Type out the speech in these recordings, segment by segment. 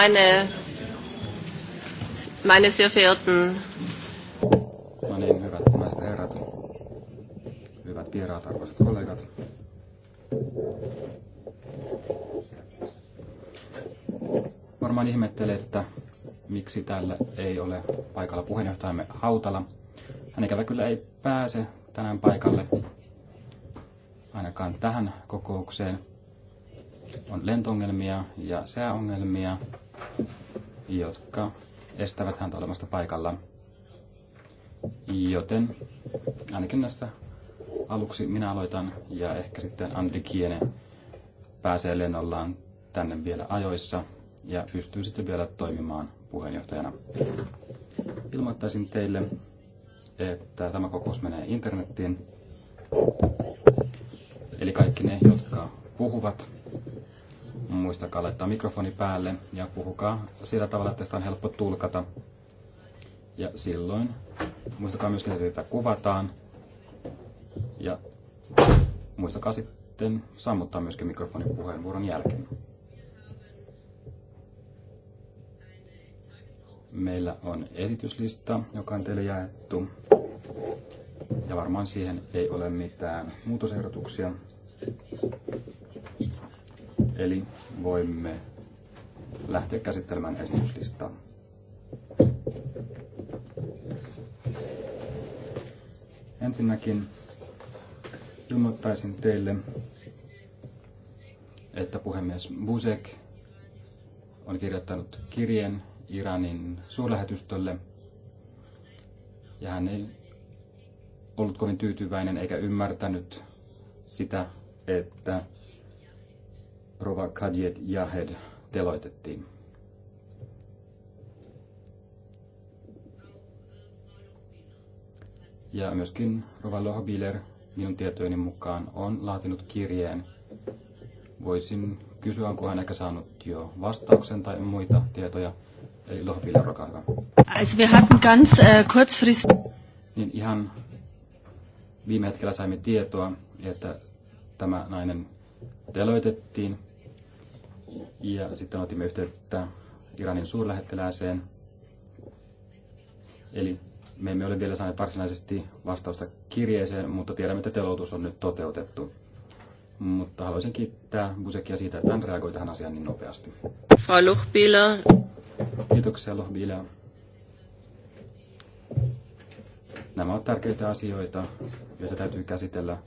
Meine, meine sehr verehrten No niin, hyvät naiset herrat, hyvät vieraat, arvoisat kollegat. Varmaan ihmettelette, miksi täällä ei ole paikalla puheenjohtajamme Hautala. Hän ikävä kyllä ei pääse tänään paikalle, ainakaan tähän kokoukseen. On lentongelmia ja sääongelmia jotka estävät häntä olemasta paikalla. Joten ainakin näistä aluksi minä aloitan ja ehkä sitten Andri Kiene pääsee lennollaan tänne vielä ajoissa ja pystyy sitten vielä toimimaan puheenjohtajana. Ilmoittaisin teille, että tämä kokous menee internettiin. Eli kaikki ne, jotka puhuvat, Muistakaa laittaa mikrofoni päälle ja puhukaa sillä tavalla, että sitä on helppo tulkata. Ja silloin muistakaa myöskin, että sitä kuvataan. Ja muistakaa sitten sammuttaa myöskin mikrofonin puheenvuoron jälkeen. Meillä on esityslista, joka on teille jaettu. Ja varmaan siihen ei ole mitään muutosehdotuksia. Eli voimme lähteä käsittelemään esityslistaa. Ensinnäkin ilmoittaisin teille, että puhemies Busek on kirjoittanut kirjeen Iranin suurlähetystölle ja hän ei ollut kovin tyytyväinen eikä ymmärtänyt sitä, että Rova Kadjet Jahed teloitettiin. Ja myöskin Rova Lohbiler minun tietojeni mukaan on laatinut kirjeen. Voisin kysyä, onko hän ehkä saanut jo vastauksen tai muita tietoja. Eli Lohbiler, olkaa hyvä. Also wir hatten ganz, äh, kurzfrist... niin ihan viime hetkellä saimme tietoa, että tämä nainen teloitettiin. Ja sitten otimme yhteyttä Iranin suurlähettilääseen. Eli me emme ole vielä saaneet varsinaisesti vastausta kirjeeseen, mutta tiedämme, että teloitus on nyt toteutettu. Mutta haluaisin kiittää Busekia siitä, että hän reagoi tähän asiaan niin nopeasti. Frau Kiitoksia Lohbila. Nämä ovat tärkeitä asioita, joita täytyy käsitellä,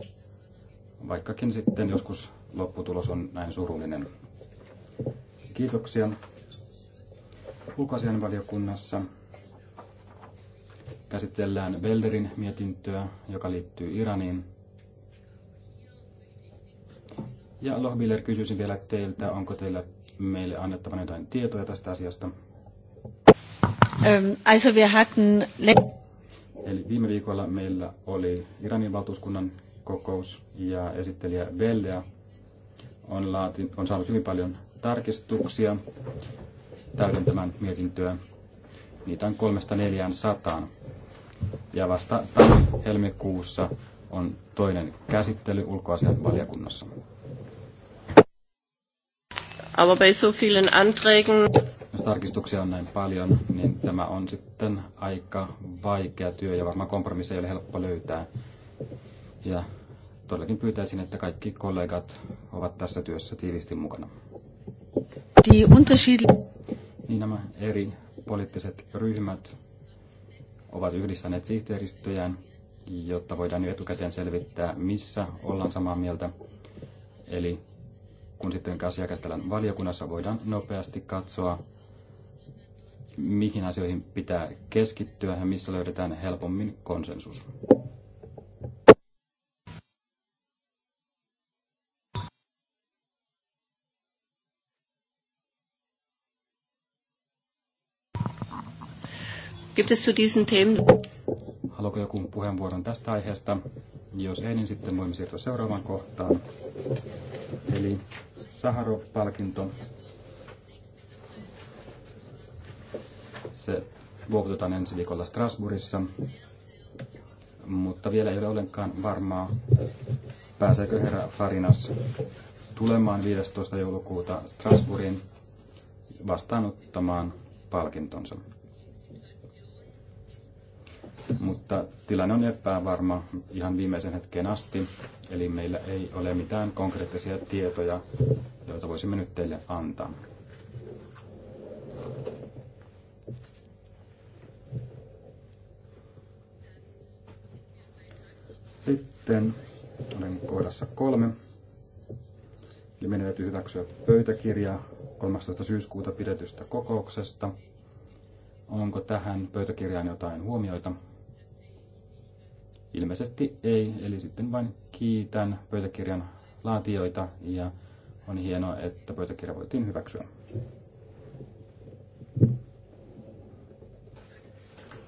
vaikkakin sitten joskus lopputulos on näin surullinen. Kiitoksia. Ulkoasianvaliokunnassa käsitellään Belderin mietintöä, joka liittyy Iraniin. Ja Lohbiller, kysyisin vielä teiltä, onko teillä meille annettavana jotain tietoja tästä asiasta? Ähm, also wir hatten... Eli viime viikolla meillä oli Iranin valtuuskunnan kokous ja esittelijä Bellea on, on saanut hyvin paljon tarkistuksia täydentämään mietintöä. Niitä on 300-400. Ja vasta helmikuussa on toinen käsittely ulkoasian valiokunnassa. Aber bei so vielen Anträgen... Jos tarkistuksia on näin paljon, niin tämä on sitten aika vaikea työ ja varmaan kompromissi ei ole helppo löytää. Ja todellakin pyytäisin, että kaikki kollegat ovat tässä työssä tiivisti mukana. Die unterschied... Nämä eri poliittiset ryhmät ovat yhdistäneet sihteeristöjään, jotta voidaan jo etukäteen selvittää, missä ollaan samaa mieltä. Eli kun sitten asia käsitellään valiokunnassa, voidaan nopeasti katsoa, mihin asioihin pitää keskittyä ja missä löydetään helpommin konsensus. Gibt es zu diesen Themen? Haluatko joku puheenvuoron tästä aiheesta? Jos ei, niin sitten voimme siirtyä seuraavaan kohtaan. Eli Saharov-palkinto. Se luovutetaan ensi viikolla Strasbourgissa, mutta vielä ei ole ollenkaan varmaa, pääseekö herra Farinas tulemaan 15. joulukuuta Strasbourgin vastaanottamaan palkintonsa mutta tilanne on epävarma ihan viimeisen hetkeen asti, eli meillä ei ole mitään konkreettisia tietoja, joita voisimme nyt teille antaa. Sitten olen kohdassa kolme. Eli meidän täytyy hyväksyä pöytäkirja 13. syyskuuta pidetystä kokouksesta. Onko tähän pöytäkirjaan jotain huomioita? Ilmeisesti ei, eli sitten vain kiitän pöytäkirjan laatijoita ja on hienoa, että pöytäkirja voitiin hyväksyä.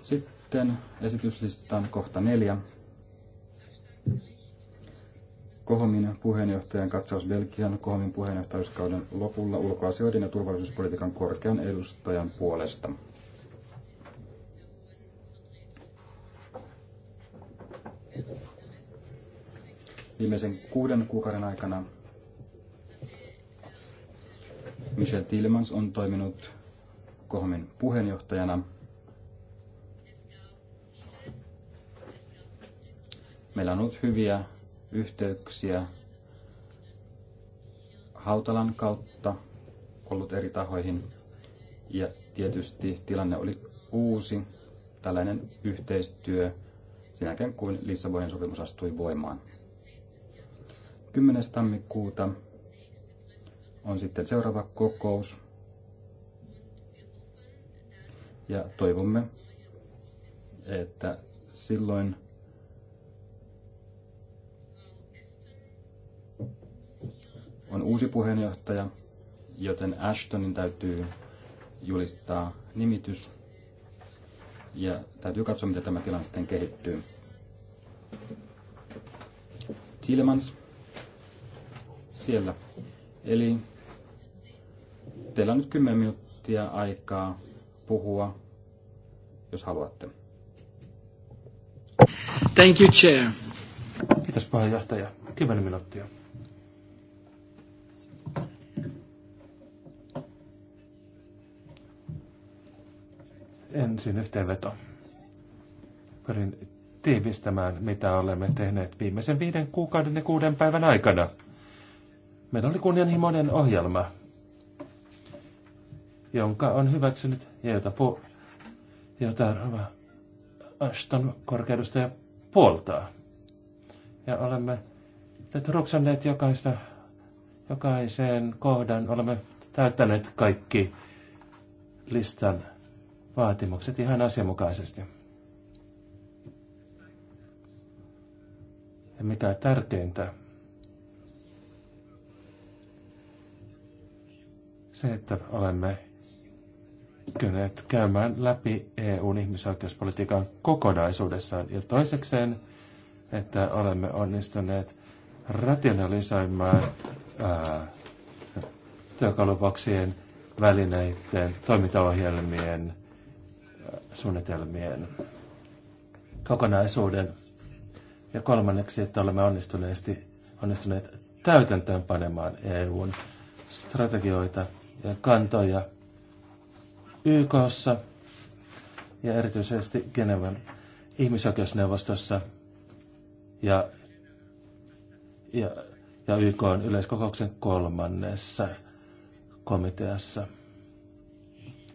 Sitten esityslistan kohta neljä. Kohomin puheenjohtajan katsaus Belgian Kohomin puheenjohtajuuskauden lopulla ulkoasioiden ja turvallisuuspolitiikan korkean edustajan puolesta. viimeisen kuuden kuukauden aikana Michel Tilmans on toiminut Kohmin puheenjohtajana. Meillä on ollut hyviä yhteyksiä Hautalan kautta ollut eri tahoihin. Ja tietysti tilanne oli uusi, tällainen yhteistyö sinäkin kuin kun Lissabonin sopimus astui voimaan. 10. tammikuuta on sitten seuraava kokous. Ja toivomme, että silloin on uusi puheenjohtaja, joten Ashtonin täytyy julistaa nimitys ja täytyy katsoa, miten tämä tilanne sitten kehittyy. Tilmans siellä. Eli teillä on nyt 10 minuuttia aikaa puhua, jos haluatte. Thank you, Chair. Kiitos puheenjohtaja. 10 minuuttia. Ensin yhteenveto. Pyrin tiivistämään, mitä olemme tehneet viimeisen viiden kuukauden ja kuuden päivän aikana – Meillä oli kunnianhimoinen ohjelma, jonka on hyväksynyt ja jota, pu, jota Ashton korkeudustaja puoltaa. Ja olemme nyt ruksanneet jokaista, jokaiseen kohdan, olemme täyttäneet kaikki listan vaatimukset ihan asianmukaisesti. Ja mikä tärkeintä, Se, että olemme kyllä käymään läpi EUn ihmisoikeuspolitiikan kokonaisuudessaan ja toisekseen, että olemme onnistuneet rationalisoimaan ää, työkalupaksien välineiden, toimintaohjelmien, suunnitelmien kokonaisuuden. Ja kolmanneksi, että olemme onnistuneesti, onnistuneet täytäntöön panemaan EUn strategioita ja kantoja YKssa ja erityisesti Genevan ihmisoikeusneuvostossa ja, ja, ja YK on yleiskokouksen kolmannessa komiteassa.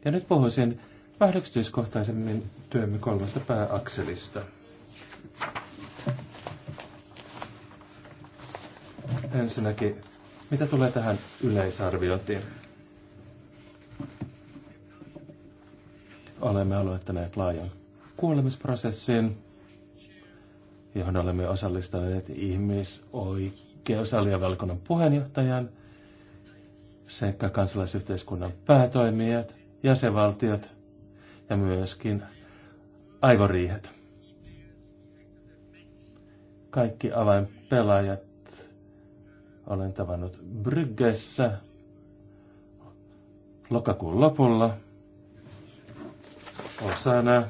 Ja nyt puhuisin vähän yksityiskohtaisemmin työmme kolmesta pääakselista. Ensinnäkin, mitä tulee tähän yleisarviointiin? olemme aloittaneet laajan kuolemisprosessin, johon olemme osallistuneet ihmisoikeusaliavalkonnan puheenjohtajan sekä kansalaisyhteiskunnan päätoimijat, jäsenvaltiot ja myöskin aivoriihet. Kaikki avainpelaajat olen tavannut Bryggessä lokakuun lopulla – osana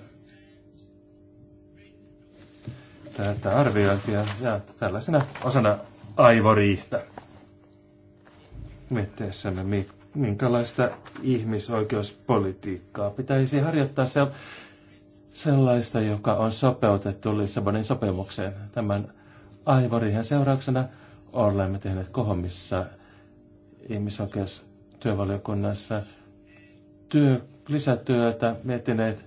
tätä arviointia ja tällaisena osana aivoriihtä. Mietteessämme, minkälaista ihmisoikeuspolitiikkaa pitäisi harjoittaa se, sellaista, joka on sopeutettu Lissabonin sopimukseen. Tämän aivoriihen seurauksena olemme tehneet kohomissa ihmisoikeustyövaliokunnassa työ lisätyötä, miettineet,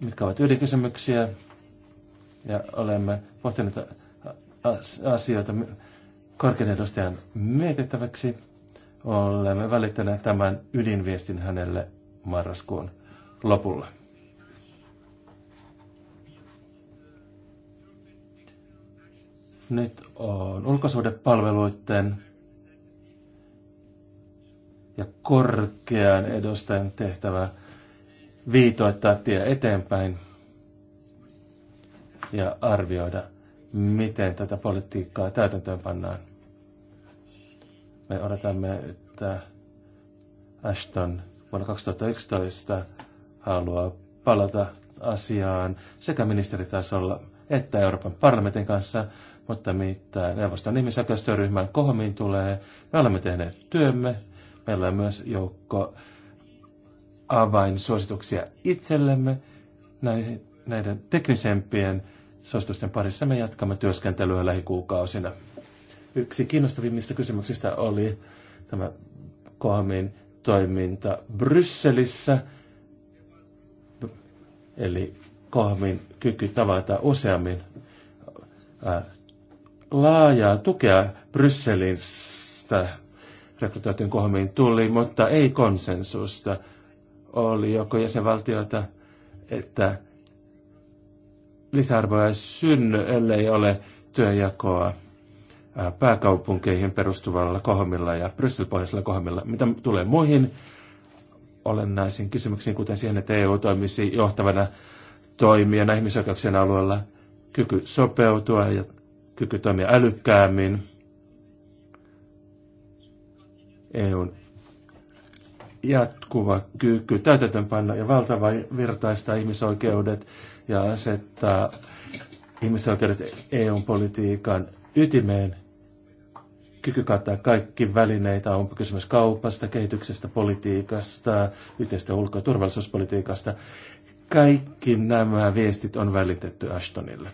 mitkä ovat ydinkysymyksiä, ja olemme pohtineet asioita korkean edustajan mietittäväksi. Olemme välittäneet tämän ydinviestin hänelle marraskuun lopulla. Nyt on ulkosuhdepalveluiden ja korkean edustajan tehtävä viitoittaa tie eteenpäin ja arvioida, miten tätä politiikkaa täytäntöön pannaan. Me odotamme, että Ashton vuonna 2011 haluaa palata asiaan sekä ministeritasolla että Euroopan parlamentin kanssa, mutta mitä neuvoston ihmisoikeustyöryhmän kohomiin tulee, me olemme tehneet työmme, Meillä on myös joukko avainsuosituksia itsellemme. Näiden teknisempien suositusten parissa me jatkamme työskentelyä lähikuukausina. Yksi kiinnostavimmista kysymyksistä oli tämä Kohamin toiminta Brysselissä, eli Kohamin kyky tavata useammin laajaa tukea Brysselistä rekrytoitujen kohmiin tuli, mutta ei konsensusta. Oli joko jäsenvaltiota, että lisäarvoa ei synny, ellei ole työjakoa pääkaupunkeihin perustuvalla kohmilla ja brysselpohjaisella kohmilla. Mitä tulee muihin olennaisiin kysymyksiin, kuten siihen, että EU toimisi johtavana toimijana ihmisoikeuksien alueella, kyky sopeutua ja kyky toimia älykkäämmin – EUn jatkuva kyky täytäntöönpanna ja valtava virtaista ihmisoikeudet ja asettaa ihmisoikeudet EUn politiikan ytimeen. Kyky kattaa kaikki välineitä, on kysymys kaupasta, kehityksestä, politiikasta, yhteistä ulko- ja turvallisuuspolitiikasta. Kaikki nämä viestit on välitetty Ashtonille.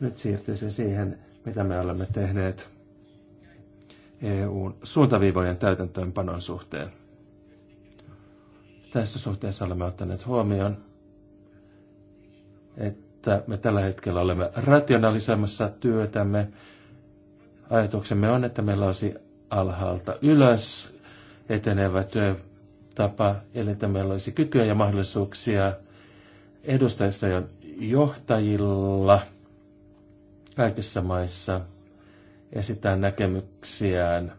Nyt siirtyisin siihen, mitä me olemme tehneet EUn suuntaviivojen täytäntöönpanon suhteen. Tässä suhteessa olemme ottaneet huomioon, että me tällä hetkellä olemme rationalisoimassa työtämme. Ajatuksemme on, että meillä olisi alhaalta ylös etenevä työtapa, eli että meillä olisi kykyä ja mahdollisuuksia edustajista johtajilla kaikissa maissa – esittää näkemyksiään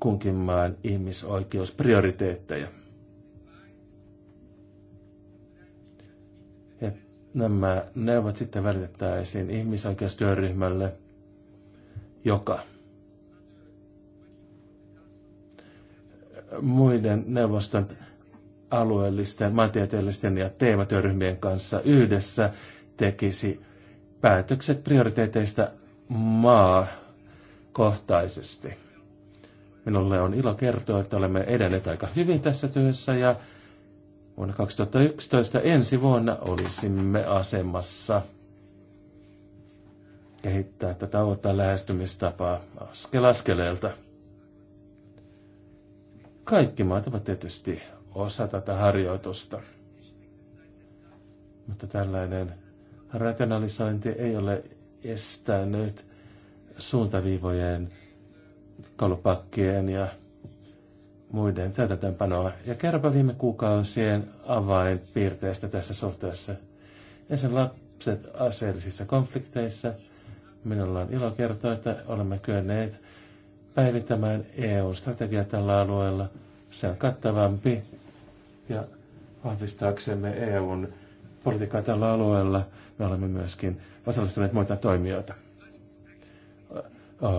kunkin maan ihmisoikeusprioriteetteja. Ja nämä neuvot sitten välitettäisiin ihmisoikeustyöryhmälle, joka muiden neuvoston alueellisten, maantieteellisten ja teematyöryhmien kanssa yhdessä tekisi päätökset prioriteeteista maakohtaisesti. Minulle on ilo kertoa, että olemme edenneet aika hyvin tässä työssä ja vuonna 2011 ensi vuonna olisimme asemassa kehittää tätä uutta lähestymistapaa askel askeleelta. Kaikki maat ovat tietysti osa tätä harjoitusta, mutta tällainen Rationalisointi ei ole estänyt suuntaviivojen, kalupakkien ja muiden täytäntöönpanoa. Ja kerropa viime kuukausien avainpiirteistä tässä suhteessa. Ensin lapset aseellisissa konflikteissa. Minulla on ilo kertoa, että olemme kyenneet päivittämään EU-strategia tällä alueella. Se on kattavampi ja vahvistaaksemme EUn politiikkaa tällä alueella – me olemme myöskin osallistuneet muita toimijoita.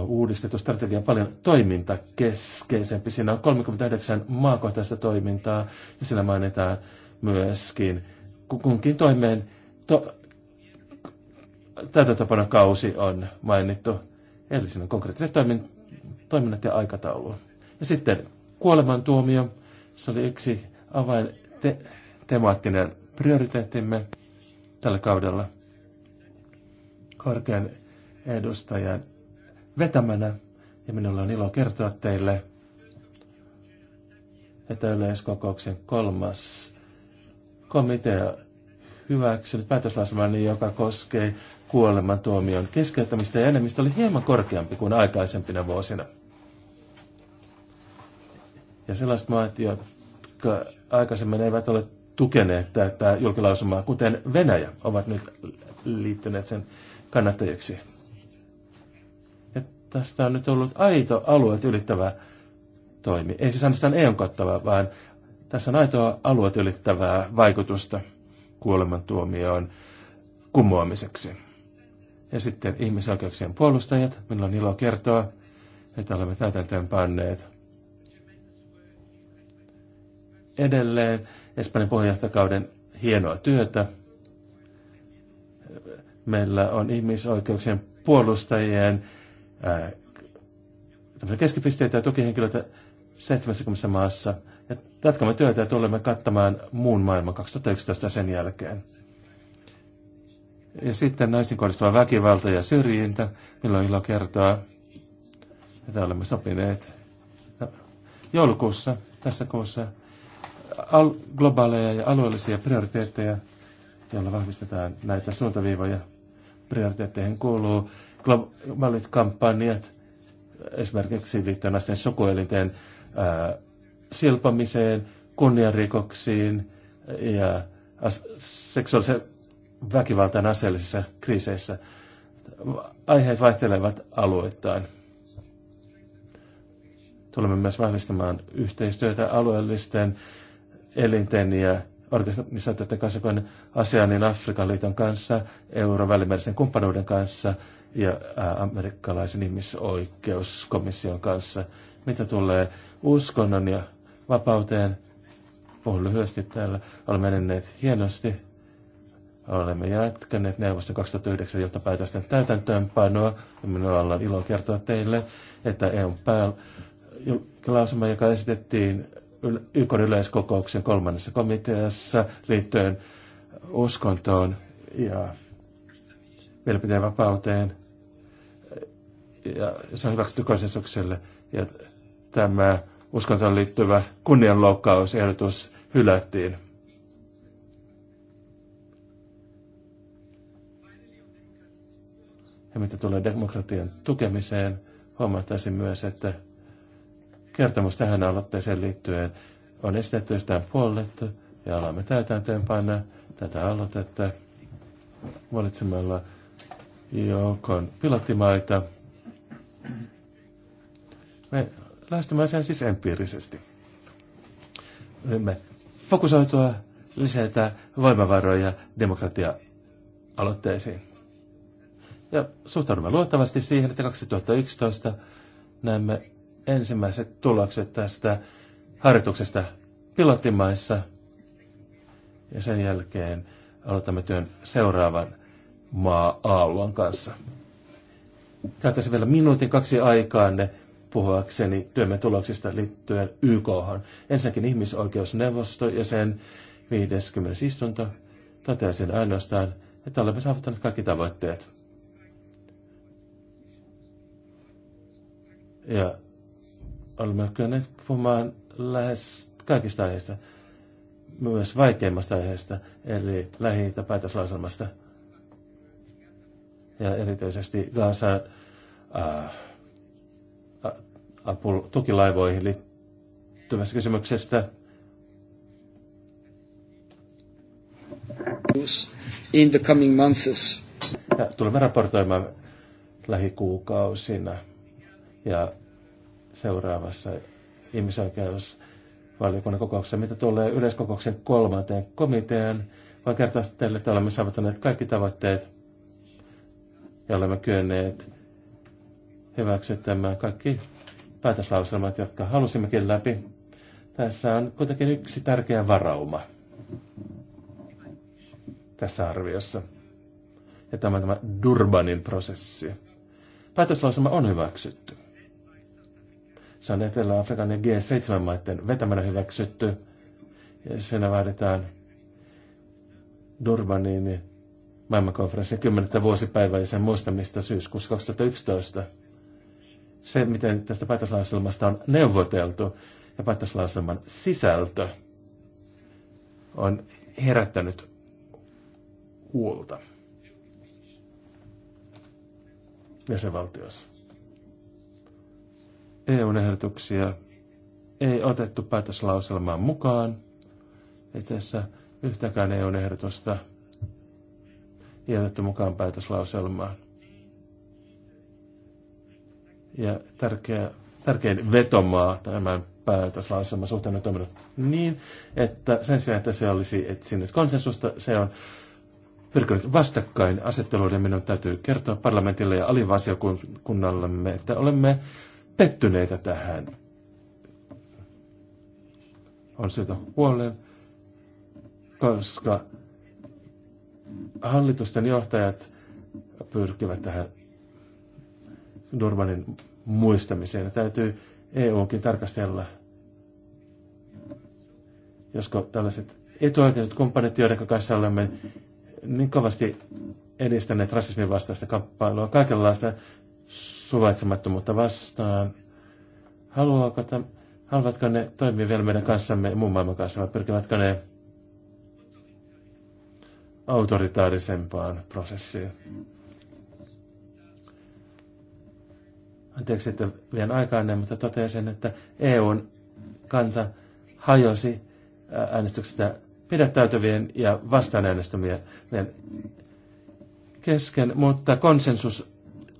Uudistettu strategia on paljon toimintakeskeisempi. Siinä on 39 maakohtaista toimintaa ja siinä mainitaan myöskin kunkin toimeen to, kausi on mainittu. Eli siinä on konkreettiset toimin, toiminnat ja aikataulu. Ja sitten kuolemantuomio. Se oli yksi avain te, temaattinen prioriteettimme tällä kaudella korkean edustajan vetämänä. Ja minulla on ilo kertoa teille, että yleiskokouksen kolmas komitea hyväksynyt päätöslauselman, joka koskee kuolemantuomion keskeyttämistä ja enemmistö oli hieman korkeampi kuin aikaisempina vuosina. Ja sellaiset maat, jotka aikaisemmin eivät ole tukeneet tätä julkilausumaa, kuten Venäjä ovat nyt liittyneet sen kannattajiksi. Ja tästä on nyt ollut aito alueet ylittävä toimi. Ei siis ainoastaan EUn kattava, vaan tässä on aitoa alueet ylittävää vaikutusta kuolemantuomioon kumoamiseksi. Ja sitten ihmisoikeuksien puolustajat, minulla on ilo kertoa, että olemme täytäntöön panneet edelleen Espanjan puheenjohtajakauden hienoa työtä. Meillä on ihmisoikeuksien puolustajien ää, äh, keskipisteitä ja tukihenkilöitä 70 maassa. Ja jatkamme työtä ja tulemme kattamaan muun maailman 2011 sen jälkeen. Ja sitten naisiin kohdistuva väkivalta ja syrjintä, milloin ilo kertoa, että olemme sopineet joulukuussa, tässä kuussa, globaaleja ja alueellisia prioriteetteja, joilla vahvistetaan näitä suuntaviivoja. Prioriteetteihin kuuluu globaalit kampanjat, esimerkiksi liittyen naisten sukuelinten ää, silpamiseen, kunnianrikoksiin ja as- seksuaalisen väkivaltaan aseellisissa kriiseissä. Aiheet vaihtelevat alueittain. Tulemme myös vahvistamaan yhteistyötä alueellisten elinten ja organisaatioiden kanssa kuin ASEANin Afrikan liiton kanssa, eurovälimerisen kumppanuuden kanssa ja amerikkalaisen ihmisoikeuskomission kanssa. Mitä tulee uskonnon ja vapauteen, puhun lyhyesti täällä, olemme menneet hienosti. Olemme jatkaneet neuvoston 2009 johtopäätösten täytäntöönpanoa. minulla on ilo kertoa teille, että eu päällä lausuma, joka esitettiin YK yleiskokouksen kolmannessa komiteassa liittyen uskontoon ja mielipiteen vapauteen. Ja se on hyväksytty konsensukselle. Ja tämä uskontoon liittyvä kunnianloukkausehdotus hylättiin. Ja mitä tulee demokratian tukemiseen, huomattaisin myös, että kertomus tähän aloitteeseen liittyen on esitetty ja sitä on puollettu ja alamme täytäntöönpanna tätä aloitetta valitsemalla joukon pilottimaita. Me lähestymme sen siis empiirisesti. Me fokusoitua, lisätä voimavaroja demokratia-aloitteisiin. Ja suhtaudumme luottavasti siihen, että 2011 näemme ensimmäiset tulokset tästä harjoituksesta pilottimaissa. Ja sen jälkeen aloitamme työn seuraavan maa aallon kanssa. Käytäisin vielä minuutin kaksi aikaanne puhuakseni työmme tuloksista liittyen YK. Ensinnäkin ihmisoikeusneuvosto ja sen 50. istunto toteaisin ainoastaan, että olemme saavuttaneet kaikki tavoitteet. Ja olemme kyllä puhumaan lähes kaikista aiheista, myös vaikeimmasta aiheesta, eli lähi- ja päätöslauselmasta. Ja erityisesti Gaza äh, äh, tukilaivoihin liittyvästä kysymyksestä. In the coming months. Ja tulemme raportoimaan lähikuukausina ja seuraavassa ihmisoikeusvaliokunnan kokouksessa, mitä tulee yleiskokouksen kolmanteen komiteaan, Voin kertoa teille, että olemme saavuttaneet kaikki tavoitteet ja olemme kyenneet hyväksyttämään kaikki päätöslauselmat, jotka halusimmekin läpi. Tässä on kuitenkin yksi tärkeä varauma tässä arviossa. Ja tämä, tämä Durbanin prosessi. päätöslauselma on hyväksytty. Se on Etelä-Afrikan ja G7-maiden vetämänä hyväksytty. Ja siinä vaaditaan Durbanin maailmankonferenssin 10. vuosipäivää ja sen muistamista syyskuussa 2011. Se, miten tästä päätöslauselmasta on neuvoteltu ja päätöslauselman sisältö on herättänyt huolta jäsenvaltiossa eu ehdotuksia ei otettu päätöslauselmaan mukaan. Itse asiassa yhtäkään eu ehdotusta ei otettu mukaan päätöslauselmaan. Ja tärkeä, tärkein vetomaa tämän päätöslauselman suhteen on toiminut niin, että sen sijaan, että se olisi etsinyt konsensusta, se on pyrkinyt vastakkain asetteluiden. Minun täytyy kertoa parlamentille ja alivasiokunnallemme, että olemme pettyneitä tähän. On syytä huoleen, koska hallitusten johtajat pyrkivät tähän Durbanin muistamiseen. Ja täytyy EUkin tarkastella, josko tällaiset etuoikeudet kumppanit, joiden kanssa olemme niin kovasti edistäneet rasismin vastaista kamppailua, kaikenlaista suvaitsemattomuutta vastaan. Haluavatko, tämä, haluavatko ne toimia vielä meidän kanssamme, muun maailman kanssa, vai pyrkivätkö ne autoritaarisempaan prosessiin? Anteeksi, että vien aikaa ennen, mutta totesin, että EUn kanta hajosi äänestyksestä pidättäytyvien ja vastaan äänestämien kesken, mutta konsensus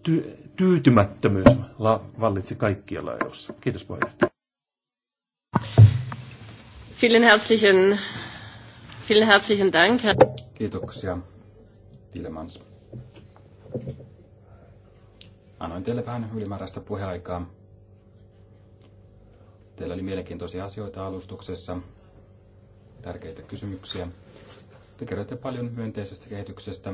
ty- tyytymättömyys vallitsi kaikkialla EU:ssa. Kiitos puheenjohtaja. Vielen herzlichen, vielen herzlichen Dank. Kiitoksia, Tilemans. Annoin teille vähän ylimääräistä puheaikaa. Teillä oli mielenkiintoisia asioita alustuksessa, tärkeitä kysymyksiä. Te kerroitte paljon myönteisestä kehityksestä.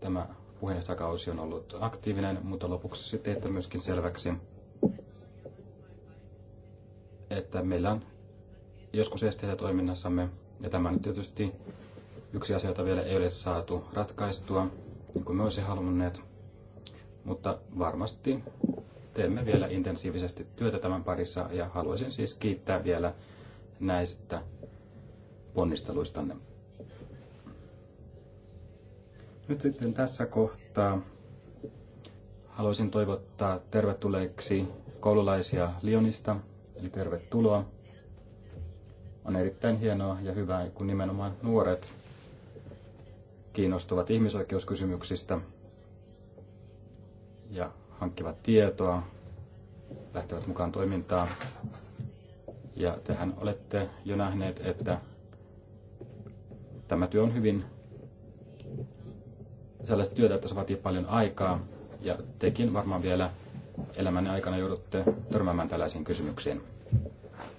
Tämä puheenjohtajakausi on ollut aktiivinen, mutta lopuksi se teette myöskin selväksi, että meillä on joskus esteitä toiminnassamme, ja tämä on tietysti yksi asia, jota vielä ei ole saatu ratkaistua, niin kuin me olisimme halunneet, mutta varmasti teemme vielä intensiivisesti työtä tämän parissa, ja haluaisin siis kiittää vielä näistä ponnisteluistanne. Nyt sitten tässä kohtaa haluaisin toivottaa tervetulleeksi koululaisia Lionista, eli tervetuloa. On erittäin hienoa ja hyvää, kun nimenomaan nuoret kiinnostuvat ihmisoikeuskysymyksistä ja hankkivat tietoa, lähtevät mukaan toimintaan. Ja tehän olette jo nähneet, että tämä työ on hyvin sellaista työtä, että se vaatii paljon aikaa, ja tekin varmaan vielä elämänne aikana joudutte törmäämään tällaisiin kysymyksiin.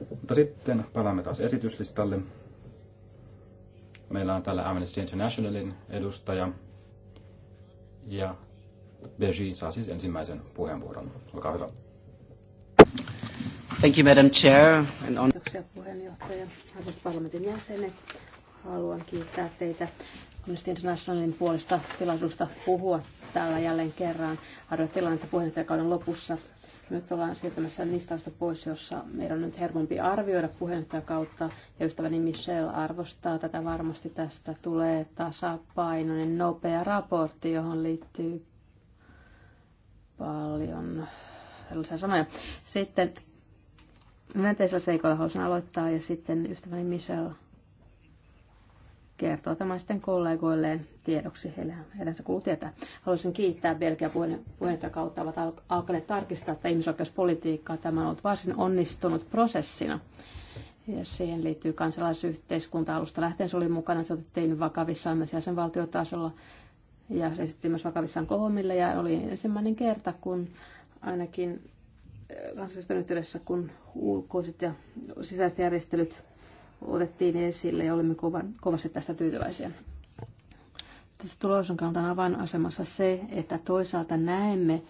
Mutta sitten palaamme taas esityslistalle. Meillä on täällä Amnesty Internationalin edustaja, ja Beji saa siis ensimmäisen puheenvuoron. Olkaa hyvä. Thank you, Madam Chair. And on... Kiitoksia puheenjohtaja, parlamentin jäsenet. Haluan kiittää teitä Amnesty Internationalin puolesta tilaisuudesta puhua täällä jälleen kerran. Arvoin että puheenjohtajakauden lopussa. Nyt ollaan siirtämässä listausta pois, jossa meidän on nyt hermompi arvioida puheenjohtajakautta. Ja ystäväni Michelle arvostaa tätä varmasti. Tästä tulee tasapainoinen, nopea raportti, johon liittyy paljon sellaisia sanoja. Sitten myönteisellä seikoilla, haluaisin aloittaa ja sitten ystäväni Michelle kertoo tämän sitten kollegoilleen tiedoksi. Heillä, heidän se kuuluu tietää. Haluaisin kiittää Belgia puheenjohtajakautta. Ovat alkaneet tarkistaa, että ihmisoikeuspolitiikkaa tämä on ollut varsin onnistunut prosessina. Ja siihen liittyy kansalaisyhteiskunta alusta lähtien. Se oli mukana, se otettiin vakavissaan myös jäsenvaltiotasolla ja se esitti myös vakavissaan kohomille ja oli ensimmäinen kerta, kun ainakin eh, kansallisten yhteydessä, kun ulkoiset ja sisäiset järjestelyt otettiin esille ja olemme kovan, kovasti tästä tyytyväisiä. Tässä tulosun kannalta on avainasemassa se, että toisaalta näemme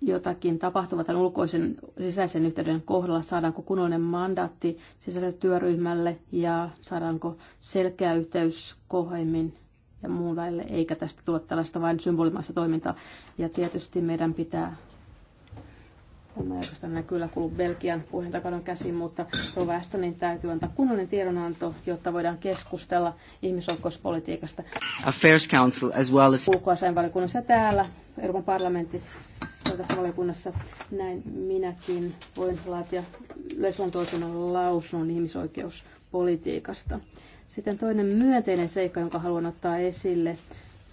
jotakin tapahtuvat tämän ulkoisen sisäisen yhteyden kohdalla, saadaanko kunnollinen mandaatti sisäiselle työryhmälle ja saadaanko selkeä yhteys kohemmin ja muun väille, eikä tästä tule tällaista vain symbolimaista toimintaa. Ja tietysti meidän pitää mä oikeastaan kyllä kuulu Belgian puheen käsin, mutta Rovastonin täytyy antaa kunnollinen tiedonanto, jotta voidaan keskustella ihmisoikeuspolitiikasta. Affairs Council as well as... Ulkoasainvaliokunnassa täällä, Euroopan parlamentissa tässä valiokunnassa. Näin minäkin voin laatia yleisluontoisunnan lausunnon ihmisoikeuspolitiikasta. Sitten toinen myönteinen seikka, jonka haluan ottaa esille,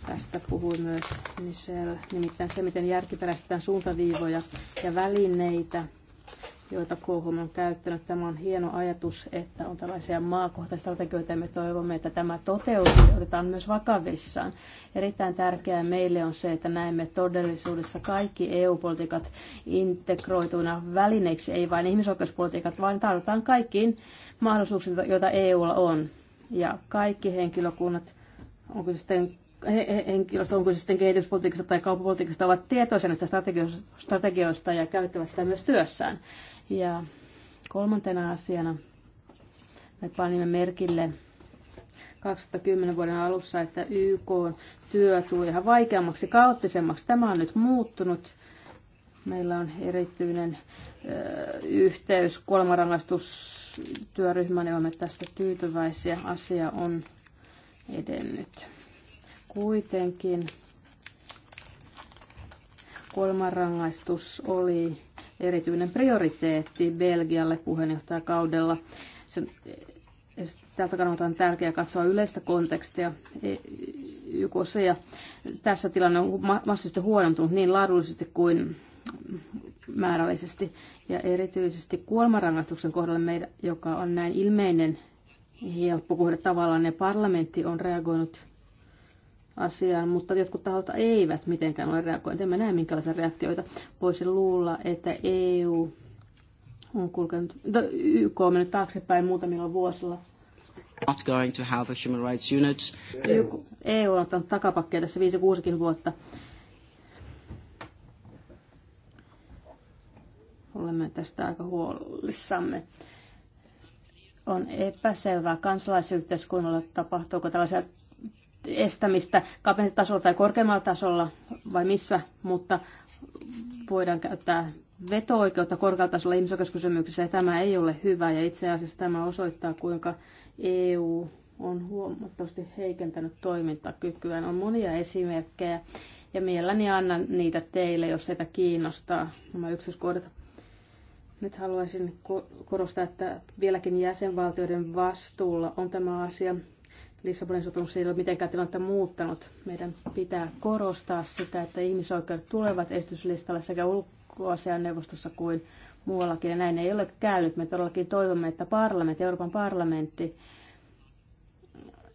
Tästä puhui myös Michel, nimittäin se, miten järkiperäistetään suuntaviivoja ja välineitä, joita KHM on käyttänyt. Tämä on hieno ajatus, että on tällaisia maakohtaistrategioita ja me toivomme, että tämä toteutuu ja otetaan myös vakavissaan. Erittäin tärkeää meille on se, että näemme todellisuudessa kaikki EU-politiikat integroituina välineiksi, ei vain ihmisoikeuspolitiikat, vaan tarvitaan kaikkiin mahdollisuuksiin, joita EUlla on. Ja kaikki henkilökunnat, onko sitten henkilöstö, onko se sitten kehityspolitiikasta tai kaupapolitiikasta, ovat tietoisia näistä strategioista ja käyttävät sitä myös työssään. Ja kolmantena asiana me panimme merkille 2010 vuoden alussa, että YK työ tuli ihan vaikeammaksi, kaoottisemmaksi. Tämä on nyt muuttunut. Meillä on erityinen ö, yhteys kuolemanrangaistustyöryhmään ja olemme tästä tyytyväisiä. Asia on edennyt. Kuitenkin kuolemanrangaistus oli erityinen prioriteetti Belgialle puheenjohtajakaudella. Se, tältä kannalta on tärkeää katsoa yleistä kontekstia e, YKssa. Ja tässä tilanne on massiivisesti huonontunut niin laadullisesti kuin määrällisesti. Ja erityisesti kuolemanrangaistuksen kohdalla, meidän, joka on näin ilmeinen helppo kohde tavallaan, ja parlamentti on reagoinut asiaan, mutta jotkut taholta eivät mitenkään ole reagoineet. Emme näe minkälaisia reaktioita. Voisi luulla, että EU on kulkenut, no, YK on mennyt taaksepäin muutamilla vuosilla. Not going to have a human rights unit. EU on ottanut takapakkeja tässä 5-6 vuotta. Olemme tästä aika huolissamme on epäselvää kansalaisyhteiskunnalle, tapahtuuko tällaisia estämistä kapealla tasolla tai korkeammalla tasolla vai missä, mutta voidaan käyttää veto-oikeutta korkealla tasolla ihmisoikeuskysymyksessä ja tämä ei ole hyvä ja itse asiassa tämä osoittaa kuinka EU on huomattavasti heikentänyt toimintakykyään. On monia esimerkkejä ja mielelläni annan niitä teille, jos teitä kiinnostaa nämä yksityiskohdat. Nyt haluaisin korostaa, että vieläkin jäsenvaltioiden vastuulla on tämä asia. Lissabonin sopimus ei ole mitenkään tilannetta muuttanut. Meidän pitää korostaa sitä, että ihmisoikeudet tulevat esityslistalle sekä neuvostossa kuin muuallakin. Ja näin ei ole käynyt. Me todellakin toivomme, että parlamentti, Euroopan parlamentti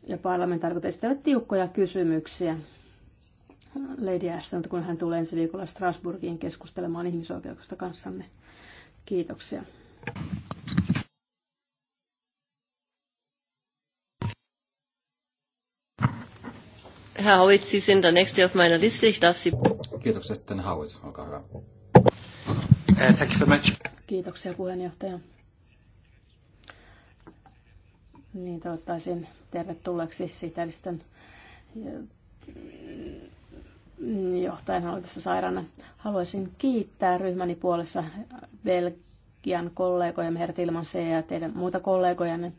ja parlamentaarikot esittävät tiukkoja kysymyksiä Lady Ashton, kun hän tulee ensi viikolla Strasbourgiin keskustelemaan ihmisoikeuksista kanssamme. Kiitoksia. Herr Howitt, Sie sind der Nächste auf meiner Liste. Ich darf Sie... Kiitokset, Herr Howitt, olkaa hyvä. Uh, thank you very much. Kiitoksia puheenjohtaja. Niin toivottaisin tervetulleeksi Sitäristön eh, johtajan ollessa sairaana. Haluaisin kiittää ryhmäni puolessa Belgian kollegoja, herra C ja teidän muita kollegojanne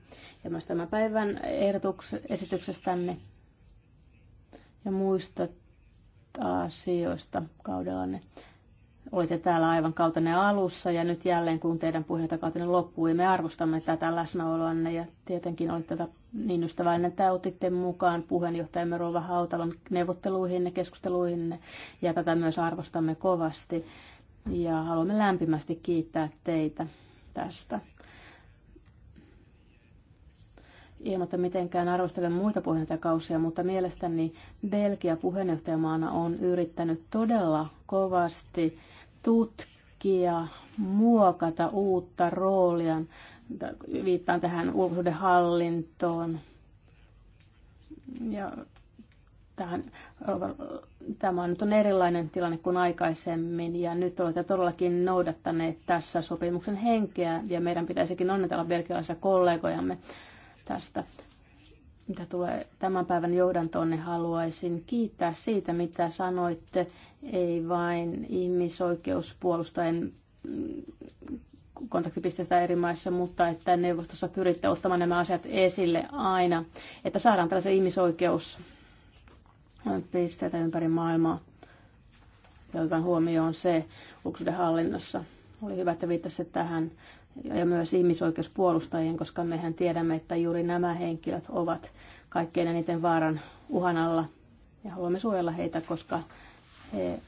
ja myös tämän päivän ehdotuks- esityksestänne ja muista asioista kaudellanne. Olette täällä aivan kautenne alussa ja nyt jälleen kun teidän kautenne loppuu ja me arvostamme tätä läsnäoloanne ja tietenkin olette tätä niin ystävällinen, että otitte mukaan puheenjohtajamme Rova neuvotteluihin ja keskusteluihin ja tätä myös arvostamme kovasti ja haluamme lämpimästi kiittää teitä tästä. ilmoittaa mitenkään arvostelen muita puheenjohtajakausia, mutta mielestäni Belgia puheenjohtajamaana on yrittänyt todella kovasti tutkia, muokata uutta roolia. Viittaan tähän ulkosuhdehallintoon ja tähän, tämä nyt on erilainen tilanne kuin aikaisemmin ja nyt olette todellakin noudattaneet tässä sopimuksen henkeä ja meidän pitäisikin onnitella belgialaisia kollegojamme tästä. Mitä tulee tämän päivän johdantoon, niin haluaisin kiittää siitä, mitä sanoitte, ei vain ihmisoikeuspuolustajien mm, kontaktipisteistä eri maissa, mutta että neuvostossa pyritte ottamaan nämä asiat esille aina, että saadaan tällaisia ihmisoikeuspisteitä ympäri maailmaa, joita huomioon se uksuuden hallinnossa. Oli hyvä, että viittasitte tähän ja myös ihmisoikeuspuolustajien, koska mehän tiedämme, että juuri nämä henkilöt ovat kaikkein eniten vaaran uhan alla ja haluamme suojella heitä, koska he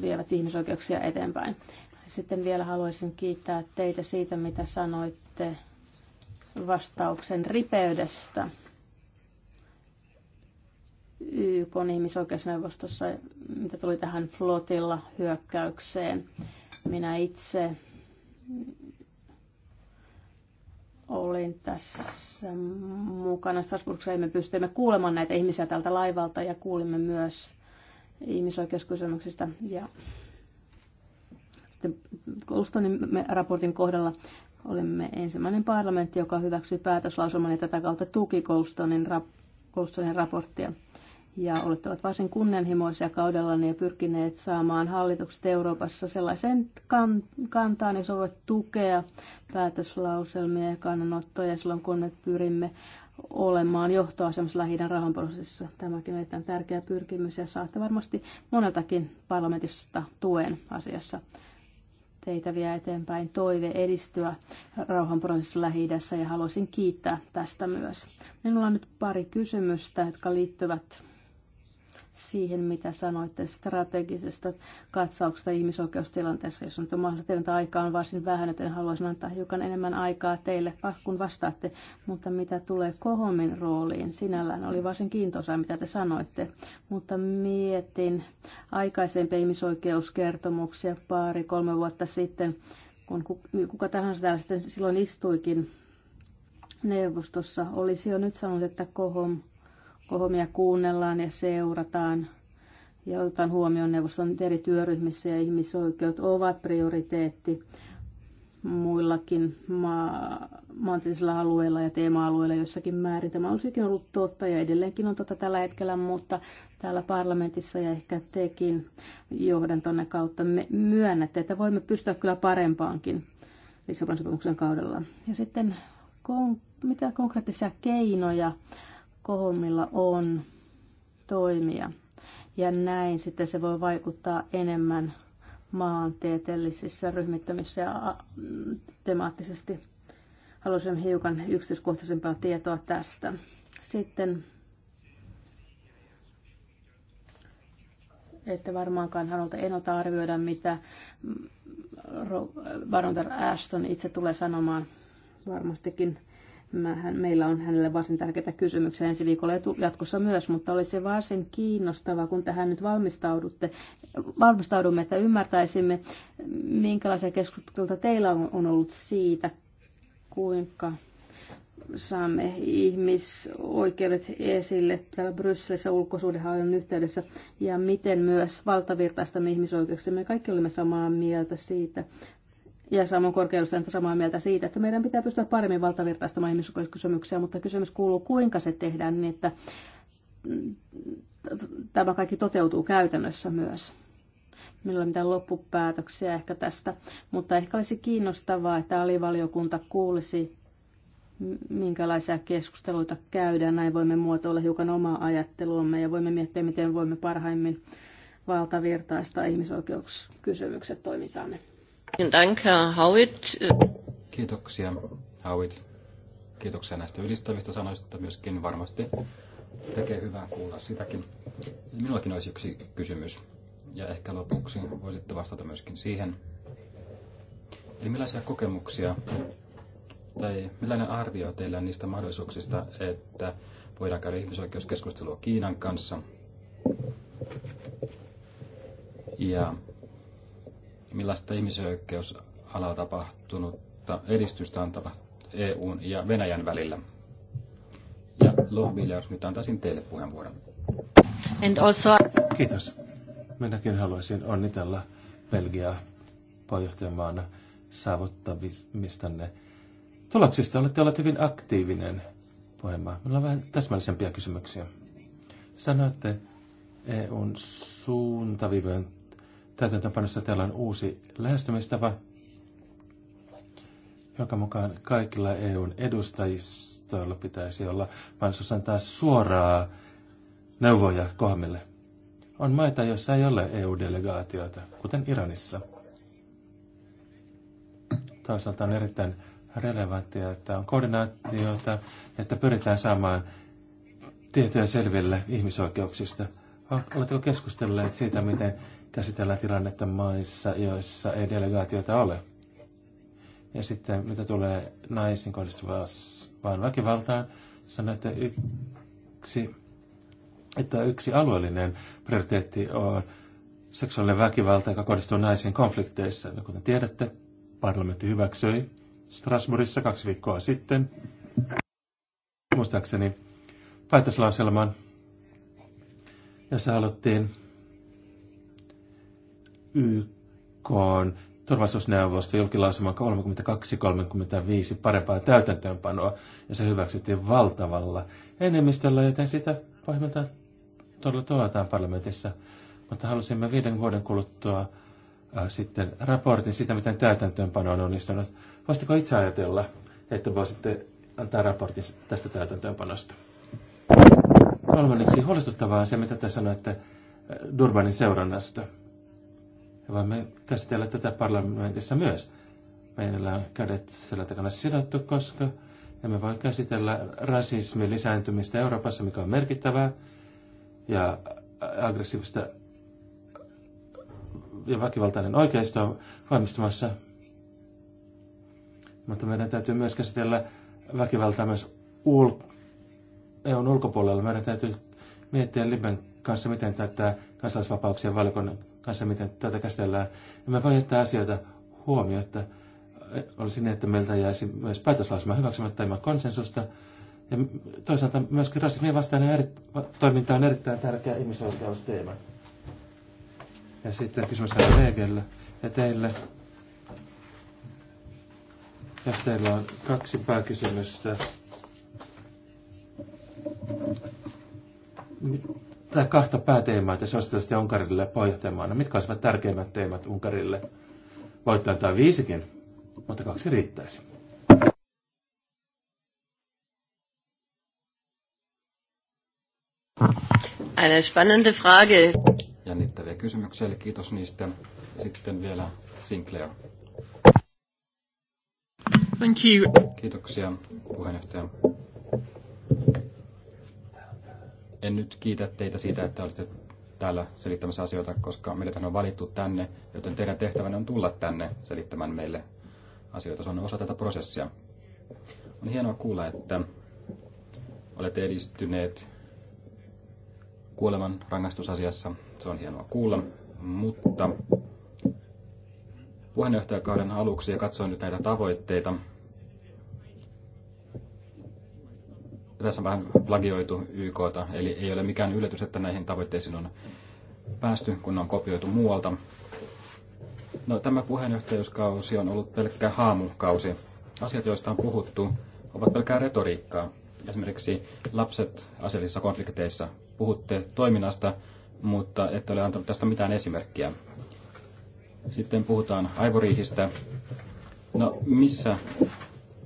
vievät ihmisoikeuksia eteenpäin. Sitten vielä haluaisin kiittää teitä siitä, mitä sanoitte vastauksen ripeydestä. YK ihmisoikeusneuvostossa, mitä tuli tähän flotilla hyökkäykseen. Minä itse olin tässä mukana Strasbourgissa ja me pystyimme kuulemaan näitä ihmisiä tältä laivalta ja kuulimme myös ihmisoikeuskysymyksistä ja sitten Goldstonein raportin kohdalla olimme ensimmäinen parlamentti, joka hyväksyi päätöslausuman ja tätä kautta tuki Goldstonein, rap- raporttia ja olettavat varsin kunnianhimoisia kaudellaan ja pyrkineet saamaan hallitukset Euroopassa sellaisen kan- kantaan, jos ovat tukea päätöslauselmia ja kannanottoja silloin, kun me pyrimme olemaan johtoasemassa lähi rahanprosessissa. Tämäkin on erittäin tärkeä pyrkimys ja saatte varmasti moneltakin parlamentista tuen asiassa. Teitä vie eteenpäin toive edistyä rauhanprosessissa lähi ja haluaisin kiittää tästä myös. Minulla on nyt pari kysymystä, jotka liittyvät siihen, mitä sanoitte strategisesta katsauksesta ihmisoikeustilanteessa, jos on mahdollista aikaa on varsin vähän, joten haluaisin antaa hiukan enemmän aikaa teille, ah, kun vastaatte. Mutta mitä tulee Kohomin rooliin, sinällään oli varsin kiintoisaa, mitä te sanoitte. Mutta mietin aikaisempia ihmisoikeuskertomuksia pari-kolme vuotta sitten, kun kuka tahansa täällä sitten silloin istuikin neuvostossa, olisi jo nyt sanonut, että Kohom Kohomia kuunnellaan ja seurataan ja otetaan huomioon neuvoston eri työryhmissä ja ihmisoikeudet ovat prioriteetti muillakin maa, alueilla ja teema-alueilla jossakin määrin. Tämä on ollut totta ja edelleenkin on totta tällä hetkellä, mutta täällä parlamentissa ja ehkä tekin johdantonne kautta me myönnätte, että voimme pystyä kyllä parempaankin Lissabonin sopimuksen kaudella. Ja sitten kon, mitä konkreettisia keinoja kohommilla on toimia. Ja näin sitten se voi vaikuttaa enemmän maantieteellisissä ryhmittymissä ja temaattisesti. Haluaisin hiukan yksityiskohtaisempaa tietoa tästä. Sitten, että varmaankaan häneltä enota arvioida, mitä mm, äh, Baron Ashton itse tulee sanomaan varmastikin meillä on hänelle varsin tärkeitä kysymyksiä ensi viikolla ja jatkossa myös, mutta olisi varsin kiinnostavaa, kun tähän nyt valmistaudutte, valmistaudumme, että ymmärtäisimme, minkälaisia keskusteluita teillä on ollut siitä, kuinka saamme ihmisoikeudet esille täällä Brysselissä ulkosuudenhallinnon yhteydessä ja miten myös valtavirtaistamme ihmisoikeuksia. Me kaikki olemme samaa mieltä siitä, ja samoin on samaa mieltä siitä, että meidän pitää pystyä paremmin valtavirtaistamaan ihmisoikeuskysymyksiä, mutta kysymys kuuluu, kuinka se tehdään niin, että tämä kaikki toteutuu käytännössä myös. Meillä on mitään loppupäätöksiä ehkä tästä, mutta ehkä olisi kiinnostavaa, että alivaliokunta kuulisi, minkälaisia keskusteluita käydään. Näin voimme muotoilla hiukan omaa ajatteluamme ja voimme miettiä, miten voimme parhaimmin valtavirtaista ihmisoikeuskysymykset toimitaan. Kiitoksia, Howitt. Kiitoksia näistä ylistävistä sanoista myöskin. Varmasti tekee hyvää kuulla sitäkin. Minullakin olisi yksi kysymys. Ja ehkä lopuksi voisitte vastata myöskin siihen. Eli millaisia kokemuksia tai millainen arvio teillä niistä mahdollisuuksista, että voidaan käydä ihmisoikeuskeskustelua Kiinan kanssa? Ja millaista ihmisoikeusalalla tapahtunutta edistystä on tapahtunut EUn ja Venäjän välillä. Ja Lohbiller, nyt antaisin teille puheenvuoron. And also... Kiitos. Minäkin haluaisin onnitella Belgiaa puheenjohtajamaana saavuttamistanne tuloksista. Olette olleet hyvin aktiivinen puhema. Meillä on vähän täsmällisempiä kysymyksiä. Sanoitte EUn suuntaviivojen täytäntöpanossa täällä on uusi lähestymistapa, jonka mukaan kaikilla EUn edustajistoilla pitäisi olla mahdollisuus antaa suoraa neuvoja kohmille. On maita, joissa ei ole EU-delegaatioita, kuten Iranissa. Toisaalta on erittäin relevanttia, että on koordinaatiota, että pyritään saamaan tietoja selville ihmisoikeuksista. Oletteko keskustelleet siitä, miten käsitellään tilannetta maissa, joissa ei delegaatioita ole. Ja sitten mitä tulee naisiin kohdistuvaan väkivaltaan, että yksi, että yksi alueellinen prioriteetti on seksuaalinen väkivalta, joka kohdistuu naisiin konflikteissa. Ja no, kuten tiedätte, parlamentti hyväksyi Strasbourgissa kaksi viikkoa sitten, muistaakseni, päätöslauselman, jossa haluttiin YK on turvallisuusneuvosto julkilausuman 32-35 parempaa täytäntöönpanoa, ja se hyväksyttiin valtavalla enemmistöllä, joten sitä pohjimmiltaan todella tuotaan parlamentissa. Mutta halusimme viiden vuoden kuluttua ää, sitten raportin siitä, miten täytäntöönpano on onnistunut. Voisitteko itse ajatella, että voisitte antaa raportin tästä täytäntöönpanosta? Kolmanneksi huolestuttavaa asia, mitä te sanoitte Durbanin seurannasta. Ja voimme käsitellä tätä parlamentissa myös. Meillä on kädet sillä takana sidottu, koska emme voi käsitellä rasismin lisääntymistä Euroopassa, mikä on merkittävää, ja aggressiivista ja väkivaltainen oikeisto on valmistumassa. Mutta meidän täytyy myös käsitellä väkivaltaa myös ul- EUn ulkopuolella. Meidän täytyy miettiä Liben kanssa, miten tätä kansalaisvapauksien valiokunnan kanssa, miten tätä käsitellään. Ja mä voin jättää asioita että eh, Olisi niin, että meiltä jäisi myös päätöslausuma hyväksymättä ilman konsensusta. Ja toisaalta myöskin rasismin vastainen eri, toiminta on erittäin tärkeä ihmisoikeusteema. Ja sitten kysymys on Regelle ja teille. Ja teillä on kaksi pääkysymystä, tai kahta pääteemaa se olisi Unkarille puheenjohtajamaana. Mitkä olisivat tärkeimmät teemat Unkarille? Voitte antaa viisikin, mutta kaksi riittäisi. Eine spannende Frage. Jännittäviä kysymyksiä, eli kiitos niistä. Sitten vielä Sinclair. Thank you. Kiitoksia puheenjohtaja en nyt kiitä teitä siitä, että olette täällä selittämässä asioita, koska meidät on valittu tänne, joten teidän tehtävänne on tulla tänne selittämään meille asioita. Se on osa tätä prosessia. On hienoa kuulla, että olette edistyneet kuoleman rangaistusasiassa. Se on hienoa kuulla, mutta puheenjohtajakauden aluksi ja katsoin nyt näitä tavoitteita, tässä on vähän plagioitu YKta, eli ei ole mikään yllätys, että näihin tavoitteisiin on päästy, kun on kopioitu muualta. No, tämä puheenjohtajuuskausi on ollut pelkkä haamukausi. Asiat, joista on puhuttu, ovat pelkkää retoriikkaa. Esimerkiksi lapset aseellisissa konflikteissa puhutte toiminnasta, mutta ette ole antanut tästä mitään esimerkkiä. Sitten puhutaan aivoriihistä. No missä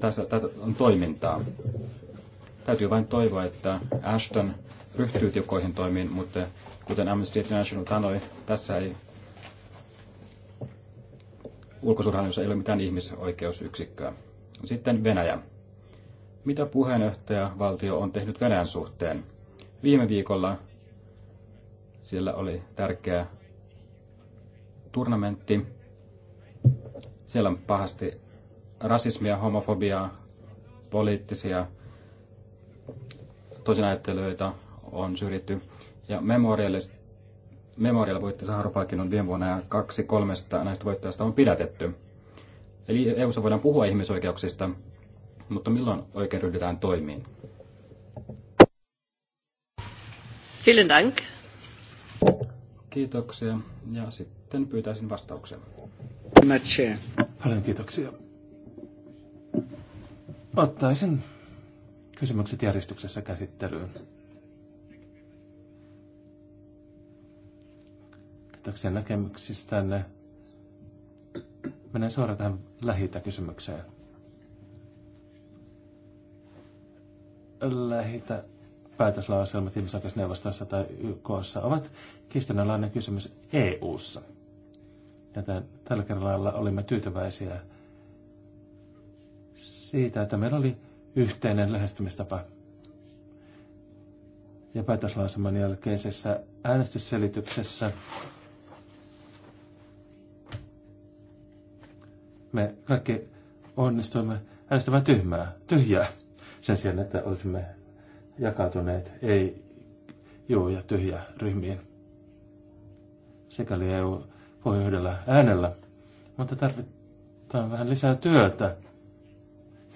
tässä on toimintaa? Täytyy vain toivoa, että Ashton ryhtyy tiukkoihin toimiin, mutta kuten Amnesty International sanoi, tässä ei ulkosuurhallinnossa ei ole mitään ihmisoikeusyksikköä. Sitten Venäjä. Mitä valtio on tehnyt Venäjän suhteen? Viime viikolla siellä oli tärkeä turnamentti. Siellä on pahasti rasismia, homofobiaa, poliittisia tosinäyttelijöitä on syrjitty. Ja Memorial, voitti Saharopalkinnon viime vuonna ja kaksi kolmesta näistä voittajasta on pidätetty. Eli EUssa voidaan puhua ihmisoikeuksista, mutta milloin oikein ryhdytään toimiin? Vielen Dank. Kiitoksia. Ja sitten pyytäisin vastauksia. Matche. Paljon kiitoksia. Ottaisin kysymykset järjestyksessä käsittelyyn. Kiitoksia näkemyksistänne. Menen suoraan tähän lähitä kysymykseen. Lähitä päätöslauselmat ihmisoikeusneuvostossa tai YKssa ovat kiistanalainen kysymys EUssa. Joten tällä kerralla olimme tyytyväisiä siitä, että meillä oli yhteinen lähestymistapa. Ja päätöslausuman jälkeisessä äänestysselityksessä me kaikki onnistuimme äänestämään tyhmää, tyhjää sen sijaan, että olisimme jakautuneet ei juu ja tyhjä ryhmiin. Sekäli EU voi yhdellä äänellä, mutta tarvitaan vähän lisää työtä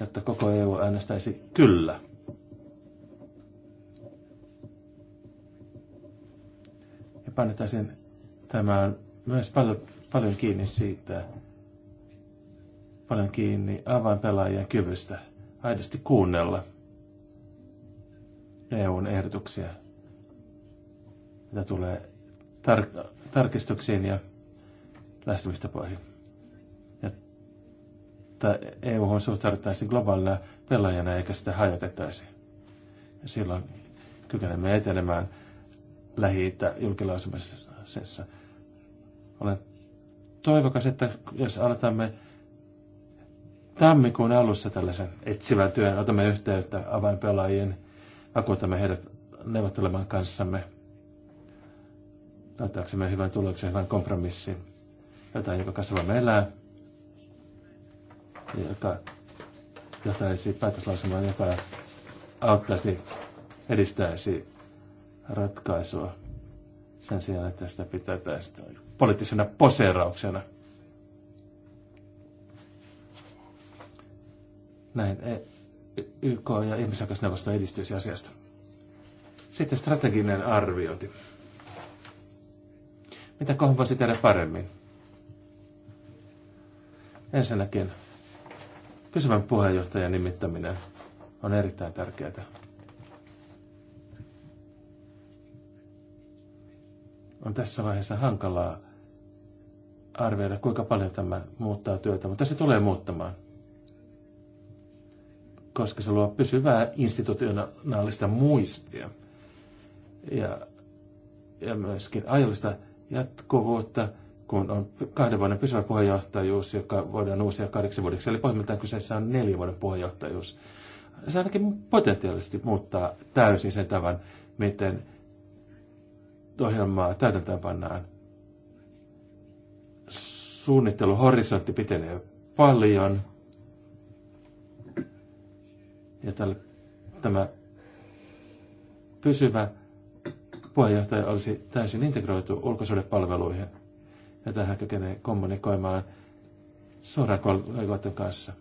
jotta koko EU äänestäisi kyllä. Ja painottaisin tämän myös paljon, paljon kiinni siitä, paljon kiinni avainpelaajien kyvystä aidosti kuunnella EUn ehdotuksia, mitä tulee tar- tarkistuksiin ja lähestymistapoihin että eu on suhtauduttaisiin globaalina pelaajana eikä sitä hajotettaisi. Ja silloin kykenemme etenemään lähi julkilausumisessa. Olen toivokas, että jos aloitamme tammikuun alussa tällaisen etsivän työn, otamme yhteyttä avainpelaajien, vakuutamme heidät neuvottelemaan kanssamme, näyttääksemme hyvän tuloksen, hyvän kompromissin, jotain, joka kasvaa meillä. elää joka johtaisi päätöslausumaan, joka auttaisi, edistäisi ratkaisua sen sijaan, että sitä pitää tästä poliittisena poseerauksena. Näin e-, YK ja ihmisoikeusneuvosto edistyisi asiasta. Sitten strateginen arviointi. Mitä kohon voisi tehdä paremmin? Ensinnäkin pysyvän puheenjohtajan nimittäminen on erittäin tärkeää. On tässä vaiheessa hankalaa arvioida, kuinka paljon tämä muuttaa työtä, mutta se tulee muuttamaan, koska se luo pysyvää institutionaalista muistia ja, ja myöskin ajallista jatkuvuutta – kun on kahden vuoden pysyvä puheenjohtajuus, joka voidaan uusia kahdeksi vuodeksi. Eli pohjimmiltaan kyseessä on neljän vuoden puheenjohtajuus. Se ainakin potentiaalisesti muuttaa täysin sen tavan, miten ohjelmaa täytäntöön pannaan. Suunnitteluhorisontti pitenee paljon. Ja tälle, tämä pysyvä puheenjohtaja olisi täysin integroitu ulkosuhdepalveluihin – että hän kykenee kommunikoimaan suoraan kanssa,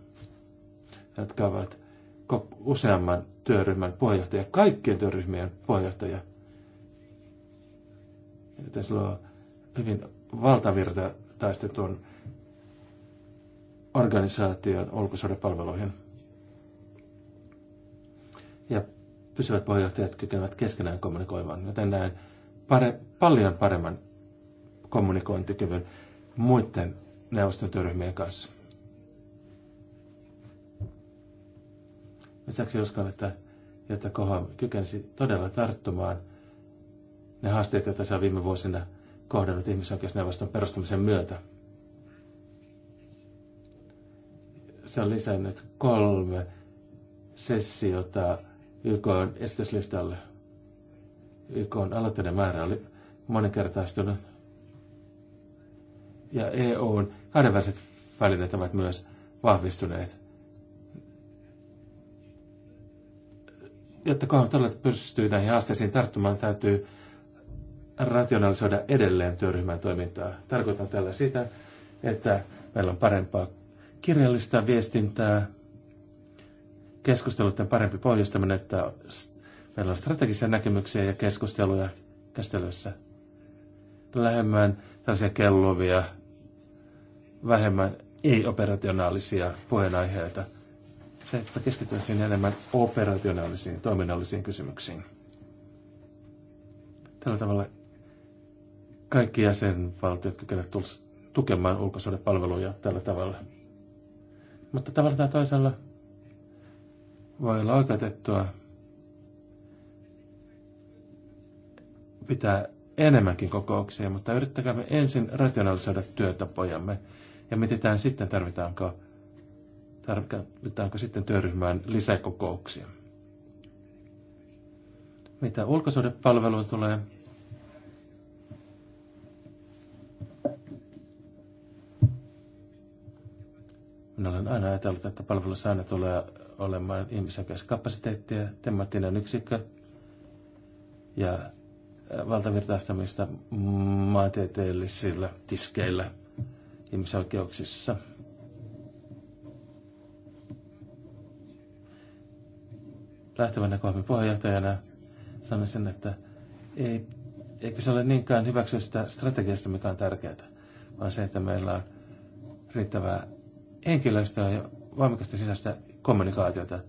jotka ovat useamman työryhmän puheenjohtaja, kaikkien työryhmien puheenjohtaja. Joten sillä on hyvin taistetun organisaation ulkosuhdepalveluihin. Ja pysyvät puheenjohtajat kykenevät keskenään kommunikoimaan, joten näen pare, paljon paremman kommunikointikyvyn muiden neuvostotyöryhmien kanssa. Lisäksi uskon, että jotta KOHA kykensi todella tarttumaan ne haasteet, joita saa viime vuosina kohdannut ihmisoikeusneuvoston perustamisen myötä. Se on lisännyt kolme sessiota YK on esityslistalle. YK on aloitteiden määrä oli moninkertaistunut ja EUn kahdenväliset välineet ovat myös vahvistuneet. Jotta kohan todella pystyy näihin haasteisiin tarttumaan, täytyy rationalisoida edelleen työryhmän toimintaa. Tarkoitan tällä sitä, että meillä on parempaa kirjallista viestintää, keskusteluiden parempi pohjustaminen, että meillä on strategisia näkemyksiä ja keskusteluja käsittelyssä lähemmän tällaisia kelluvia vähemmän ei-operationaalisia puheenaiheita. Se, että keskitytään enemmän operationaalisiin, toiminnallisiin kysymyksiin. Tällä tavalla kaikki jäsenvaltiot kykenevät tukemaan ulkosuhdepalveluja tällä tavalla. Mutta tavalla tai toisella voi olla oikeutettua pitää enemmänkin kokouksia, mutta yrittäkäämme ensin rationalisoida työtapojamme ja mietitään sitten, tarvitaanko, tarvitaanko sitten työryhmään lisäkokouksia. Mitä ulkosuhdepalveluun tulee, Minä olen aina ajatellut, että palvelussa aina tulee olemaan ihmisen kanssa kapasiteettia, temaattinen yksikkö ja valtavirtaistamista maantieteellisillä tiskeillä – ihmisoikeuksissa. Lähtevänä kohden puheenjohtajana sanoisin, että ei, eikö se ole niinkään hyväksyä sitä strategiasta, mikä on tärkeää, vaan se, että meillä on riittävää henkilöstöä ja voimakasta sisäistä kommunikaatiota.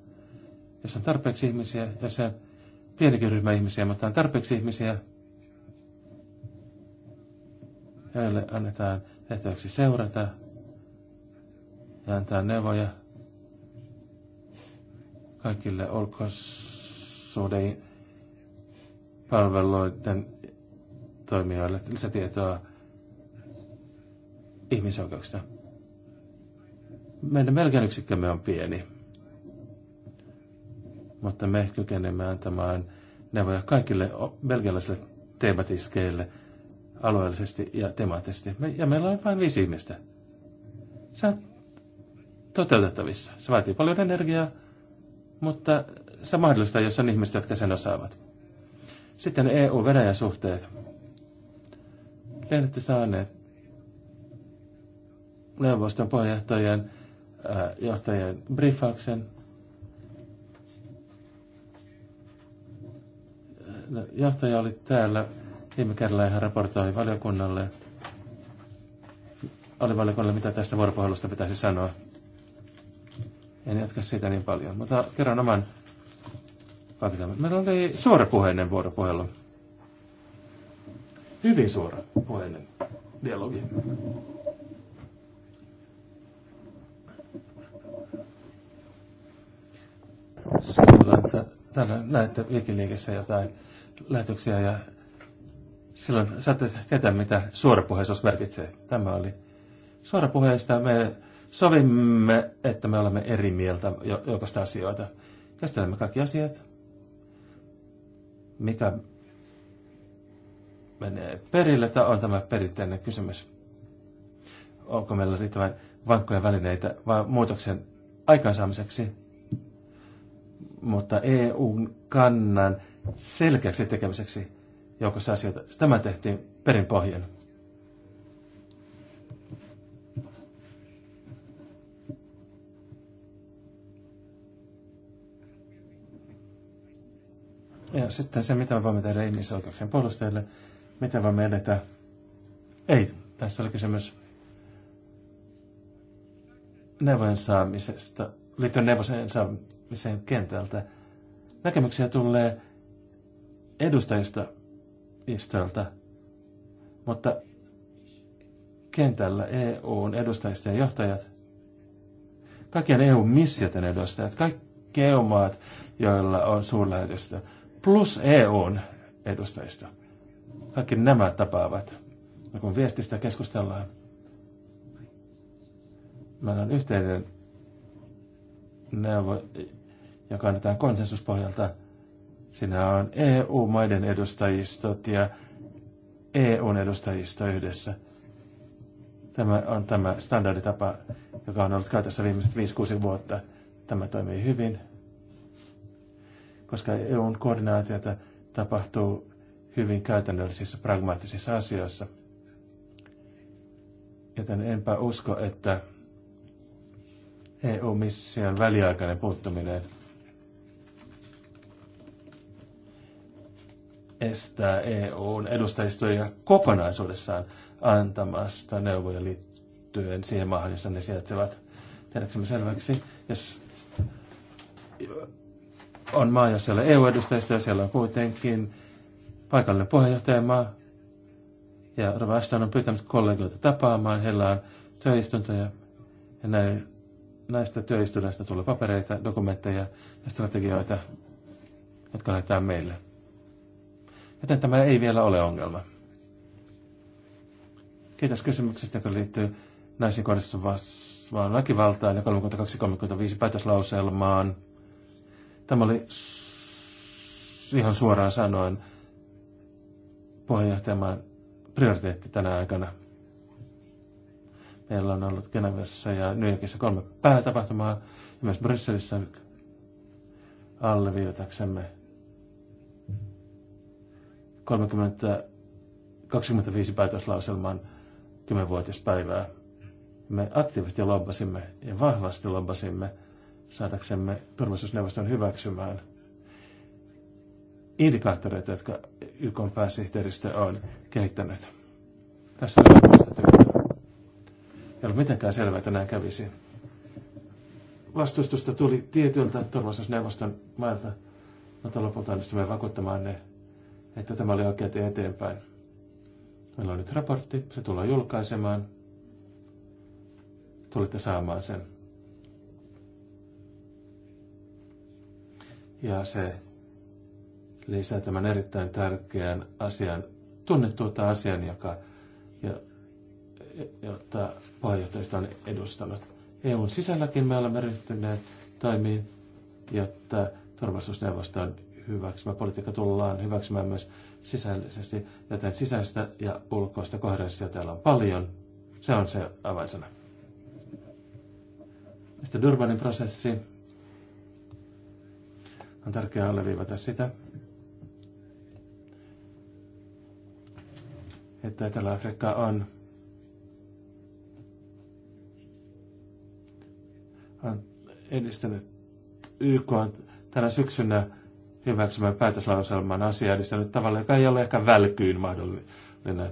Jos on tarpeeksi ihmisiä, ja se pienikin ryhmä ihmisiä, mutta on tarpeeksi ihmisiä, joille annetaan – tehtäväksi seurata ja antaa neuvoja kaikille ulkosuuden palveluiden toimijoille lisätietoa ihmisoikeuksista. Meidän melkein yksikkömme on pieni, mutta me kykenemme antamaan neuvoja kaikille belgialaisille teematiskeille – alueellisesti ja temaattisesti. Me, ja meillä on vain viisi ihmistä. Se on toteutettavissa. Se vaatii paljon energiaa, mutta se mahdollistaa, jos on ihmiset, jotka sen osaavat. Sitten eu venäjä suhteet. Lennätte saaneet neuvoston puheenjohtajien äh, johtajien briefauksen. Äh, no, johtaja oli täällä Viime kerralla hän raportoi valiokunnalle, oli valiokunnalle, mitä tästä vuoropuhelusta pitäisi sanoa. En jatka siitä niin paljon, mutta kerron oman vaikutelman. Meillä oli puheinen vuoropuhelu. Hyvin puheinen dialogi. Sillä, että täällä näette Wikileaksissa jotain lähetyksiä ja silloin saatte tietää, mitä suorapuheisuus merkitsee. Tämä oli suorapuheista. Me sovimme, että me olemme eri mieltä joukosta asioita. Käsittelemme kaikki asiat. Mikä menee perille, tämä on tämä perinteinen kysymys. Onko meillä riittävän vankkoja välineitä vai muutoksen aikaansaamiseksi? Mutta EUn kannan selkeäksi tekemiseksi joukossa asioita. Tämä tehtiin perin perinpohjan. Ja sitten se, mitä me voimme tehdä ihmisoikeuksien puolustajille, mitä voimme edetä. Ei, tässä oli kysymys neuvojen saamisesta, liittyen neuvojen saamiseen kentältä. Näkemyksiä tulee edustajista istöltä, mutta kentällä EUn edustajista ja johtajat, kaikkien EUn missioiden edustajat, kaikki EU-maat, joilla on suurlähetystö, plus EUn edustajista. Kaikki nämä tapaavat. Ja kun viestistä keskustellaan, meillä on yhteinen neuvo, joka annetaan konsensuspohjalta – Siinä on EU-maiden edustajistot ja EUn edustajisto yhdessä. Tämä on tämä standarditapa, joka on ollut käytössä viimeiset 5-6 vuotta. Tämä toimii hyvin, koska EUn koordinaatiota tapahtuu hyvin käytännöllisissä, pragmaattisissa asioissa. Joten enpä usko, että EU-mission väliaikainen puuttuminen – estää EUn edustajistoja kokonaisuudessaan antamasta neuvoja liittyen siihen maahan, jossa ne sijaitsevat. Tehdäksemme selväksi, jos on maa, jossa ei ole EU-edustajistoja, siellä on kuitenkin paikallinen puheenjohtajamaa. Ja ravastan on pyytänyt kollegoita tapaamaan, heillä on työistuntoja ja näin näistä työistunnoista tulee papereita, dokumentteja ja strategioita, jotka lähetetään meille. Joten tämä ei vielä ole ongelma. Kiitos kysymyksestä, joka liittyy naisiin kohdistuvaan väkivaltaan ja 32.35 päätöslauselmaan. Tämä oli ihan suoraan sanoen puheenjohtajamaan prioriteetti tänä aikana. Meillä on ollut Genevessä ja New Yorkissa kolme päätapahtumaa ja myös Brysselissä alleviivataksemme 30, 25 päätöslauselman 10-vuotispäivää. Me aktiivisesti lobbasimme ja vahvasti lobbasimme saadaksemme turvallisuusneuvoston hyväksymään indikaattoreita, jotka YK pääsihteeristö on kehittänyt. Tässä on vahvasta työtä. Ei ole mitenkään selvää, että näin kävisi. Vastustusta tuli tietyltä turvallisuusneuvoston mailta, mutta lopulta onnistuimme vakuuttamaan ne että tämä oli oikea tie eteenpäin. Meillä on nyt raportti, se tullaan julkaisemaan. Tulitte saamaan sen. Ja se lisää tämän erittäin tärkeän asian, tunnettuutta asian, joka, jo, jota puheenjohtajista on edustanut. EUn sisälläkin me olemme ryhtyneet toimiin, jotta turvallisuusneuvoston hyväksymä politiikka tullaan hyväksymään myös sisällisesti, joten sisäistä ja ulkoista koherenssia täällä on paljon. Se on se avainsana. Sitten Durbanin prosessi. On tärkeää alleviivata sitä, että Etelä-Afrikka on, on edistänyt YK tänä syksynä hyväksymään päätöslauselman asiaa edistänyt tavalla, joka ei ole ehkä välkyyn mahdollinen.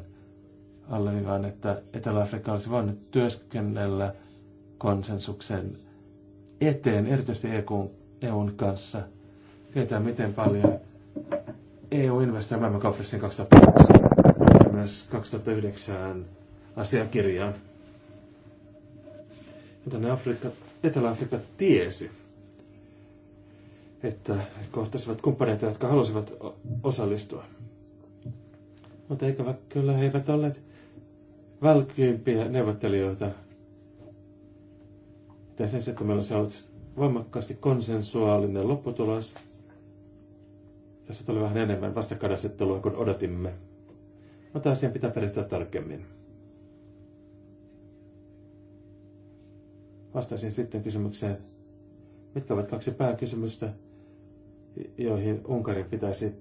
Alleviivaan, että Etelä-Afrikka olisi voinut työskennellä konsensuksen eteen, erityisesti EUn, EUn kanssa. Tietää, miten paljon EU investoi maailmankonferenssin 2008 ja myös 2009 asiakirjaan. Joten Afrikka, Etelä-Afrikka tiesi, että kohtasivat kumppaneita, jotka halusivat osallistua. Mutta ikävä kyllä he eivät olleet välkyimpiä neuvottelijoita. Ja sen että meillä olisi ollut voimakkaasti konsensuaalinen lopputulos. Tässä tuli vähän enemmän vastakkainasettelua kuin odotimme. Mutta asian pitää perehtyä tarkemmin. Vastaisin sitten kysymykseen, mitkä ovat kaksi pääkysymystä, joihin Unkarin pitäisi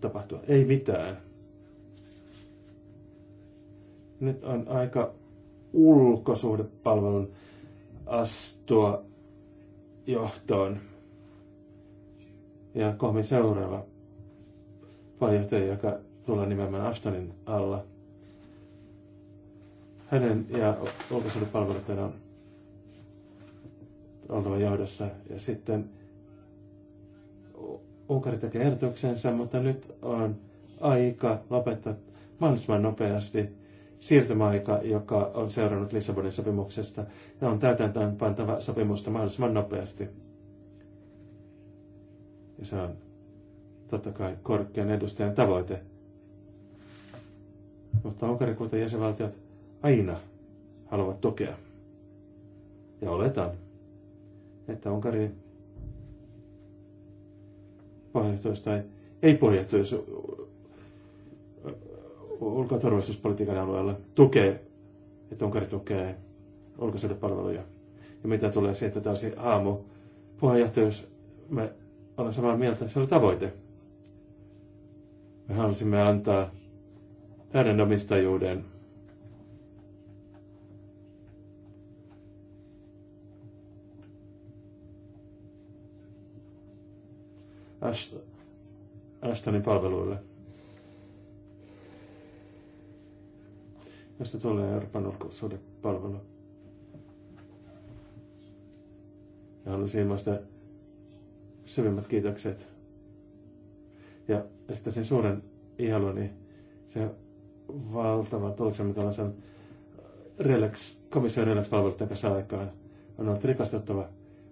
tapahtua. Ei mitään. Nyt on aika ulkosuhdepalvelun astua johtoon. Ja kohmi seuraava puheenjohtaja, joka tulee nimenomaan Ashtonin alla. Hänen ja ulkosuhdepalveluiden on oltava johdossa. Ja sitten Unkari tekee ehdotuksensa, mutta nyt on aika lopettaa mahdollisimman nopeasti siirtymäaika, joka on seurannut Lissabonin sopimuksesta, ja on täytäntöön pantava sopimusta mahdollisimman nopeasti. Ja se on totta kai korkean edustajan tavoite. Mutta Unkari, kuten jäsenvaltiot, aina haluavat tukea. Ja oletan, että Unkari pohjoisuus tai ei-pohjoisuus ulko- ja turvallisuuspolitiikan alueella tukee, että Unkari tukee palveluja. Ja mitä tulee siihen, että taas aamu puheenjohtajuus, me ollaan samaa mieltä, se oli tavoite. Me halusimme antaa täyden omistajuuden Ashtonin palveluille. josta tulee Euroopan palvelu? Ja haluaisin ilmaista syvimmät kiitokset. Ja sen suuren niin se valtava tuloksen, mikä on saanut äh, Relax, komission Relax-palveluiden kanssa aikaan. On ollut rikastuttava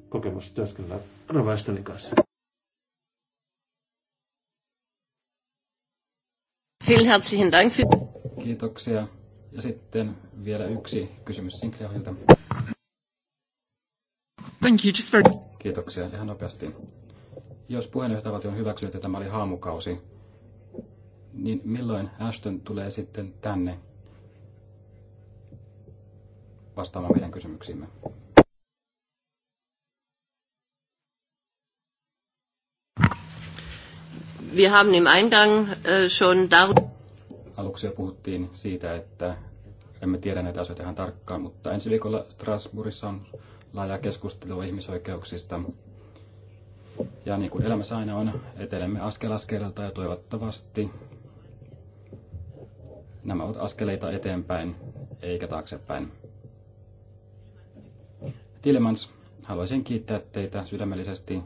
kokemus työskennellä Rovastonin kanssa. Vielen herzlichen Dank. Kiitoksia. Ja sitten vielä yksi kysymys Sinclairilta. Thank you, just for... Kiitoksia. Ihan nopeasti. Jos puheenjohtajavaltio on hyväksynyt, että tämä oli haamukausi, niin milloin Ashton tulee sitten tänne vastaamaan meidän kysymyksiimme? Wir haben im Eingang äh, schon darüber... Aluksi jo puhuttiin siitä, että emme tiedä näitä asioita ihan tarkkaan, mutta ensi viikolla Strasbourgissa on laaja keskustelu ihmisoikeuksista. Ja niin kuin elämässä aina on, etelemme askel askeleelta ja toivottavasti nämä ovat askeleita eteenpäin eikä taaksepäin. Tilemans, haluaisin kiittää teitä sydämellisesti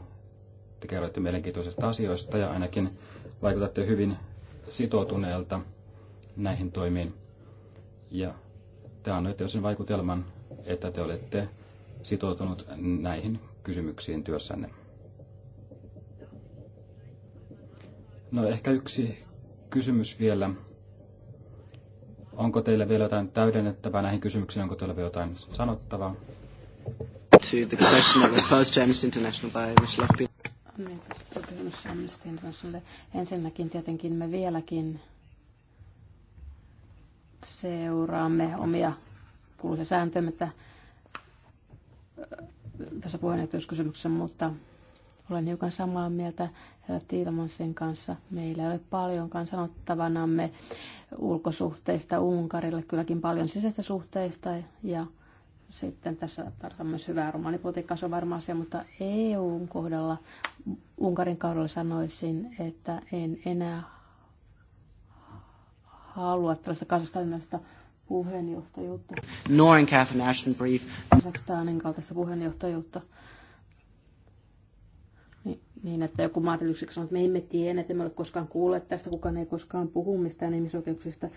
te kerroitte mielenkiintoisista asioista ja ainakin vaikutatte hyvin sitoutuneelta näihin toimiin. Ja te annoitte sen vaikutelman, että te olette sitoutunut näihin kysymyksiin työssänne. No ehkä yksi kysymys vielä. Onko teillä vielä jotain täydennettävää näihin kysymyksiin? Onko teillä vielä jotain sanottavaa? To the question that was posed to Amnesty International by Ms. Lockby kysymys Amnesty Internationalille. Ensinnäkin tietenkin me vieläkin seuraamme omia kuuluisia sääntöjä, että tässä puheenjohtajuuskysymyksessä, mutta olen hiukan samaa mieltä herra Tiilamonsin kanssa. Meillä ei ole paljonkaan sanottavanamme ulkosuhteista Unkarille, kylläkin paljon sisäistä suhteista ja sitten tässä tarvitaan myös hyvää romanipolitiikkaa, se on varma asia, mutta EUn kohdalla, Unkarin kaudella sanoisin, että en enää halua tällaista kansallista puheenjohtajuutta. Nor in Catherine Ashton brief. Kazakstanin kaltaista puheenjohtajuutta. niin, että joku maatilyksikkö sanoo, että me emme tiedä, että emme ole koskaan kuulleet tästä, kukaan ei koskaan puhu mistään ihmisoikeuksista.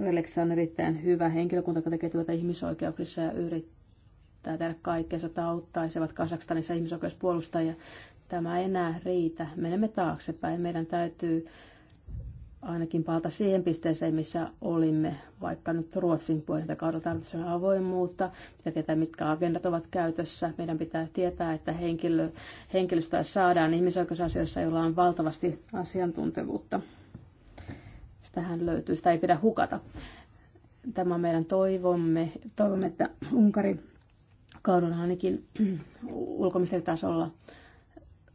Relex on erittäin hyvä henkilökunta, joka tekee työtä ihmisoikeuksissa ja yrittää tehdä kaikkea, että auttaisivat Kasakstanissa ihmisoikeuspuolustajia. Tämä ei enää riitä. Menemme taaksepäin. Meidän täytyy ainakin palata siihen pisteeseen, missä olimme, vaikka nyt Ruotsin puheenjohtajakaudella tarvitsemme avoimuutta, pitää tietää, mitkä agendat ovat käytössä. Meidän pitää tietää, että henkilö, henkilöstöä saadaan ihmisoikeusasioissa, joilla on valtavasti asiantuntevuutta tähän löytyy. Sitä ei pidä hukata. Tämä on meidän toivomme. Toivomme, että Unkari kaudun ainakin ulkoministeritasolla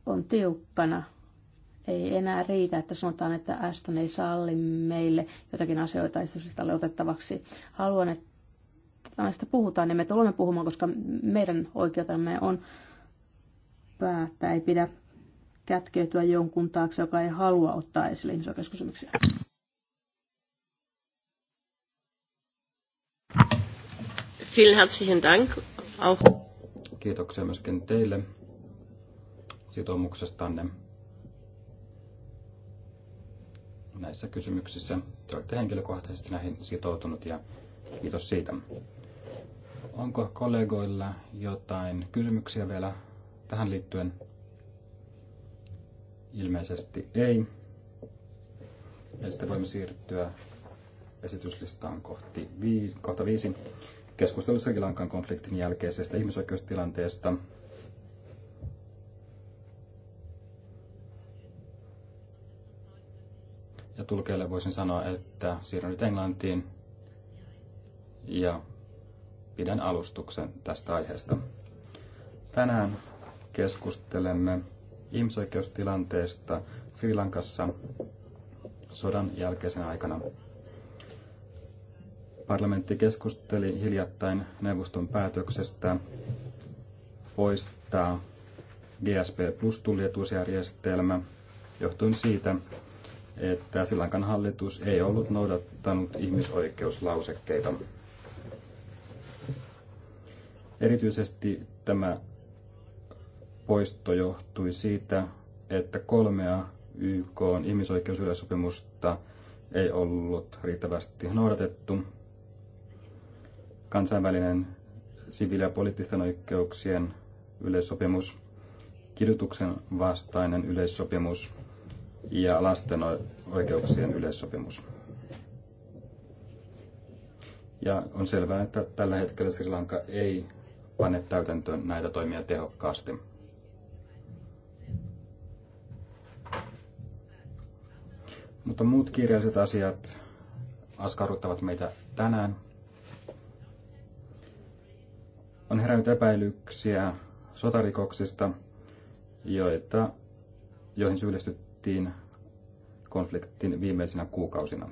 on tiukkana. Ei enää riitä, että sanotaan, että Aston ei salli meille jotakin asioita istusistalle otettavaksi. Haluan, että tästä puhutaan, niin me tulemme puhumaan, koska meidän oikeutemme on päättää. Ei pidä kätkeytyä jonkun taakse, joka ei halua ottaa esille ihmisoikeuskysymyksiä. Vielen herzlichen Dank. Auch. Kiitoksia myöskin teille sitoumuksestanne näissä kysymyksissä. Te olette henkilökohtaisesti näihin sitoutunut ja kiitos siitä. Onko kollegoilla jotain kysymyksiä vielä tähän liittyen? Ilmeisesti ei. Ja sitten voimme siirtyä esityslistaan kohti vii, kohta viisi keskustelu Sri Lankan konfliktin jälkeisestä ihmisoikeustilanteesta. Ja tulkeille voisin sanoa, että siirryn nyt Englantiin ja pidän alustuksen tästä aiheesta. Tänään keskustelemme ihmisoikeustilanteesta Sri Lankassa sodan jälkeisen aikana. Parlamentti keskusteli hiljattain neuvoston päätöksestä poistaa GSP Plus tullietuusjärjestelmä johtuen siitä, että Silankan hallitus ei ollut noudattanut ihmisoikeuslausekkeita. Erityisesti tämä poisto johtui siitä, että kolmea YK ihmisoikeusyleissopimusta ei ollut riittävästi noudatettu kansainvälinen siviili- ja poliittisten oikeuksien yleissopimus, kidutuksen vastainen yleissopimus ja lasten oikeuksien yleissopimus. Ja on selvää, että tällä hetkellä Sri Lanka ei pane täytäntöön näitä toimia tehokkaasti. Mutta muut kirjalliset asiat askarruttavat meitä tänään on herännyt epäilyksiä sotarikoksista, joita, joihin syyllistyttiin konfliktin viimeisinä kuukausina.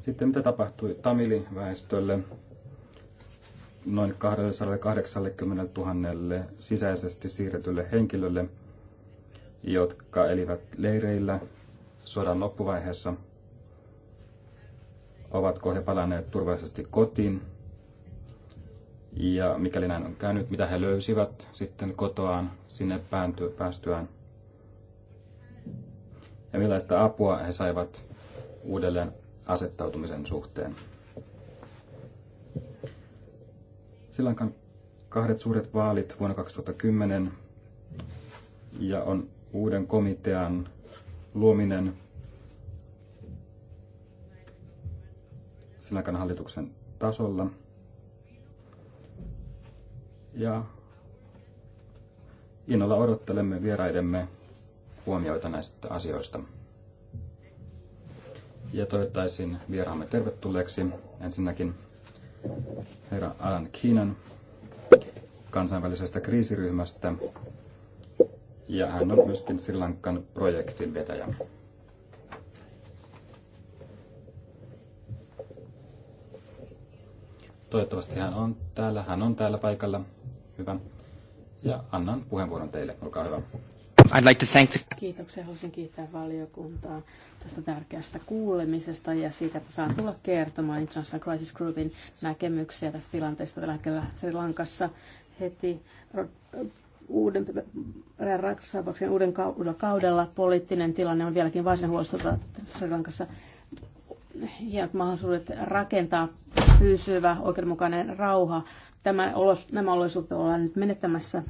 Sitten mitä tapahtui Tamiliväestölle? Noin 280 000 sisäisesti siirretylle henkilölle, jotka elivät leireillä sodan loppuvaiheessa. Ovatko he palanneet turvallisesti kotiin ja mikäli näin on käynyt, mitä he löysivät sitten kotoaan sinne päästyään. Ja millaista apua he saivat uudelleen asettautumisen suhteen. Sillankan kahdet suuret vaalit vuonna 2010 ja on uuden komitean luominen silloin hallituksen tasolla – ja innolla odottelemme vieraidemme huomioita näistä asioista. Ja toivottaisin vieraamme tervetulleeksi ensinnäkin herra Alan Kiinan kansainvälisestä kriisiryhmästä, ja hän on myöskin Sri Lankan projektin vetäjä. Toivottavasti hän on täällä. Hän on täällä paikalla. Hyvä. Ja annan puheenvuoron teille. Olkaa hyvä. I'd like to thank the... Kiitoksia. Haluaisin kiittää valiokuntaa tästä tärkeästä kuulemisesta ja siitä, että saan tulla kertomaan International Crisis Groupin näkemyksiä tästä tilanteesta tällä hetkellä Sri Lankassa heti äh, uuden, äh, Raksabaksen uuden kaudella poliittinen tilanne on vieläkin varsin huolestuttava Sri Lankassa. Hienot mahdollisuudet rakentaa pysyvä oikeudenmukainen rauha tämä olos, nämä olosuhteet ollaan nyt menettämässä.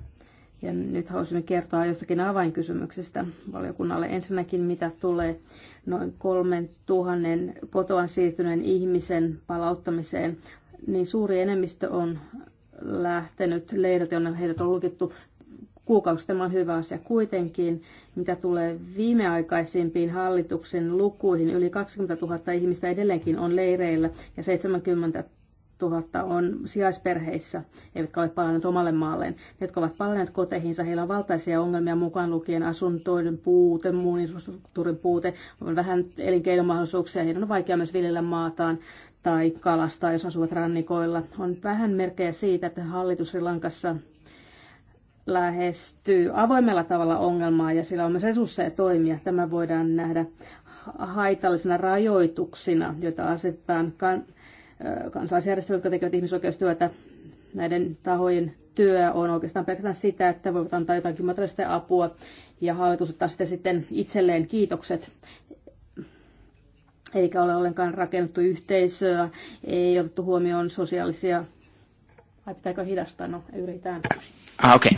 Ja nyt haluaisimme kertoa jostakin avainkysymyksestä valiokunnalle. Ensinnäkin mitä tulee noin kolmen tuhannen kotoan siirtyneen ihmisen palauttamiseen, niin suuri enemmistö on lähtenyt leiriltä, jonne heidät on lukittu kuukausi. Tämä on hyvä asia kuitenkin. Mitä tulee viimeaikaisimpiin hallituksen lukuihin, yli 20 000 ihmistä edelleenkin on leireillä ja 70 000 on sijaisperheissä, eivätkä ole palanneet omalle maalleen. Ne, jotka ovat palanneet koteihinsa, heillä on valtaisia ongelmia mukaan lukien asuntoiden puute, muun infrastruktuurin puute, on vähän elinkeinomahdollisuuksia, heidän on vaikea myös viljellä maataan tai kalastaa, jos asuvat rannikoilla. On vähän merkkejä siitä, että hallitus Sri Lankassa lähestyy avoimella tavalla ongelmaa ja sillä on myös resursseja toimia. Tämä voidaan nähdä haitallisena rajoituksina, joita asetetaan kan- kansalaisjärjestöjä, jotka tekevät ihmisoikeustyötä. Näiden tahojen työ on oikeastaan pelkästään sitä, että voivat antaa jotakin materiaalista apua ja hallitus ottaa sitten, sitten itselleen kiitokset. Eikä ole ollenkaan rakennettu yhteisöä, ei otettu huomioon sosiaalisia... Ai pitääkö hidastaa? No, yritän. Ah, okay.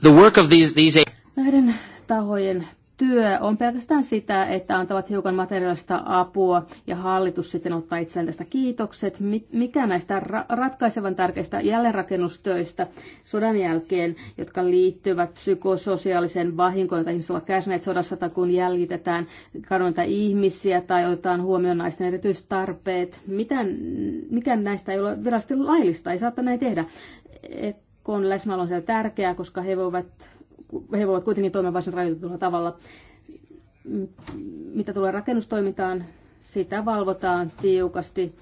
The work of these, these... Näiden tahojen työ on pelkästään sitä, että antavat hiukan materiaalista apua ja hallitus sitten ottaa itselleen tästä kiitokset. Mikä näistä ra- ratkaisevan tärkeistä jälleenrakennustöistä sodan jälkeen, jotka liittyvät psykososiaaliseen vahinkoon, jota ihmiset ovat kärsineet sodassa tai kun jäljitetään kadonta ihmisiä tai otetaan huomioon naisten erityistarpeet. Miten, mikä näistä ei ole virallisesti laillista, ei saattaa näin tehdä. kun läsnäolo on siellä tärkeää, koska he voivat he voivat kuitenkin toimia varsin rajoitetulla tavalla. Mitä tulee rakennustoimintaan, sitä valvotaan tiukasti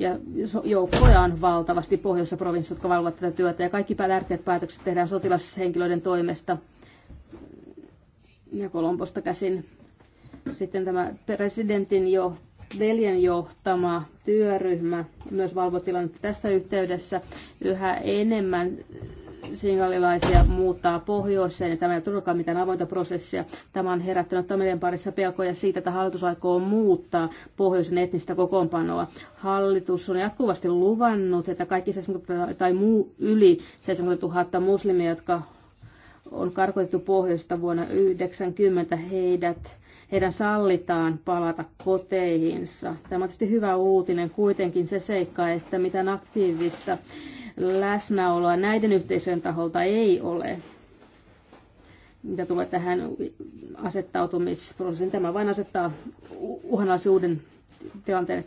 ja joukkoja on valtavasti pohjoisessa provinssissa, jotka valvovat tätä työtä ja kaikki tärkeät päätökset tehdään sotilashenkilöiden toimesta ja Kolomposta käsin. Sitten tämä presidentin jo, veljen johtama työryhmä myös valvotilannetta tässä yhteydessä yhä enemmän singalilaisia muuttaa pohjoiseen, ja tämä ei todellakaan mitään avointa prosessia. Tämä on herättänyt Tamilien parissa pelkoja siitä, että hallitus aikoo muuttaa pohjoisen etnistä kokoonpanoa. Hallitus on jatkuvasti luvannut, että kaikki 70 tai muu yli 70 000 muslimia, jotka on karkoitettu pohjoista vuonna 1990, heidät heidän sallitaan palata koteihinsa. Tämä on tietysti hyvä uutinen kuitenkin se seikka, että mitään aktiivista läsnäoloa näiden yhteisöjen taholta ei ole mitä tulee tähän asettautumisprosessiin. Tämä vain asettaa uhanalaisen uuden tilanteen.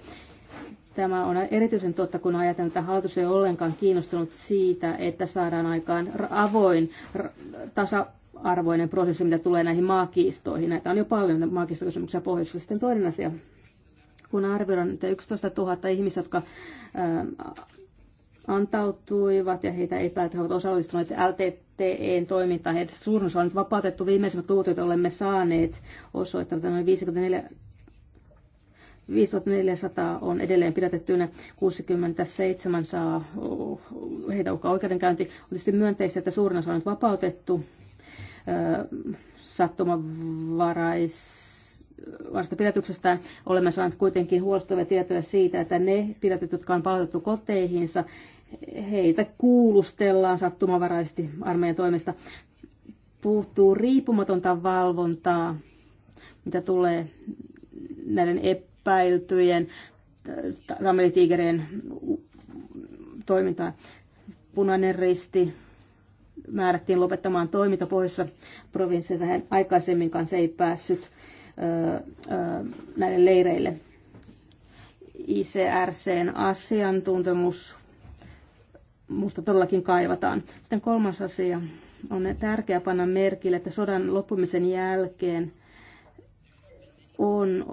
Tämä on erityisen totta, kun ajatellaan, että hallitus ei ole ollenkaan kiinnostunut siitä, että saadaan aikaan avoin, tasa, arvoinen prosessi, mitä tulee näihin maakiistoihin. Näitä on jo paljon maakiistokysymyksiä pohjoisessa. Sitten toinen asia, kun arvioidaan, että 11 000 ihmistä, jotka antautuivat ja heitä epäiltä he ovat osallistuneet LTTEn toimintaan. Heidät suurin on nyt vapautettu. Viimeisimmät luvut, joita olemme saaneet, osoittavat, että noin 54 5400 on edelleen pidätettynä, 67 saa oh, heitä uhkaa oikeudenkäynti. On tietysti myönteistä, että suurin osa on nyt vapautettu sattumanvarais vasta pidätyksestään olemme saaneet kuitenkin huolestuttavia tietoja siitä, että ne pidätyt, jotka on palautettu koteihinsa, heitä kuulustellaan sattumanvaraisesti armeijan toimesta. Puuttuu riippumatonta valvontaa, mitä tulee näiden epäiltyjen äh, tamilitiigerien toimintaan. Punainen risti, määrättiin lopettamaan toiminta pohjoisessa provinssissa. Hän aikaisemmin se ei päässyt ö, ö, näille leireille. ICRCn asiantuntemus musta todellakin kaivataan. Sitten kolmas asia on tärkeää panna merkille, että sodan loppumisen jälkeen on,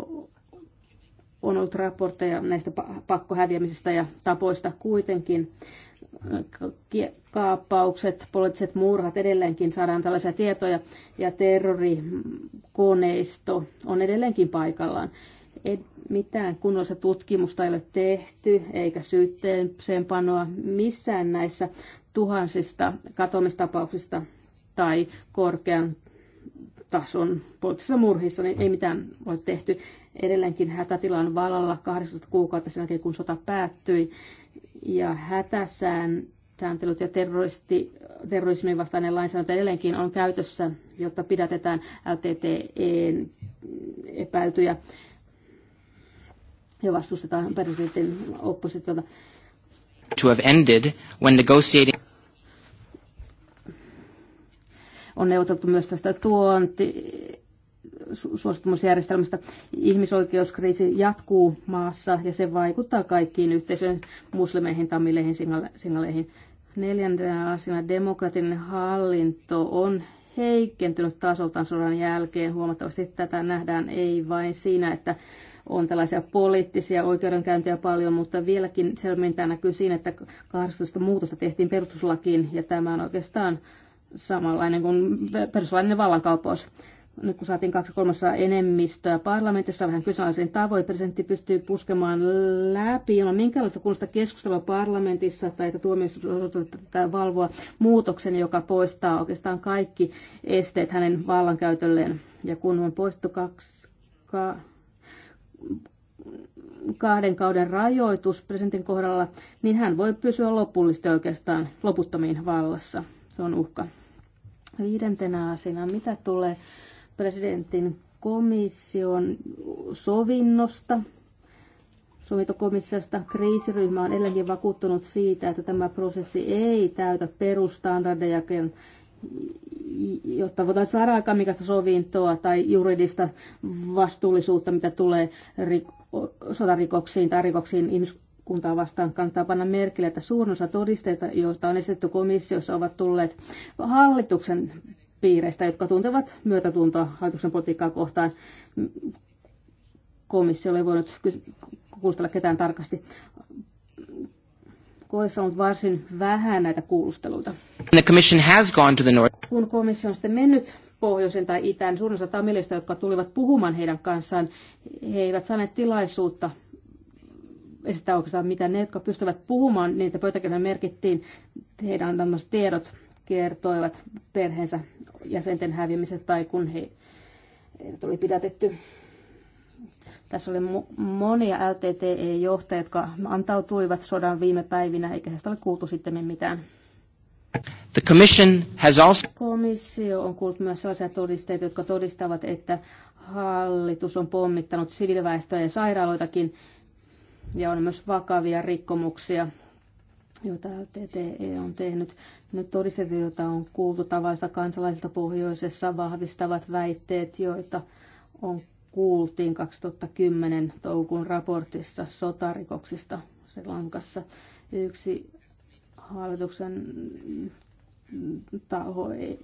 on ollut raportteja näistä pakkohäviämisistä ja tapoista kuitenkin kaappaukset, poliittiset murhat, edelleenkin saadaan tällaisia tietoja ja terrorikoneisto on edelleenkin paikallaan. Ei mitään kunnollista tutkimusta ei ole tehty eikä syytteenpanoa missään näissä tuhansista katomistapauksista tai korkean tason poliittisissa murhissa, niin ei mitään ole tehty. Edelleenkin hätätilan valalla 18 kuukautta sen jälkeen, kun sota päättyi ja hätäsään sääntelyt ja terroristi, terrorismin vastainen lainsäädäntö edelleenkin on käytössä, jotta pidätetään LTTEn epäiltyjä ja vastustetaan presidentin oppositiota. To have ended when negotiating on neuvoteltu myös tästä tuonti, suostumusjärjestelmästä. Ihmisoikeuskriisi jatkuu maassa ja se vaikuttaa kaikkiin yhteisöön, muslimeihin, tamileihin, singaleihin. Neljäntenä asiana demokratinen hallinto on heikentynyt tasoltaan sodan jälkeen huomattavasti. Tätä nähdään ei vain siinä, että on tällaisia poliittisia oikeudenkäyntejä paljon, mutta vieläkin selmintää näkyy siinä, että 18 muutosta tehtiin perustuslakiin ja tämä on oikeastaan samanlainen kuin perustuslainen vallankaupaus nyt kun saatiin kaksi kolmassa enemmistöä parlamentissa vähän kyseenalaisen tavoin, presidentti pystyy puskemaan läpi ilman minkälaista kunnosta keskustelua parlamentissa tai että tuomioistuin valvoa muutoksen, joka poistaa oikeastaan kaikki esteet hänen vallankäytölleen. Ja kun on poistettu kaksi, ka, kahden kauden rajoitus presidentin kohdalla, niin hän voi pysyä lopullisesti oikeastaan loputtomiin vallassa. Se on uhka. Viidentenä asiana, mitä tulee presidentin komission sovinnosta, sovintokomissiosta. Kriisiryhmä on edelleenkin vakuuttunut siitä, että tämä prosessi ei täytä perustandardeja, jotta voidaan saada aikamikasta mikästä sovintoa tai juridista vastuullisuutta, mitä tulee sotarikoksiin tai rikoksiin ihmiskuntaa vastaan. Kannattaa panna merkille, että suurin osa todisteita, joista on esitetty komissiossa, ovat tulleet hallituksen piireistä, jotka tuntevat myötätuntoa hallituksen politiikkaa kohtaan. Komissio ei voinut kuulustella ketään tarkasti. Koissa on ollut varsin vähän näitä kuulusteluita. Kun komissio on sitten mennyt pohjoisen tai itään, suurin osa tamilista, jotka tulivat puhumaan heidän kanssaan, he eivät saaneet tilaisuutta esittää oikeastaan mitä ne, jotka pystyvät puhumaan, niitä pöytäkirjoja merkittiin, heidän antamassa tiedot kertoivat perheensä jäsenten häviämiset tai kun he tuli pidätetty. Tässä oli monia LTTE-johtajia, jotka antautuivat sodan viime päivinä, eikä heistä ole kuultu sitten mitään. The commission has also... Komissio on kuullut myös sellaisia todisteita, jotka todistavat, että hallitus on pommittanut siviiliväestöä ja sairaaloitakin, ja on myös vakavia rikkomuksia jota TTE on tehnyt. Nyt todisteet, joita on kuultu tavallista kansalaisilta pohjoisessa, vahvistavat väitteet, joita on kuultiin 2010 toukun raportissa sotarikoksista Sri Lankassa. Yksi hallituksen taho e- e-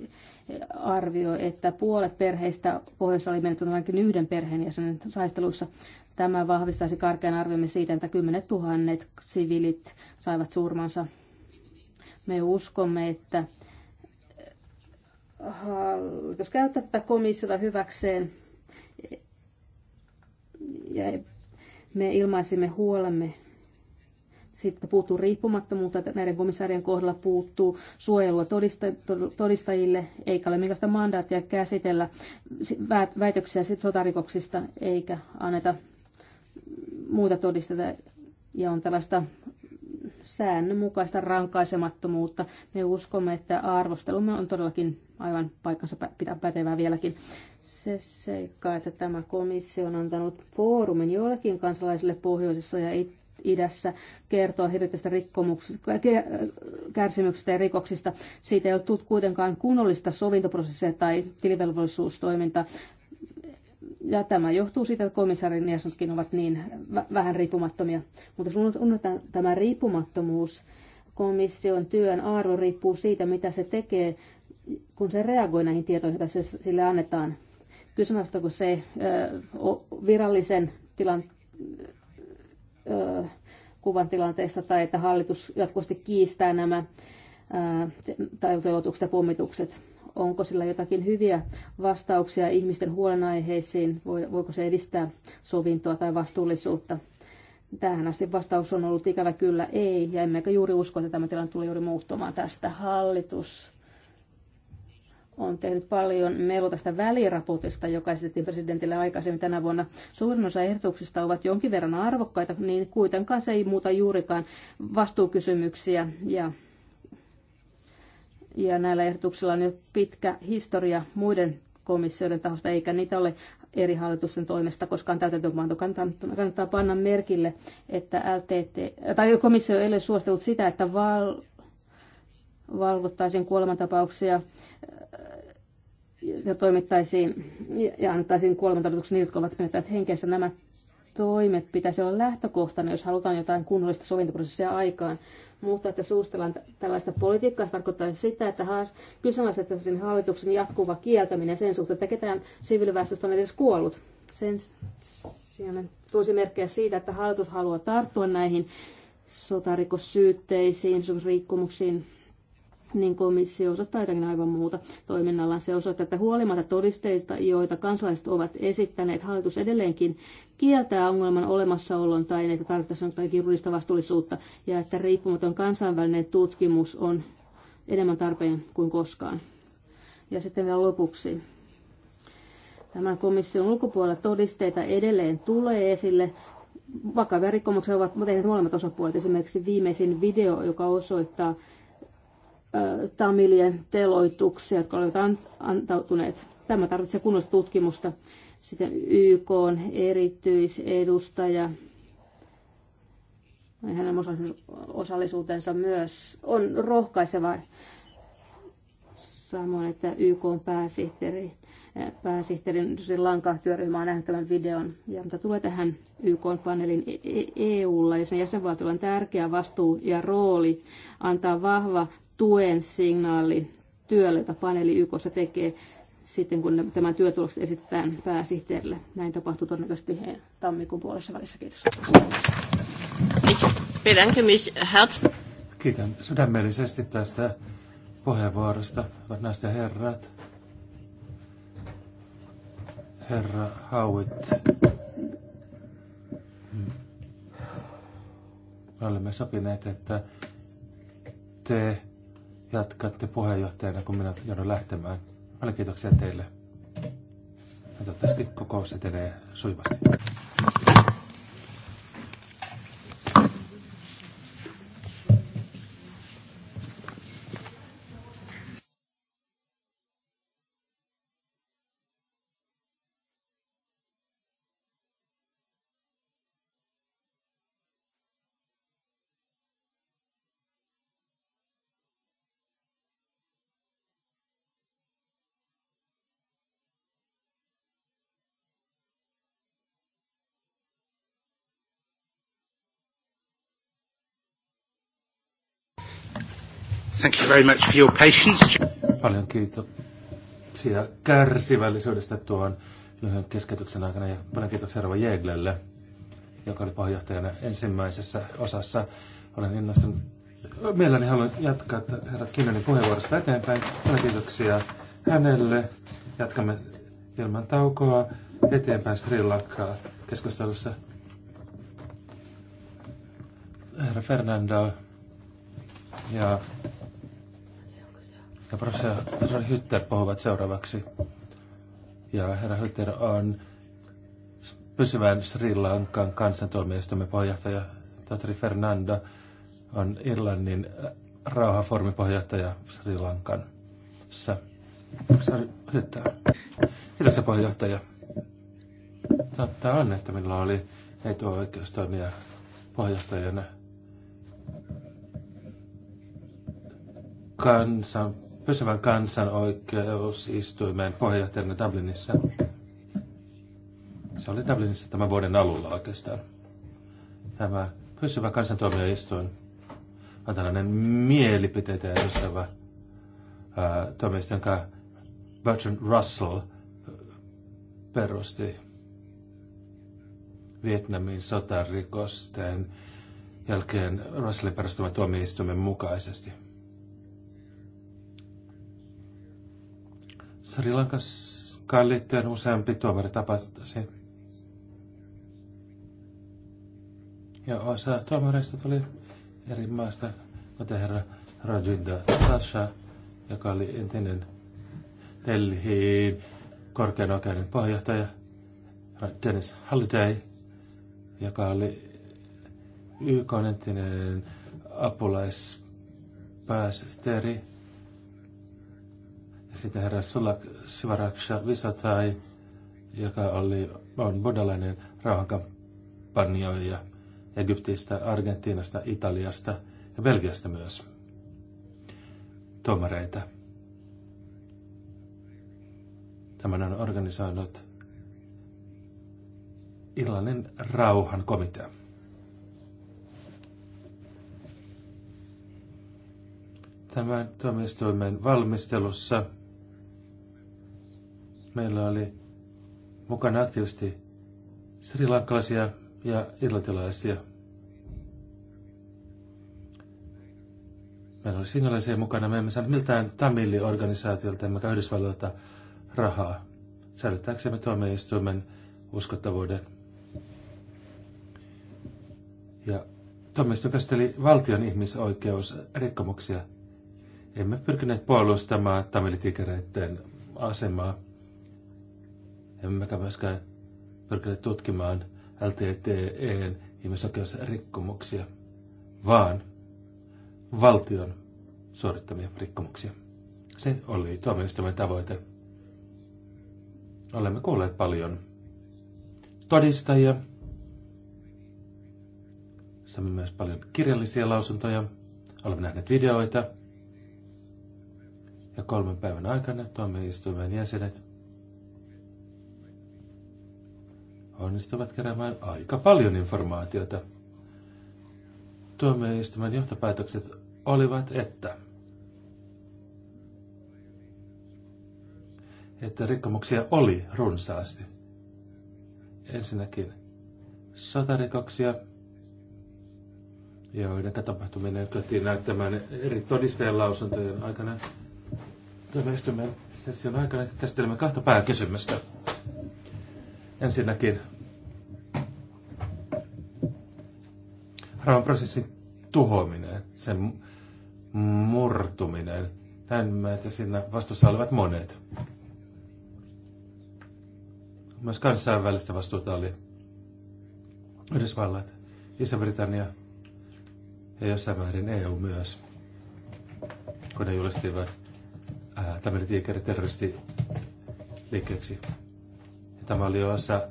arvioi, että puolet perheistä pohjoissa oli menettänyt ainakin yhden sen taisteluissa. Tämä vahvistaisi karkean arviomme siitä, että kymmenet tuhannet sivilit saivat surmansa. Me uskomme, että hallitus käyttää tätä komissiota hyväkseen ja me ilmaisimme huolemme sitten puuttuu riippumattomuutta, että näiden komissaarien kohdalla puuttuu suojelua todistajille, eikä ole minkäänlaista mandaattia käsitellä väitöksiä sotarikoksista, eikä anneta muita todisteita ja on tällaista säännönmukaista rankaisemattomuutta. Me uskomme, että arvostelumme on todellakin aivan paikkansa pitää pätevää vieläkin. Se seikka, että tämä komissio on antanut foorumin joillekin kansalaisille pohjoisessa ja idässä kertoa hirveästä rikkomuksista, kärsimyksistä ja rikoksista. Siitä ei tullut kuitenkaan kunnollista sovintoprosessia tai tilivelvollisuustoiminta ja tämä johtuu siitä, että komissaarin jäsenetkin ovat niin vähän riippumattomia. Mutta jos unohdetaan tämä riippumattomuus, komission työn arvo riippuu siitä, mitä se tekee, kun se reagoi näihin tietoihin, joita se, sille annetaan. Kysymys kun se virallisen tilan, kuvan tilanteessa tai että hallitus jatkuvasti kiistää nämä tajutelotukset ja pommitukset onko sillä jotakin hyviä vastauksia ihmisten huolenaiheisiin, voiko se edistää sovintoa tai vastuullisuutta. Tähän asti vastaus on ollut ikävä kyllä ei, ja emmekä juuri usko, että tämä tilanne tulee juuri muuttumaan tästä. Hallitus on tehnyt paljon melu tästä väliraportista, joka esitettiin presidentille aikaisemmin tänä vuonna. Suurin osa ehdotuksista ovat jonkin verran arvokkaita, niin kuitenkaan se ei muuta juurikaan vastuukysymyksiä ja ja näillä ehdotuksilla on jo pitkä historia muiden komissioiden tahosta, eikä niitä ole eri hallitusten toimesta koskaan täytäntöönpanto. Kannattaa, kannattaa panna merkille, että LTT, tai komissio ei ole suostellut sitä, että val, valvottaisiin kuolemantapauksia ja toimittaisiin ja annettaisiin kuolemantarkoituksen niille, jotka ovat menettäneet henkensä. Nämä toimet pitäisi olla lähtökohtana, jos halutaan jotain kunnollista sovintoprosessia aikaan. Mutta että suustellaan tällaista politiikkaa, se tarkoittaisi sitä, että kyseenalaistettaisiin hallituksen jatkuva kieltäminen sen suhteen, että ketään siviiliväestöstä on edes kuollut. Sen sijaan tulisi merkkejä siitä, että hallitus haluaa tarttua näihin sotarikossyytteisiin, rikkomuksiin, niin komissio osoittaa jotakin aivan muuta toiminnallaan. Se osoittaa, että huolimatta todisteista, joita kansalaiset ovat esittäneet, hallitus edelleenkin kieltää ongelman olemassaolon tai että tarvittaisiin jotain kirurgista vastuullisuutta ja että riippumaton kansainvälinen tutkimus on enemmän tarpeen kuin koskaan. Ja sitten vielä lopuksi. Tämän komission ulkopuolella todisteita edelleen tulee esille, vakavia rikkomuksia ovat tehneet molemmat osapuolet. Esimerkiksi viimeisin video, joka osoittaa tamilien teloituksia, jotka olivat antautuneet. Tämä tarvitsee kunnollista tutkimusta. Sitten YK on erityisedustaja. Hänen osallisuutensa myös on rohkaiseva. Samoin, että YK on pääsihteeri, pääsihteerin Lanka-työryhmä on nähnyt tämän videon. Ja mitä tulee tähän YK-paneelin EUlla e-, e-, ja sen jäsenvaltiolla on tärkeä vastuu ja rooli antaa vahva tuen signaali työlle, jota paneeli YKssa tekee sitten, kun tämän työtulokset esitetään pääsihteerille. Näin tapahtuu todennäköisesti tammikuun puolessa välissä. Kiitos. Kiitän sydämellisesti tästä puheenvuorosta, hyvät naiset ja herrat. Herra Hauit. Me olemme sopineet, että te jatkatte puheenjohtajana, kun minä joudun lähtemään. Paljon kiitoksia teille. Ja toivottavasti kokous etenee sujuvasti. Thank you very much for your patience. Paljon kiitoksia kärsivällisyydestä tuon lyhyen keskityksen aikana ja paljon kiitoksia Rova Jeglelle, joka oli pohjohtajana ensimmäisessä osassa. Olen innostunut. Mielelläni haluan jatkaa herra Kinnanin puheenvuorosta eteenpäin. Paljon kiitoksia hänelle. Jatkamme ilman taukoa eteenpäin Sri Lankaa keskustelussa. Herra Fernando ja ja professori Hytter puhuvat seuraavaksi. Ja herra Hytter on pysyvän Sri Lankan kansantuomioistuimen puheenjohtaja. Tatri Fernando on Irlannin rauhaformin Sri Lankanssa. Professori Hytter. Kiitoksia puheenjohtaja. Totta on, että minulla oli etuoikeus toimia puheenjohtajana kansan pysyvän kansanoikeusistuimen puheenjohtajana Dublinissa. Se oli Dublinissa tämän vuoden alulla oikeastaan. Tämä pysyvä kansantuomioistuin on tällainen mielipiteitä edustava tuomioistuin, jonka Bertrand Russell perusti Vietnamin sotarikosten jälkeen Russellin perustaman tuomioistuimen mukaisesti. Sri Lankaskaan liittyen useampi tuomari tapasi. Ja osa tuomareista tuli eri maista, kuten herra Rajinda Sasha, joka oli entinen Delhiin korkean oikeuden pohjohtaja, Dennis Halliday, joka oli YK entinen apulaispääsihteeri, ja sitten herra Sulak Svaraksha Visatai, joka oli, on buddhalainen rauhankampanjoija Egyptistä, Argentiinasta, Italiasta ja Belgiasta myös. Tuomareita. Tämän on organisoinut Illanen rauhan komitea. Tämän tuomioistuimen valmistelussa – Meillä oli mukana aktiivisesti srilankalaisia ja irlantilaisia. Meillä oli singalaisia mukana. Me emme saaneet miltään tamiliorganisaatiolta emmekä Yhdysvalloilta rahaa säilyttääksemme tuomioistuimen uskottavuuden. Ja tuomioistuin käsitteli valtion ihmisoikeusrikkomuksia. Emme pyrkineet puolustamaan tamilitikereiden asemaa. Emmekä myöskään pyrkineet tutkimaan LTTEn ihmisoikeusrikkomuksia, vaan valtion suorittamia rikkomuksia. Se oli tuomioistuimen tavoite. Olemme kuulleet paljon todistajia. Saamme myös paljon kirjallisia lausuntoja. Olemme nähneet videoita. Ja kolmen päivän aikana tuomioistuimen jäsenet onnistuvat keräämään aika paljon informaatiota. Tuomioistuimen johtopäätökset olivat, että että rikkomuksia oli runsaasti. Ensinnäkin sotarikoksia, joiden tapahtuminen kyettiin näyttämään eri todistajan lausuntojen aikana. Tuomioistuimen sessio aikana käsittelemme kahta pääkysymystä. Ensinnäkin rauhanprosessin tuhoaminen, sen murtuminen. Näemme, että siinä vastuussa olivat monet. Myös kansainvälistä vastuuta oli Yhdysvallat, Iso-Britannia ja jossain määrin EU myös, kun ne julistivat tiikeri terroristi liikkeeksi Tämä oli osa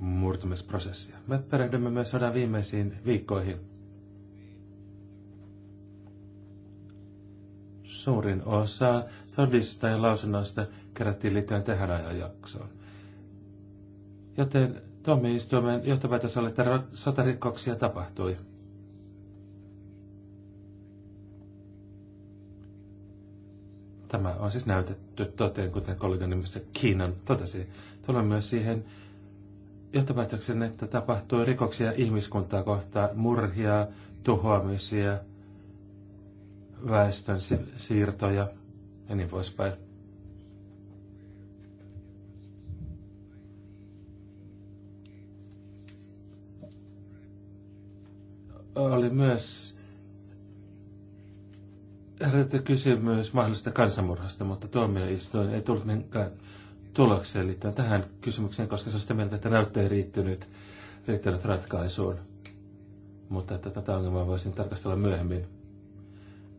murtumisprosessia. Me perehdymme myös sodan viimeisiin viikkoihin. Suurin osa todistajien lausunnoista kerättiin liittyen tähän ajanjaksoon. Joten tuomioistuimen johtopäätös oli, että sotarikoksia tapahtui. Tämä on siis näytetty toteen, kuten kollega nimestä Kiinan totesi. Tulee myös siihen johtopäätöksen, että tapahtuu rikoksia ihmiskuntaa kohtaan, murhia, tuhoamisia, väestön siirtoja ja niin poispäin. Oli myös herätti myös mahdollisesta kansanmurhasta, mutta tuomioistuin ei tullut minkään tulokseen liittyen tähän kysymykseen, koska se on sitä mieltä, että näyttö ei riittynyt, riittänyt ratkaisuun. Mutta että tätä ongelmaa voisin tarkastella myöhemmin,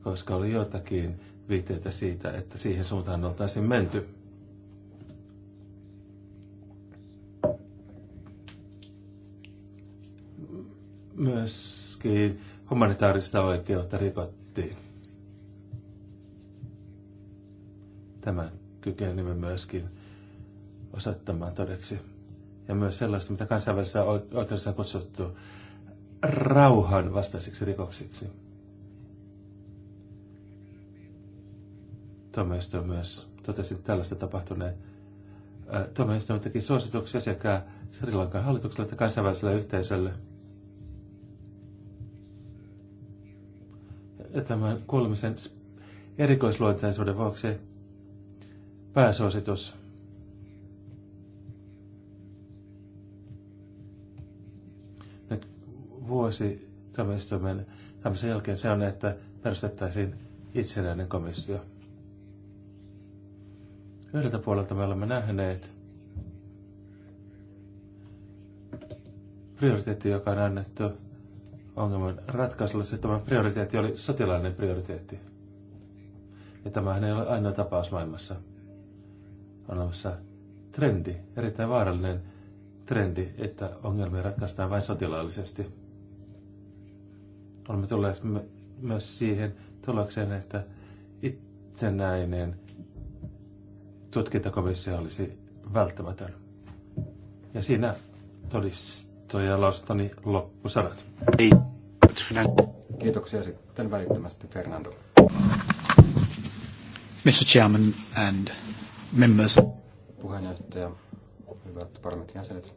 koska oli jotakin viitteitä siitä, että siihen suuntaan oltaisiin menty. Myöskin humanitaarista oikeutta rikottiin. Tämän kykenemme myöskin osoittamaan todeksi. Ja myös sellaista, mitä kansainvälisessä oikeudessa on kutsuttu rauhan vastaisiksi rikoksiksi. Tuomioistuin myös totesi tällaista tapahtuneen. Tuomioistuin teki suosituksia sekä Sri Lankan hallitukselle että kansainväliselle yhteisölle. Ja tämän kuulemisen erikoisluonteisuuden vuoksi pääsuositus. Nyt vuosi tuomioistuimen tämmöisen jälkeen se on, että perustettaisiin itsenäinen komissio. Yhdeltä puolelta me olemme nähneet prioriteetti, joka on annettu ongelman ratkaisulle. Se tämä prioriteetti oli sotilainen prioriteetti. Ja tämähän ei ole ainoa tapaus maailmassa on olemassa trendi, erittäin vaarallinen trendi, että ongelmia ratkaistaan vain sotilaallisesti. Olemme tulleet myös siihen tulokseen, että itsenäinen tutkintakomissio olisi välttämätön. Ja siinä todistoja lausuntoni loppusanat. Kiitoksia sitten välittömästi, Fernando. Mr. Chairman and members. Puheenjohtaja, hyvät parlamentin jäsenet.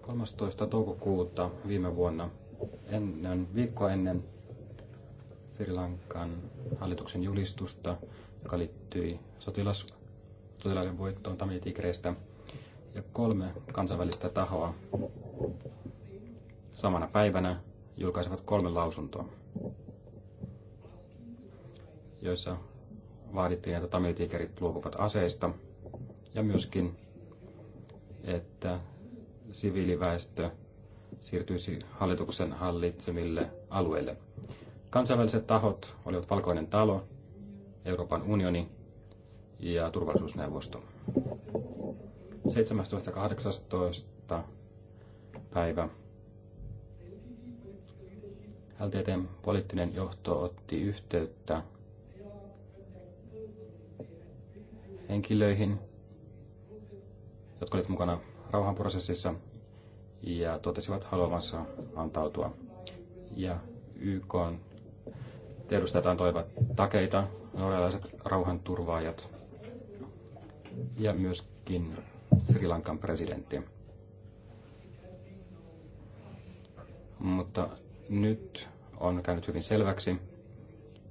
13. toukokuuta viime vuonna, ennen, viikko ennen Sri Lankan hallituksen julistusta, joka liittyi sotilas, sotilaiden voittoon Tamil ja kolme kansainvälistä tahoa samana päivänä julkaisivat kolme lausuntoa, joissa vaadittiin, että tamiltiikerit luopuvat aseista ja myöskin, että siviiliväestö siirtyisi hallituksen hallitsemille alueille. Kansainväliset tahot olivat Valkoinen talo, Euroopan unioni ja turvallisuusneuvosto. 17.18. päivä LTTn poliittinen johto otti yhteyttä henkilöihin, jotka olivat mukana rauhanprosessissa ja totesivat haluavansa antautua. Ja YK edustajat antoivat takeita, norjalaiset rauhanturvaajat ja myöskin Sri Lankan presidentti. Mutta nyt on käynyt hyvin selväksi,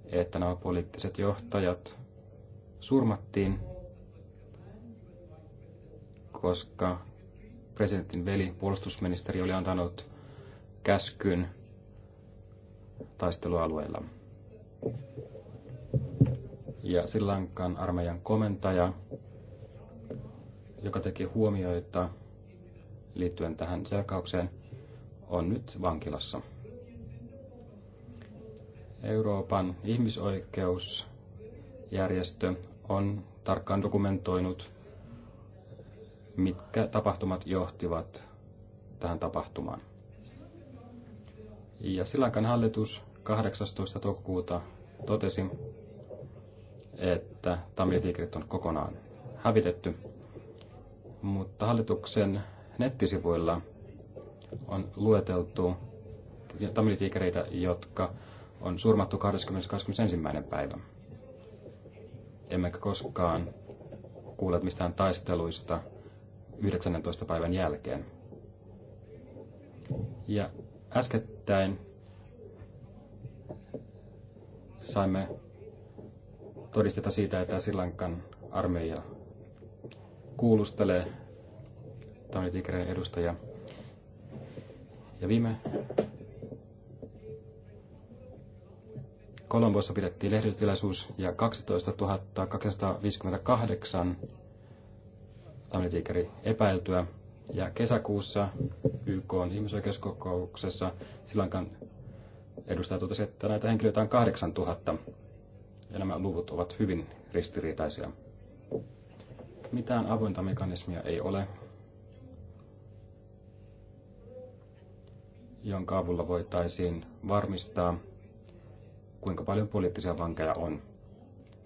että nämä poliittiset johtajat surmattiin koska presidentin veli, puolustusministeri, oli antanut käskyn taistelualueella. Ja Sri Lankan armeijan komentaja, joka teki huomioita liittyen tähän selkaukseen, on nyt vankilassa. Euroopan ihmisoikeusjärjestö on tarkkaan dokumentoinut mitkä tapahtumat johtivat tähän tapahtumaan. Ja Silankan hallitus 18. toukokuuta totesi, että tamilitigrit on kokonaan hävitetty. Mutta hallituksen nettisivuilla on lueteltu tamilitiikereitä, jotka on surmattu 21. päivä. Emmekä koskaan kuule mistään taisteluista 19. päivän jälkeen. Ja äskettäin saimme todisteta siitä, että Sri Lankan armeija kuulustelee Tony Tigreen edustaja. Ja viime Kolombossa pidettiin lehdistötilaisuus ja 12 258 tammitikeri epäiltyä. Ja kesäkuussa YK on ihmisoikeuskokouksessa Silankan edustaja totesi, että näitä henkilöitä on 8000. Ja nämä luvut ovat hyvin ristiriitaisia. Mitään avointa mekanismia ei ole, jonka avulla voitaisiin varmistaa, kuinka paljon poliittisia vankeja on.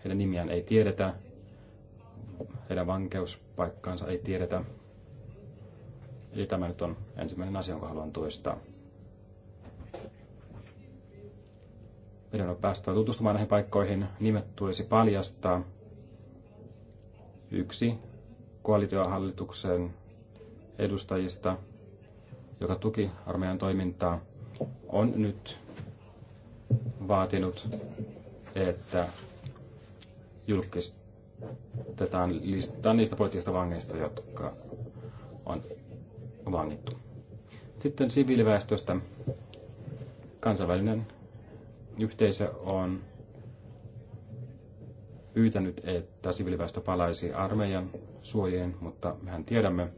Heidän nimiään ei tiedetä, heidän vankeuspaikkaansa ei tiedetä. Eli tämä nyt on ensimmäinen asia, jonka haluan toistaa. Meidän on päästävä tutustumaan näihin paikkoihin. Nimet tulisi paljastaa. Yksi koalitiohallituksen edustajista, joka tuki armeijan toimintaa, on nyt vaatinut, että julkista Tätä on lista niistä poliittisista vangeista, jotka on vangittu. Sitten siviiliväestöstä kansainvälinen yhteisö on pyytänyt, että siviiliväestö palaisi armeijan suojeen, mutta mehän tiedämme,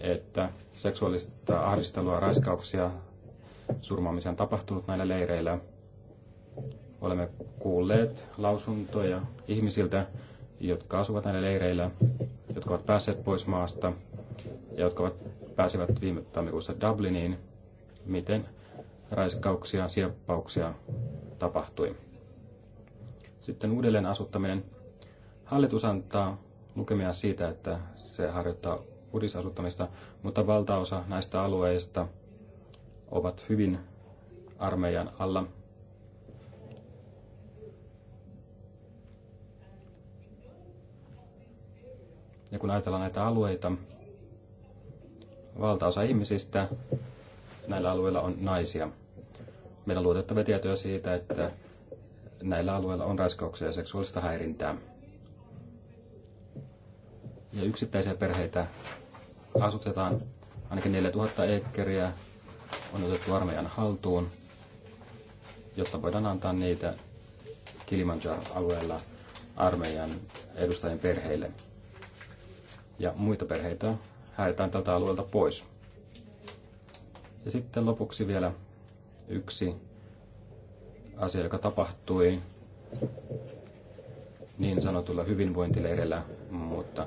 että seksuaalista ahdistelua, raiskauksia, surmaamisia on tapahtunut näillä leireillä. Olemme kuulleet lausuntoja ihmisiltä, jotka asuvat näillä leireillä, jotka ovat päässeet pois maasta ja jotka ovat, pääsivät viime tammikuussa Dubliniin, miten raiskauksia, sieppauksia tapahtui. Sitten uudelleen asuttaminen. Hallitus antaa lukemia siitä, että se harjoittaa uudisasuttamista, mutta valtaosa näistä alueista ovat hyvin armeijan alla Ja kun ajatellaan näitä alueita, valtaosa ihmisistä näillä alueilla on naisia. Meillä on luotettavia tietoja siitä, että näillä alueilla on raiskauksia ja seksuaalista häirintää. Ja yksittäisiä perheitä asutetaan ainakin 4000 ekkeriä on otettu armeijan haltuun, jotta voidaan antaa niitä Kilimanjaro-alueella armeijan edustajien perheille ja muita perheitä häiritään tältä alueelta pois. Ja sitten lopuksi vielä yksi asia, joka tapahtui niin sanotulla hyvinvointileireillä, mutta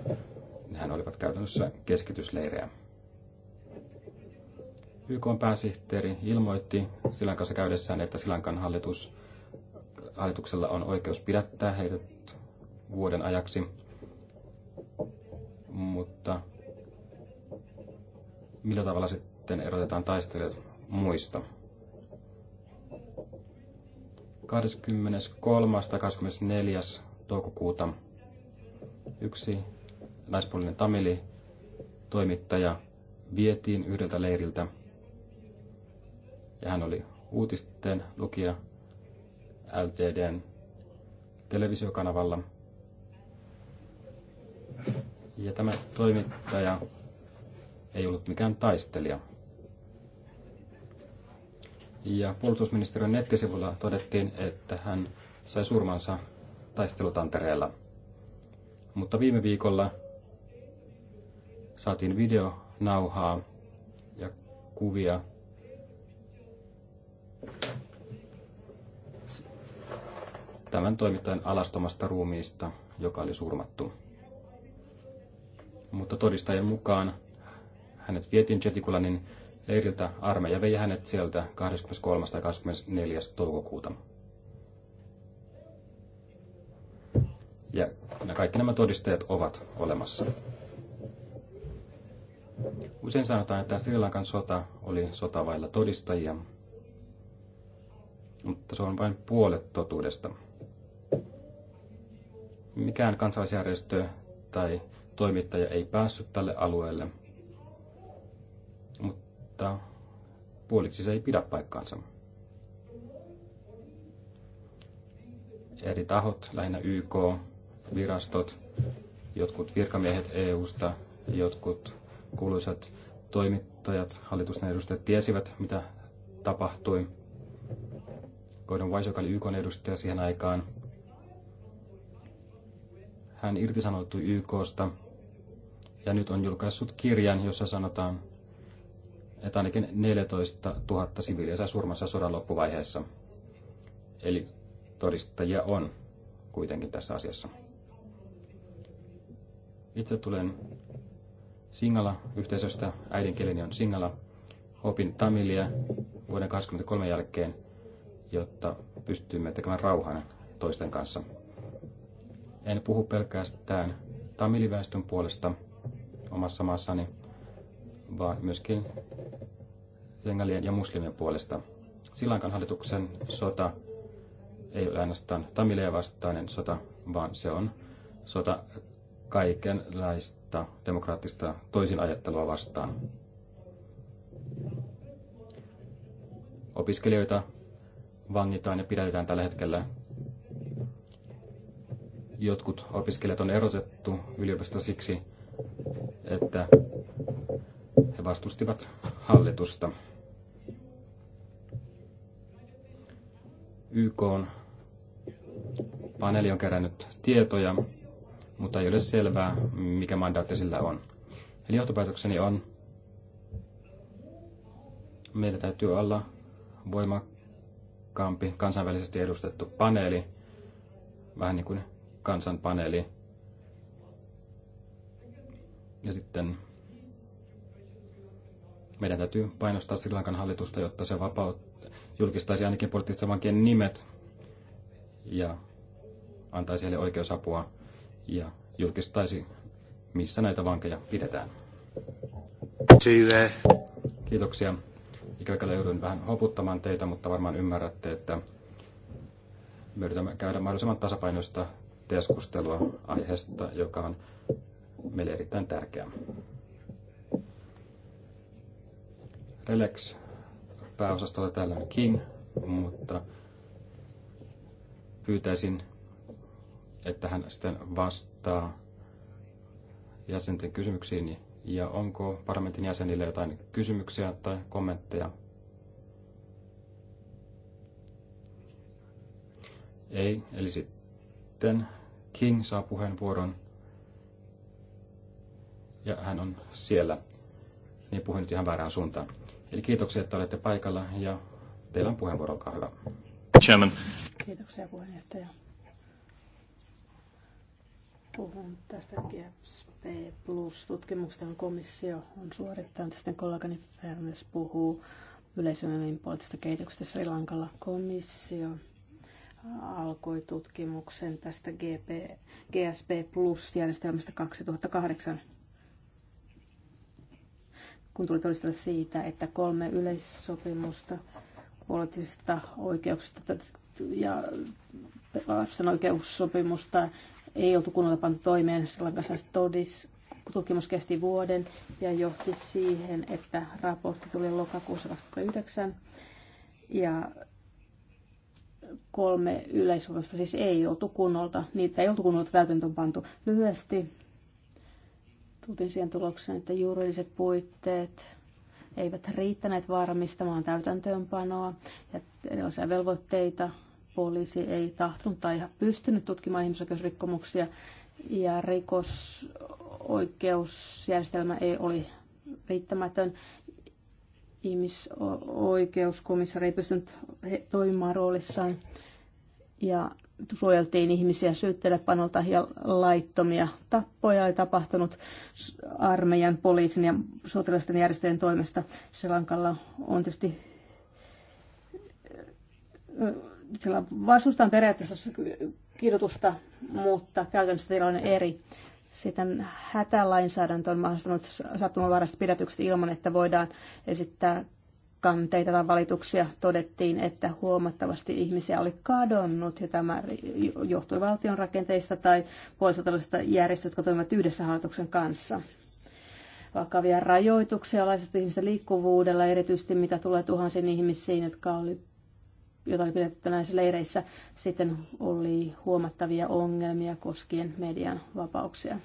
nehän olivat käytännössä keskitysleirejä. YK pääsihteeri ilmoitti Silankassa käydessään, että Silankan hallitus, hallituksella on oikeus pidättää heidät vuoden ajaksi – mutta millä tavalla sitten erotetaan taistelijat muista? 23.24. toukokuuta yksi naispuolinen tamili toimittaja vietiin yhdeltä leiriltä ja hän oli uutisten lukija LTDn televisiokanavalla. Ja tämä toimittaja ei ollut mikään taistelija. Ja puolustusministeriön nettisivulla todettiin, että hän sai surmansa taistelutantereella. Mutta viime viikolla saatiin videonauhaa ja kuvia tämän toimittajan alastomasta ruumiista, joka oli surmattu mutta todistajien mukaan hänet vietiin Chetikulanin leiriltä. Armeija vei hänet sieltä 23. ja 24. toukokuuta. Ja kaikki nämä todisteet ovat olemassa. Usein sanotaan, että Sri Lankan sota oli sota vailla todistajia, mutta se on vain puolet totuudesta. Mikään kansalaisjärjestö tai toimittaja ei päässyt tälle alueelle, mutta puoliksi se ei pidä paikkaansa. Eri tahot, lähinnä YK, virastot, jotkut virkamiehet EUsta, jotkut kuuluisat toimittajat, hallitusten edustajat tiesivät, mitä tapahtui. Gordon Weiss, joka oli YK edustaja siihen aikaan, hän irtisanoutui YKsta ja nyt on julkaissut kirjan, jossa sanotaan, että ainakin 14 000 siviiliä saa surmansa sodan loppuvaiheessa. Eli todistajia on kuitenkin tässä asiassa. Itse tulen Singala-yhteisöstä, äidinkieleni on Singala. Opin tamilia vuoden 23 jälkeen, jotta pystymme tekemään rauhan toisten kanssa. En puhu pelkästään tamiliväestön puolesta, omassa maassani, vaan myöskin jengalien ja muslimien puolesta. Silankan hallituksen sota ei ole ainoastaan tamileja vastainen sota, vaan se on sota kaikenlaista demokraattista toisin ajattelua vastaan. Opiskelijoita vangitaan ja pidätetään tällä hetkellä. Jotkut opiskelijat on erotettu yliopistosta siksi, että he vastustivat hallitusta. YK on paneeli on kerännyt tietoja, mutta ei ole selvää, mikä mandaatti sillä on. Eli johtopäätökseni on, meillä täytyy olla voimakkaampi kansainvälisesti edustettu paneeli, vähän niin kuin kansanpaneeli ja sitten meidän täytyy painostaa Sri Lankan hallitusta, jotta se vapaut, julkistaisi ainakin poliittisten vankien nimet ja antaisi heille oikeusapua ja julkistaisi, missä näitä vankeja pidetään. Kiitoksia. Ikävä kyllä joudun vähän hoputtamaan teitä, mutta varmaan ymmärrätte, että me yritämme käydä mahdollisimman tasapainoista keskustelua aiheesta, joka on meille erittäin tärkeä. Relax pääosastolla täällä on King, mutta pyytäisin, että hän sitten vastaa jäsenten kysymyksiin ja onko parlamentin jäsenille jotain kysymyksiä tai kommentteja? Ei, eli sitten King saa puheenvuoron ja hän on siellä. Niin puhuin nyt ihan väärään suuntaan. Eli kiitoksia, että olette paikalla ja teillä on puheenvuoro, olkaa hyvä. Chairman. Kiitoksia puheenjohtaja. Puhun tästä GAPSP Plus-tutkimuksesta, jonka komissio on suorittanut. Sitten kollegani Fernes puhuu yleisönemin poliittisesta kehityksestä Sri Lankalla. Komissio alkoi tutkimuksen tästä GP, GSP Plus-järjestelmästä 2008 kun tuli todistella siitä, että kolme yleissopimusta poliittisista oikeuksista ja lapsen oikeussopimusta ei oltu kunnolla pantu toimeen. Sillan kanssa todis, tutkimus kesti vuoden ja johti siihen, että raportti tuli lokakuussa 2009 ja kolme yleissopimusta siis ei oltu kunnolta, niitä ei oltu kunnolta täytäntöön pantu. Lyhyesti tultiin siihen tulokseen, että juridiset puitteet eivät riittäneet varmistamaan täytäntöönpanoa ja erilaisia velvoitteita. Poliisi ei tahtonut tai ihan pystynyt tutkimaan ihmisoikeusrikkomuksia ja rikosoikeusjärjestelmä ei oli riittämätön. Ihmisoikeuskomissari ei pystynyt toimimaan roolissaan ja suojeltiin ihmisiä syyttelepanolta ja laittomia tappoja oli tapahtunut armeijan, poliisin ja sotilaisten järjestöjen toimesta. Selankalla on tietysti sillä vastustan periaatteessa kirjoitusta, mutta käytännössä tilanne eri. Sitten hätälainsäädäntö on mahdollistanut sattumanvaraiset pidätykset ilman, että voidaan esittää kanteita tai valituksia todettiin, että huomattavasti ihmisiä oli kadonnut ja tämä johtui valtion rakenteista tai puolisotilaisista järjestöistä, jotka toimivat yhdessä hallituksen kanssa. Vakavia rajoituksia laiset ihmisten liikkuvuudella, erityisesti mitä tulee tuhansiin ihmisiin, jotka oli, joita oli pidetty näissä leireissä. Sitten oli huomattavia ongelmia koskien median vapauksia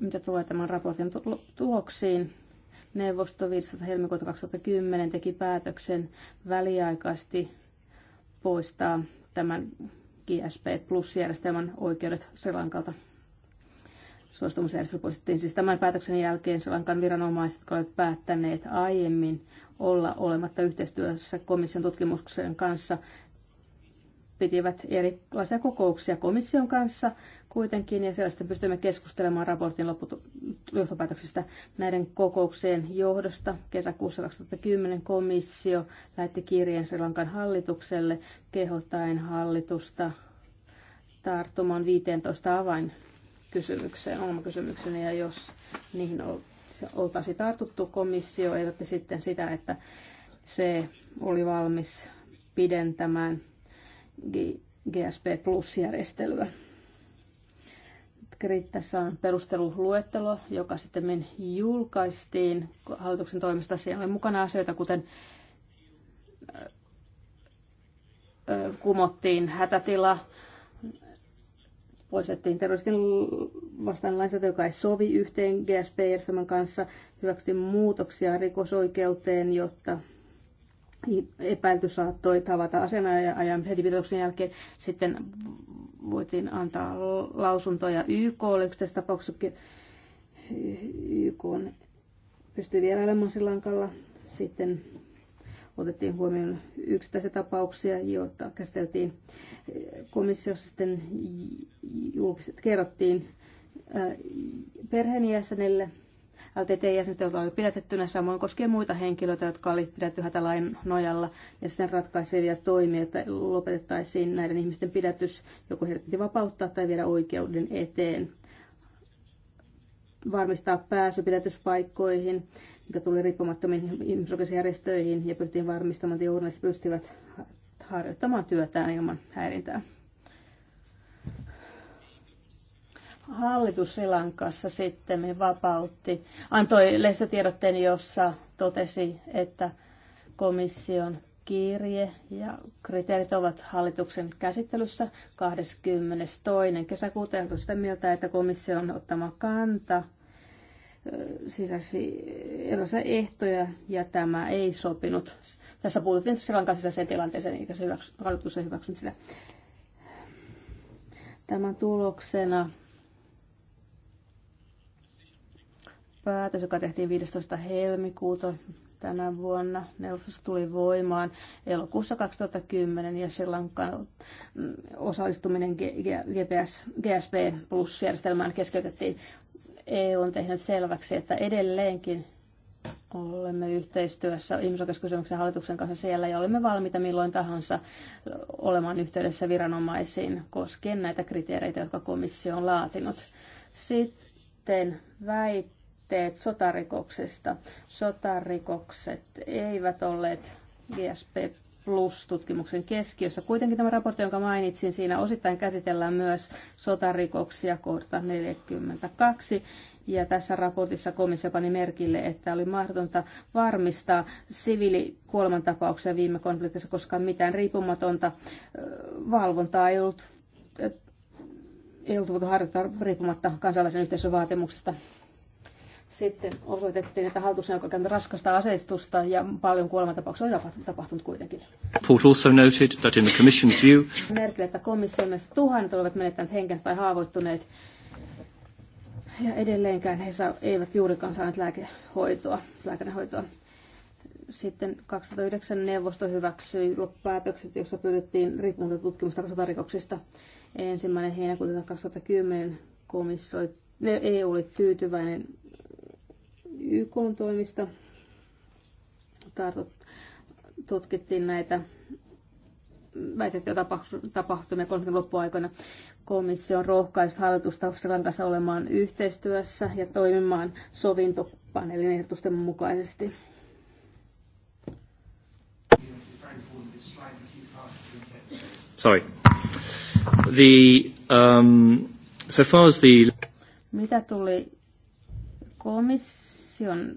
mitä tulee tämän raportin tuloksiin, Neuvosto 5. helmikuuta 2010 teki päätöksen väliaikaisesti poistaa tämän GSP Plus-järjestelmän oikeudet Sri Lankalta. Suostumusjärjestely poistettiin siis tämän päätöksen jälkeen Sri Lankan viranomaiset, jotka olivat päättäneet aiemmin olla olematta yhteistyössä komission tutkimuksen kanssa, pitivät erilaisia kokouksia komission kanssa kuitenkin, ja siellä sitten pystymme keskustelemaan raportin johtopäätöksistä näiden kokouksien johdosta. Kesäkuussa 2010 komissio lähetti kirjeen Sri Lankan hallitukselle kehottaen hallitusta tarttumaan 15 avainkysymykseen, ongelmakysymykseen, ja jos niihin oltaisiin tartuttu, komissio ehdotti sitten sitä, että se oli valmis pidentämään GSP Plus-järjestelyä. Tässä on perusteluluettelo, joka sitten julkaistiin hallituksen toimesta. Siellä oli mukana asioita, kuten kumottiin hätätila, poistettiin terroristin vastainen lainsäädäntö, joka ei sovi yhteen GSP-järjestelmän kanssa, hyväksyttiin muutoksia rikosoikeuteen, jotta epäilty saattoi tavata ajan heti petoksen jälkeen. Sitten voitiin antaa lausuntoja YK, oliko tässä tapauksessa YK pystyi vierailemaan Sri Lankalla. Sitten otettiin huomioon yksittäisiä tapauksia, joita käsiteltiin komissiossa. Sitten julkiset kerrottiin perheenjäsenelle LTT-jäsenistä, joita oli pidätettynä, samoin koskee muita henkilöitä, jotka oli pidetty hätälain nojalla, ja sitten ratkaisevia toimia, että lopetettaisiin näiden ihmisten pidätys, joko heidät piti vapauttaa tai viedä oikeuden eteen varmistaa pääsy pidätyspaikkoihin, mitä tuli riippumattomiin ihmisoikeusjärjestöihin ja pyrittiin varmistamaan, että journalistit pystyvät harjoittamaan työtään ilman häirintää. Hallitus Sri Lankassa sitten vapautti, antoi lehtotiedotteen, jossa totesi, että komission kirje ja kriteerit ovat hallituksen käsittelyssä 22. kesäkuuta ja sitä mieltä, että on ottama kanta sisäsi erilaisia ehtoja ja tämä ei sopinut. Tässä puhuttiin Sri Lankan sisäiseen tilanteeseen eikä se hyväksy, hallitus ei hyväksynyt sitä. Tämän tuloksena päätös, joka tehtiin 15. helmikuuta tänä vuonna. Neuvostossa tuli voimaan elokuussa 2010 ja Lankan osallistuminen GPS, GSP Plus-järjestelmään keskeytettiin. EU on tehnyt selväksi, että edelleenkin olemme yhteistyössä ihmisoikeuskysymyksen hallituksen kanssa siellä ja olemme valmiita milloin tahansa olemaan yhteydessä viranomaisiin koskien näitä kriteereitä, jotka komissio on laatinut. Sitten väit viitteet sotarikoksista. Sotarikokset eivät olleet GSP Plus-tutkimuksen keskiössä. Kuitenkin tämä raportti, jonka mainitsin, siinä osittain käsitellään myös sotarikoksia kohta 42. Ja tässä raportissa komissio pani merkille, että oli mahdotonta varmistaa siviilikuolemantapauksia viime konfliktissa, koska mitään riippumatonta valvontaa ei ollut ei ollut voitu harjoittaa riippumatta kansalaisen yhteisön vaatimuksesta. Sitten osoitettiin, että hallituksen joka käynyt raskasta aseistusta ja paljon kuolematapauksia on tapahtunut kuitenkin. Report also noted that in the commission's view... Merkille, että komission mielestä tuhannet olivat menettäneet henkensä tai haavoittuneet. Ja edelleenkään he saa, eivät juurikaan saaneet lääkehoitoa, lääkänehoitoa. Sitten 2009 neuvosto hyväksyi päätökset, jossa pyydettiin riippumatta tutkimusta sotarikoksista. Ensimmäinen heinäkuuta 2010 komissio, EU e oli tyytyväinen YK toimista. tutkittiin näitä väitettyjä tapahtumia 30 loppuaikoina. Komissio on rohkaissut hallitusta Australian kanssa olemaan yhteistyössä ja toimimaan sovintopaneelin ehdotusten mukaisesti. Sorry. The, um, so far as the... Mitä tuli komissio? komission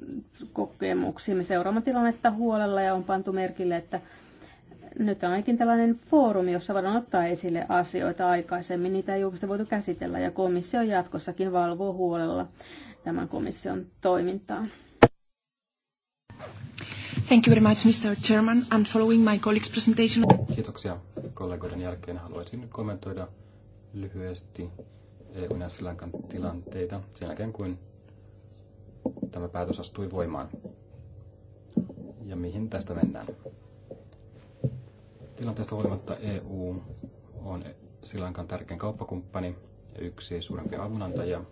kokemuksiin. Me seuraamme tilannetta huolella ja on pantu merkille, että nyt on ainakin tällainen foorumi, jossa voidaan ottaa esille asioita aikaisemmin. Niitä ei julkisesti voitu käsitellä ja komissio jatkossakin valvoo huolella tämän komission toimintaa. Thank you very much, Mr. Chairman, and following my colleague's presentation. Kiitoksia kollegoiden jälkeen. Haluaisin kommentoida lyhyesti eu ja tilanteita sen jälkeen, kun tämä päätös astui voimaan. Ja mihin tästä mennään? Tilanteesta huolimatta EU on Sri tärkein kauppakumppani ja yksi suurimpia avunantajia.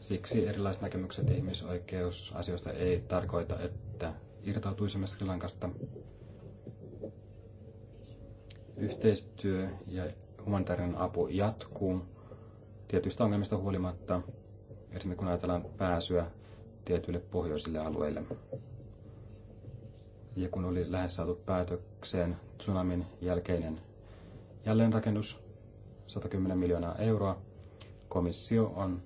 Siksi erilaiset näkemykset ihmisoikeusasioista ei tarkoita, että irtautuisimme Sri Lankasta. Yhteistyö ja humanitaarinen apu jatkuu tietyistä ongelmista huolimatta – esimerkiksi kun ajatellaan pääsyä tietyille pohjoisille alueille. Ja kun oli lähes saatu päätökseen tsunamin jälkeinen jälleenrakennus, 110 miljoonaa euroa, komissio on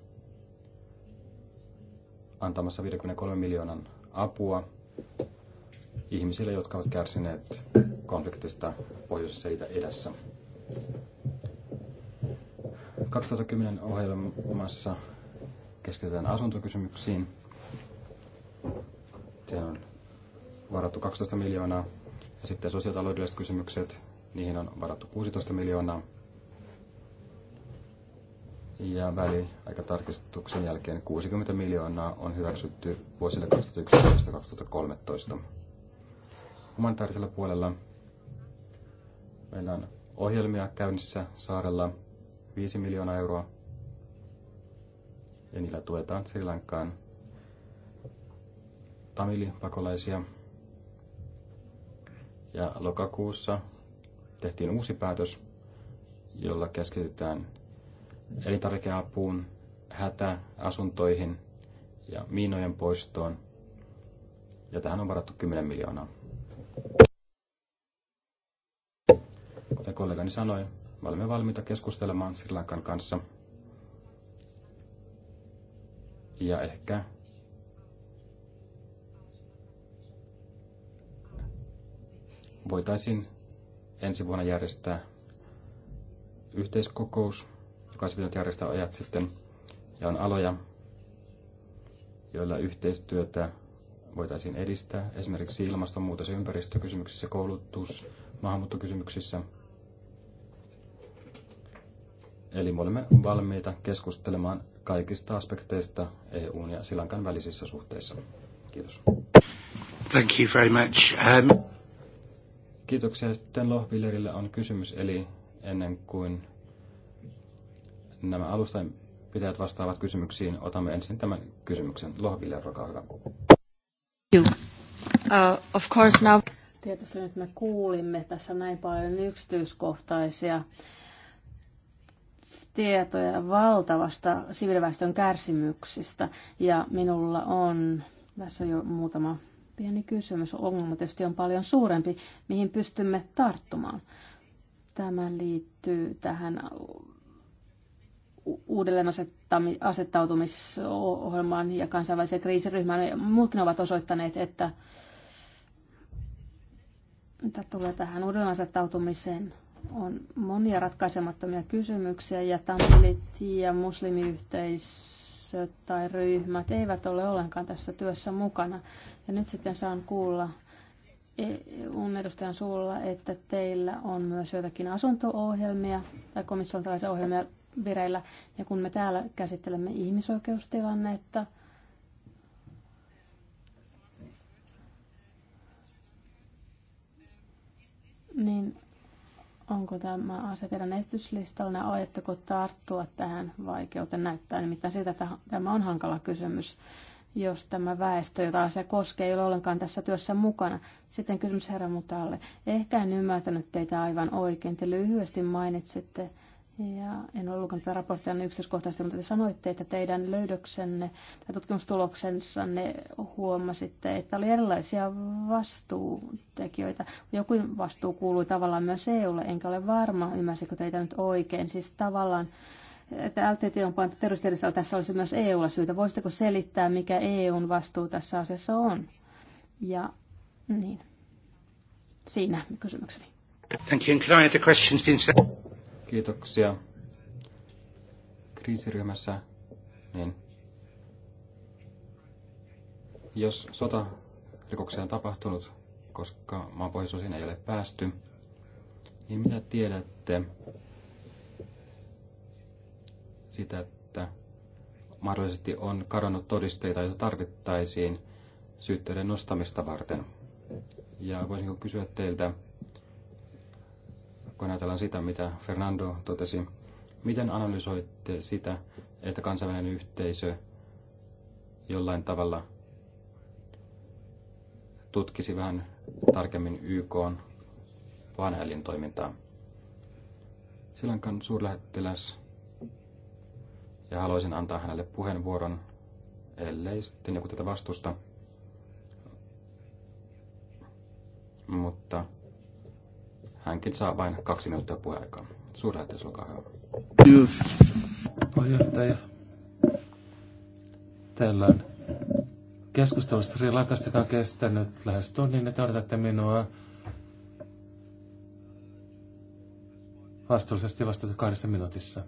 antamassa 53 miljoonan apua ihmisille, jotka ovat kärsineet konfliktista pohjoisessa ja edessä. 2010 ohjelmassa keskitytään asuntokysymyksiin. Se on varattu 12 miljoonaa. Ja sitten sosiaalitaloudelliset kysymykset, niihin on varattu 16 miljoonaa. Ja väliaikatarkistuksen jälkeen 60 miljoonaa on hyväksytty vuosille 2011-2013. Humanitaarisella puolella meillä on ohjelmia käynnissä saarella 5 miljoonaa euroa ja niillä tuetaan Sri Lankaan tamilipakolaisia. Ja lokakuussa tehtiin uusi päätös, jolla keskitytään elintarvikeapuun, hätäasuntoihin ja miinojen poistoon. Ja tähän on varattu 10 miljoonaa. Kuten kollegani sanoi, me olemme valmiita keskustelemaan Sri Lankan kanssa ja ehkä voitaisiin ensi vuonna järjestää yhteiskokous, joka olisi pitänyt järjestää ajat sitten. Ja on aloja, joilla yhteistyötä voitaisiin edistää, esimerkiksi ilmastonmuutos- ja ympäristökysymyksissä, koulutus, maahanmuuttokysymyksissä – Eli me olemme valmiita keskustelemaan kaikista aspekteista EUn ja Silankan välisissä suhteissa. Kiitos. Thank you very much. Um... Kiitoksia. Sitten Lohvillerille on kysymys, eli ennen kuin nämä alustan pitäjät vastaavat kysymyksiin, otamme ensin tämän kysymyksen. Lohviller, olkaa hyvä. You. Uh, of course now... Tietysti nyt me kuulimme tässä näin paljon yksityiskohtaisia tietoja valtavasta siviiliväestön kärsimyksistä ja minulla on tässä jo muutama pieni kysymys. Ongelma tietysti on paljon suurempi, mihin pystymme tarttumaan. Tämä liittyy tähän uudelleen asettautumisohjelmaan ja kansainväliseen kriisiryhmään. Muutkin ovat osoittaneet, että mitä tulee tähän uudelleen asettautumiseen, on monia ratkaisemattomia kysymyksiä ja tamilit ja muslimiyhteisöt tai ryhmät eivät ole ollenkaan tässä työssä mukana. Ja nyt sitten saan kuulla EUn edustajan suulla, että teillä on myös joitakin asunto-ohjelmia tai komissioltaisia ohjelmia vireillä. Ja kun me täällä käsittelemme ihmisoikeustilannetta, niin Onko tämä asia teidän esityslistalla ja aiotteko tarttua tähän vaikeuteen? Näyttää nimittäin siitä että tämä on hankala kysymys, jos tämä väestö, jota asia koskee, ei ole ollenkaan tässä työssä mukana. Sitten kysymys herra Mutalle. Ehkä en ymmärtänyt teitä aivan oikein. Te lyhyesti mainitsitte, ja en ole lukenut tätä raporttia niin yksityiskohtaisesti, mutta te sanoitte, että teidän löydöksenne tai tutkimustuloksensanne huomasitte, että oli erilaisia vastuutekijöitä. Joku vastuu kuului tavallaan myös EUlle, enkä ole varma, ymmärsikö teitä nyt oikein. Siis tavallaan, että LTT on pantu terroristijärjestelmällä, tässä olisi myös EUlla syytä. Voisitteko selittää, mikä EUn vastuu tässä asiassa on? Ja niin, siinä kysymykseni. Thank you. can I Kiitoksia kriisiryhmässä. Niin jos sota rikoksia on tapahtunut, koska maanpohjaisuusiin ei ole päästy, niin mitä tiedätte sitä, että mahdollisesti on kadonnut todisteita, joita tarvittaisiin syytteiden nostamista varten? Ja voisinko kysyä teiltä, kun ajatellaan sitä, mitä Fernando totesi, miten analysoitte sitä, että kansainvälinen yhteisö jollain tavalla tutkisi vähän tarkemmin YK vanhäilin toimintaa? kun suurlähettiläs ja haluaisin antaa hänelle puheenvuoron, ellei sitten joku tätä vastusta. Mutta Hänkin saa vain kaksi minuuttia puheaikaa. Suurlähettiläs, olkaa hyvä. Puheenjohtaja. Täällä on keskustelu Sri Lankasta, joka on kestänyt lähes tunnin, että odotatte minua vastuullisesti vastata kahdessa minuutissa.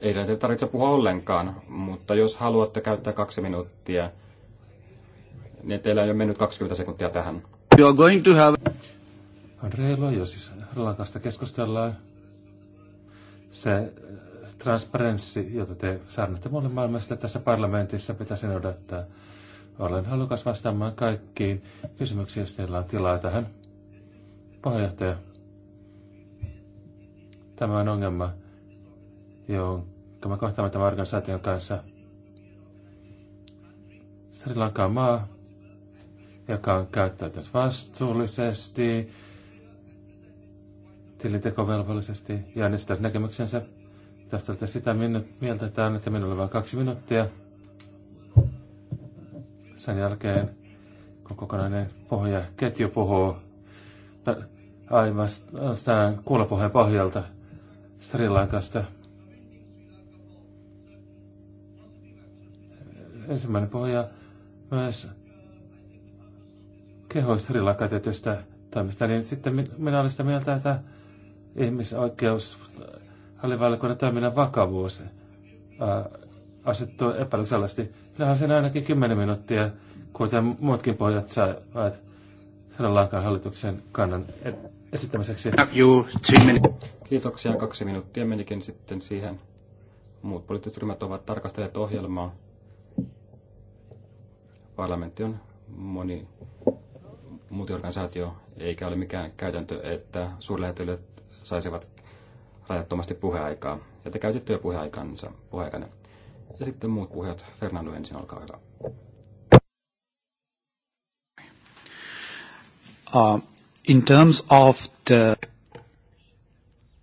Ei näitä tarvitse puhua ollenkaan, mutta jos haluatte käyttää kaksi minuuttia, niin teillä on jo mennyt 20 sekuntia tähän. You are going to have on reilua, jos siis Rolan kanssa keskustellaan. Se äh, transparenssi, jota te saarnatte mulle maailmasta tässä parlamentissa, pitäisi odottaa. Olen halukas vastaamaan kaikkiin kysymyksiin, jos teillä on tilaa tähän. Puheenjohtaja, tämä on ongelma, jonka me kohtaamme tämän organisaation kanssa. Sri Lanka on maa, joka on käyttäytynyt vastuullisesti, tilintekovelvollisesti ja äänestää näkemyksensä. Tästä olette sitä mieltä, että annatte minulle vain kaksi minuuttia. Sen jälkeen, kun kokonainen pohja ketju puhuu aivan kuulopohjan pohjalta Sri Lankasta. Ensimmäinen pohja myös kehoi Sri Lankatetystä toimista, niin sitten minä olen sitä mieltä, että ihmisoikeus hallinvaliokunnan toiminnan vakavuus äh, asettuu epäilyksellästi. Kyllähän sen ainakin 10 minuuttia, kuten muutkin pohjat saivat Sri hallituksen kannan esittämiseksi. Kiitoksia. Kaksi minuuttia menikin sitten siihen. Muut poliittiset ryhmät ovat tarkastelleet ohjelmaa. Parlamentti on moni muutiorganisaatio, eikä ole mikään käytäntö, että suurlähetelijät saisivat rajattomasti puheaikaa, ja te käytitte jo puheaikansa, puheaikana. Ja sitten muut puheet. Fernando ensin, olkaa hyvä. Uh, in terms of the...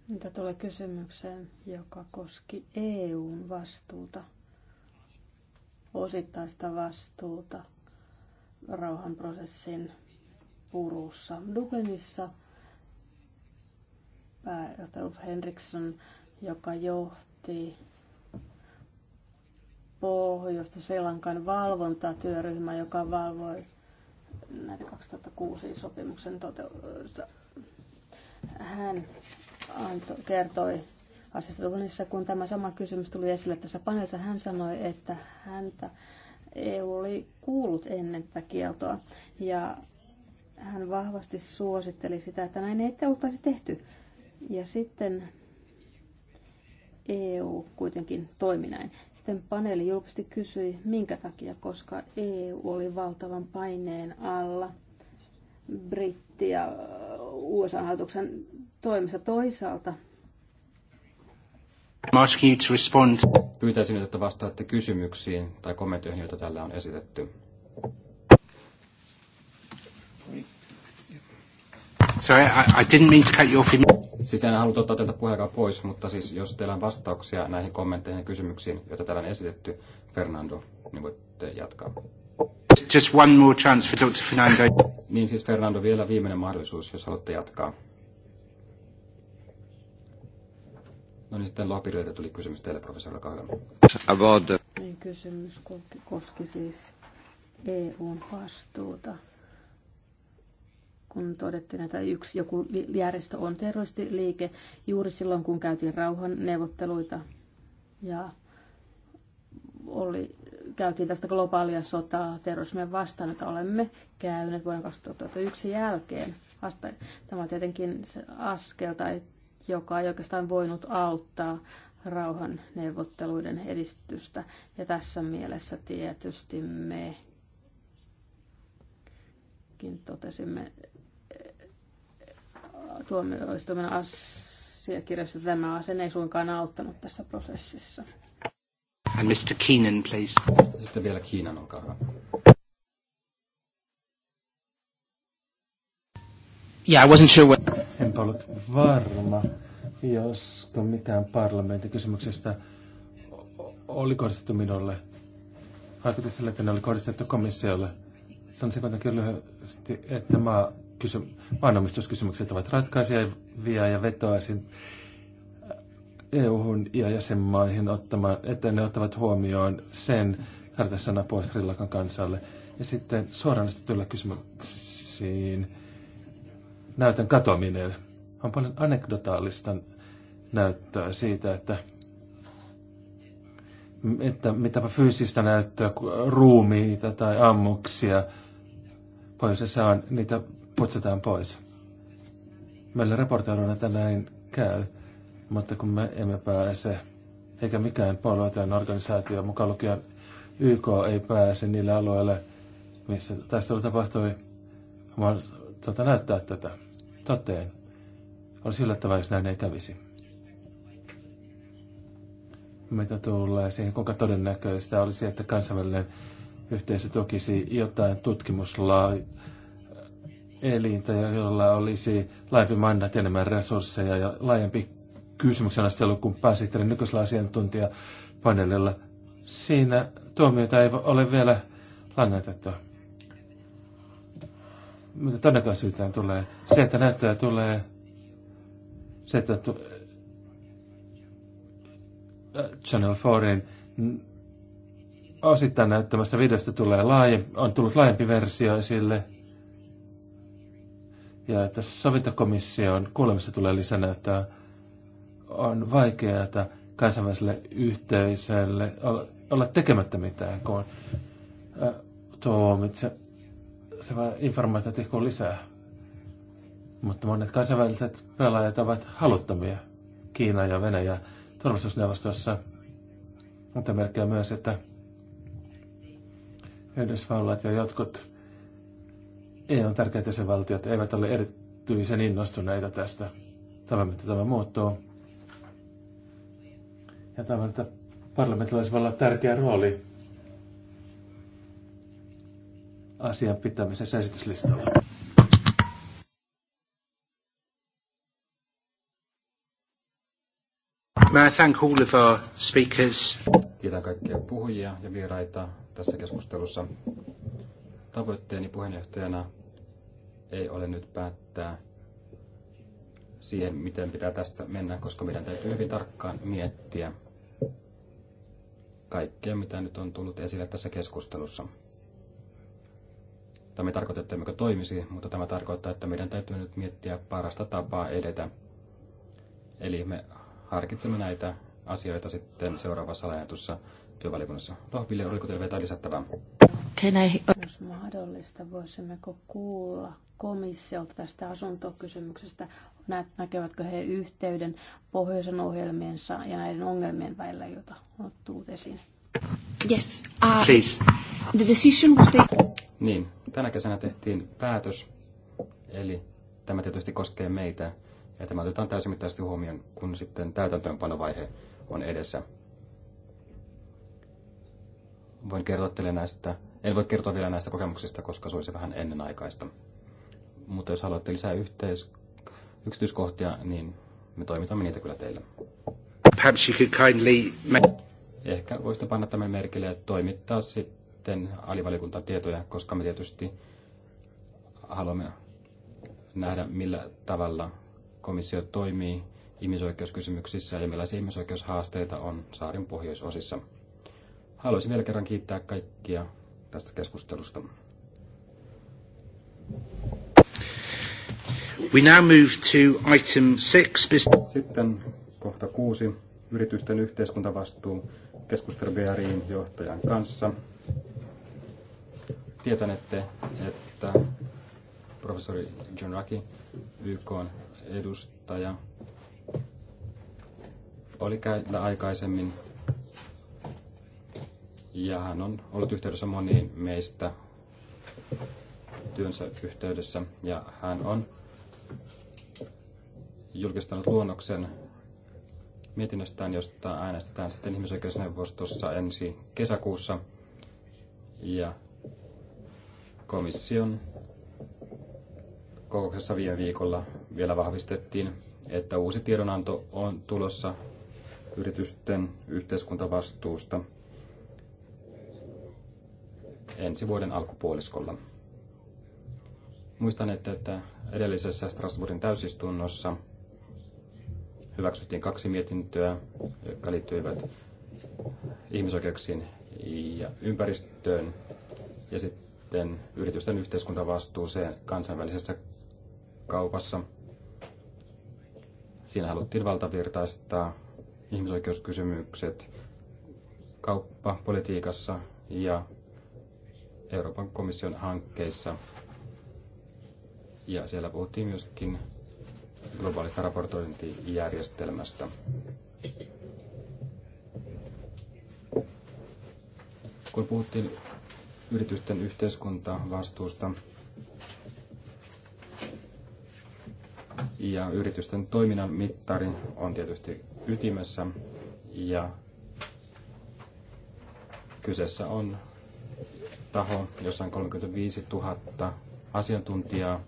Mitä tulee kysymykseen, joka koski EUn vastuuta, osittaista vastuuta rauhanprosessin purussa Dublinissa – pääjohtaja Ulf Henriksson, joka johti pohjoista Selankan valvontatyöryhmä, joka valvoi näitä 2006 sopimuksen toteutusta. Hän antoi, kertoi asiasta kun tämä sama kysymys tuli esille tässä paneelissa. Hän sanoi, että häntä EU oli kuullut ennen tätä kieltoa ja hän vahvasti suositteli sitä, että näin ei oltaisi tehty ja sitten EU kuitenkin toimi näin. Sitten paneeli julkisesti kysyi, minkä takia, koska EU oli valtavan paineen alla britti- ja USA-hallituksen toimissa toisaalta. Pyytäisin että vastaatte kysymyksiin tai kommentteihin, joita tällä on esitetty. Sorry, I, I didn't mean to cut you off. Siis en halunnut ottaa tätä puheenkaan pois, mutta siis jos teillä on vastauksia näihin kommentteihin ja kysymyksiin, joita täällä on esitetty, Fernando, niin voitte jatkaa. Just one more chance for Dr. Fernando. Niin siis Fernando, vielä viimeinen mahdollisuus, jos haluatte jatkaa. No niin, sitten Lapirilta tuli kysymys teille, professori, Kahdella. About the... kysymys koski siis EUn vastuuta kun todettiin, että yksi joku järjestö on terroristiliike juuri silloin, kun käytiin rauhan ja oli, käytiin tästä globaalia sotaa terrorismin vastaan, että olemme käyneet vuoden 2001 jälkeen. Vasta, tämä on tietenkin se askel, tai joka ei oikeastaan voinut auttaa rauhan edistystä. Ja tässä mielessä tietysti me totesimme tuomioistuimen asiakirjassa tämä asen ei suinkaan auttanut tässä prosessissa. And Mr. Keenan, please. Sitten vielä Keenan olkaa hyvä. Yeah, I wasn't sure what... Enpä ollut varma, josko mitään parlamentin kysymyksestä oli kohdistettu minulle. Vaikutti sille, että ne oli kohdistettu komissiolle. Sanoisin kuitenkin lyhyesti, että maa kysy- maanomistuskysymykset ovat ratkaisevia ja vetoaisin EU-hun ja jäsenmaihin, ottamaan, että ne ottavat huomioon sen tarvitsen pois Rillakan kansalle. Ja sitten suoraan esitetyillä kysymyksiin näytön katoaminen. On paljon anekdotaalista näyttöä siitä, että, että mitäpä fyysistä näyttöä, ruumiita tai ammuksia. Pohjoisessa on niitä putsataan pois. Meillä raportoidaan, että näin käy, mutta kun me emme pääse, eikä mikään puolue organisaatio, mukaan lukien YK, ei pääse niille alueille, missä taistelu tapahtui, vaan tuota, näyttää tätä. Toteen. Olisi yllättävää, jos näin ei kävisi. Mitä tulee siihen, kuinka todennäköistä olisi, että kansainvälinen yhteisö tukisi jotain tutkimuslaa, elintä, jolla olisi laajempi mandaatti, enemmän resursseja ja laajempi kysymyksen astelu kuin pääsihteerin nykyisellä asiantuntijapaneelilla. Siinä tuomiota ei ole vielä langetettu. Mitä todennäköisyyteen tulee? Se, että näyttöä tulee, se, että tu- Channel 4 osittain näyttämästä videosta tulee laaje, on tullut laajempi versio esille – ja että sovintokomission kuulemista tulee lisänäyttää, on vaikeaa että kansainväliselle yhteisölle olla tekemättä mitään, kun tuomitse se vain informaatio tihkuu lisää. Mutta monet kansainväliset pelaajat ovat haluttomia. Kiina ja Venäjä turvallisuusneuvostossa. Mutta merkkejä myös, että Yhdysvallat ja jotkut EUn tärkeät jäsenvaltiot eivät ole erityisen innostuneita tästä. Toivon, että tämä muuttuu. Ja toivon, että parlamentilla olla tärkeä rooli asian pitämisessä esityslistalla. May I thank all of our speakers. Kiitän kaikkia puhujia ja vieraita tässä keskustelussa. Tavoitteeni puheenjohtajana ei ole nyt päättää siihen, miten pitää tästä mennä, koska meidän täytyy hyvin tarkkaan miettiä kaikkea, mitä nyt on tullut esille tässä keskustelussa. Tämä ei tarkoita, että emmekö toimisi, mutta tämä tarkoittaa, että meidän täytyy nyt miettiä parasta tapaa edetä. Eli me harkitsemme näitä asioita sitten seuraavassa laajennetussa työvaliokunnassa. Lohville, no, oliko teillä vielä lisättävää? Okay, jos mahdollista, voisimmeko kuulla komissiolta tästä asuntokysymyksestä, näkevätkö he yhteyden pohjoisen ohjelmiensa ja näiden ongelmien välillä, joita on tullut esiin? Yes. Uh, Please. The decision was taken. Niin, tänä kesänä tehtiin päätös, eli tämä tietysti koskee meitä, ja tämä otetaan mittaisesti huomioon, kun sitten täytäntöönpanovaihe on edessä. Voin kertoa teille näistä en voi kertoa vielä näistä kokemuksista, koska se olisi vähän ennenaikaista. Mutta jos haluatte lisää yhteis- yksityiskohtia, niin me toimitamme niitä kyllä teille. Perhaps you could kindly... Ehkä voisitte panna tämän merkille ja toimittaa sitten alivalikuntaan tietoja, koska me tietysti haluamme nähdä, millä tavalla komissio toimii ihmisoikeuskysymyksissä ja millaisia ihmisoikeushaasteita on saarin pohjoisosissa. Haluaisin vielä kerran kiittää kaikkia tästä keskustelusta. We now move to item six. Sitten kohta kuusi, yritysten yhteiskuntavastuu keskustelu BRIin johtajan kanssa. Tietänette, että professori John Raki, YK edustaja, oli käytä aikaisemmin ja hän on ollut yhteydessä moniin meistä työnsä yhteydessä ja hän on julkistanut luonnoksen mietinnöstään, josta äänestetään sitten ihmisoikeusneuvostossa ensi kesäkuussa ja komission kokouksessa viime viikolla vielä vahvistettiin, että uusi tiedonanto on tulossa yritysten yhteiskuntavastuusta – ensi vuoden alkupuoliskolla. Muistan, että edellisessä Strasbourgin täysistunnossa hyväksyttiin kaksi mietintöä, jotka liittyivät ihmisoikeuksiin ja ympäristöön ja sitten yritysten yhteiskuntavastuuseen kansainvälisessä kaupassa. Siinä haluttiin valtavirtaistaa ihmisoikeuskysymykset kauppapolitiikassa ja Euroopan komission hankkeissa. Ja siellä puhuttiin myöskin globaalista raportointijärjestelmästä. Kun puhuttiin yritysten yhteiskuntavastuusta ja yritysten toiminnan mittari on tietysti ytimessä ja kyseessä on taho, jossa on 35 000 asiantuntijaa,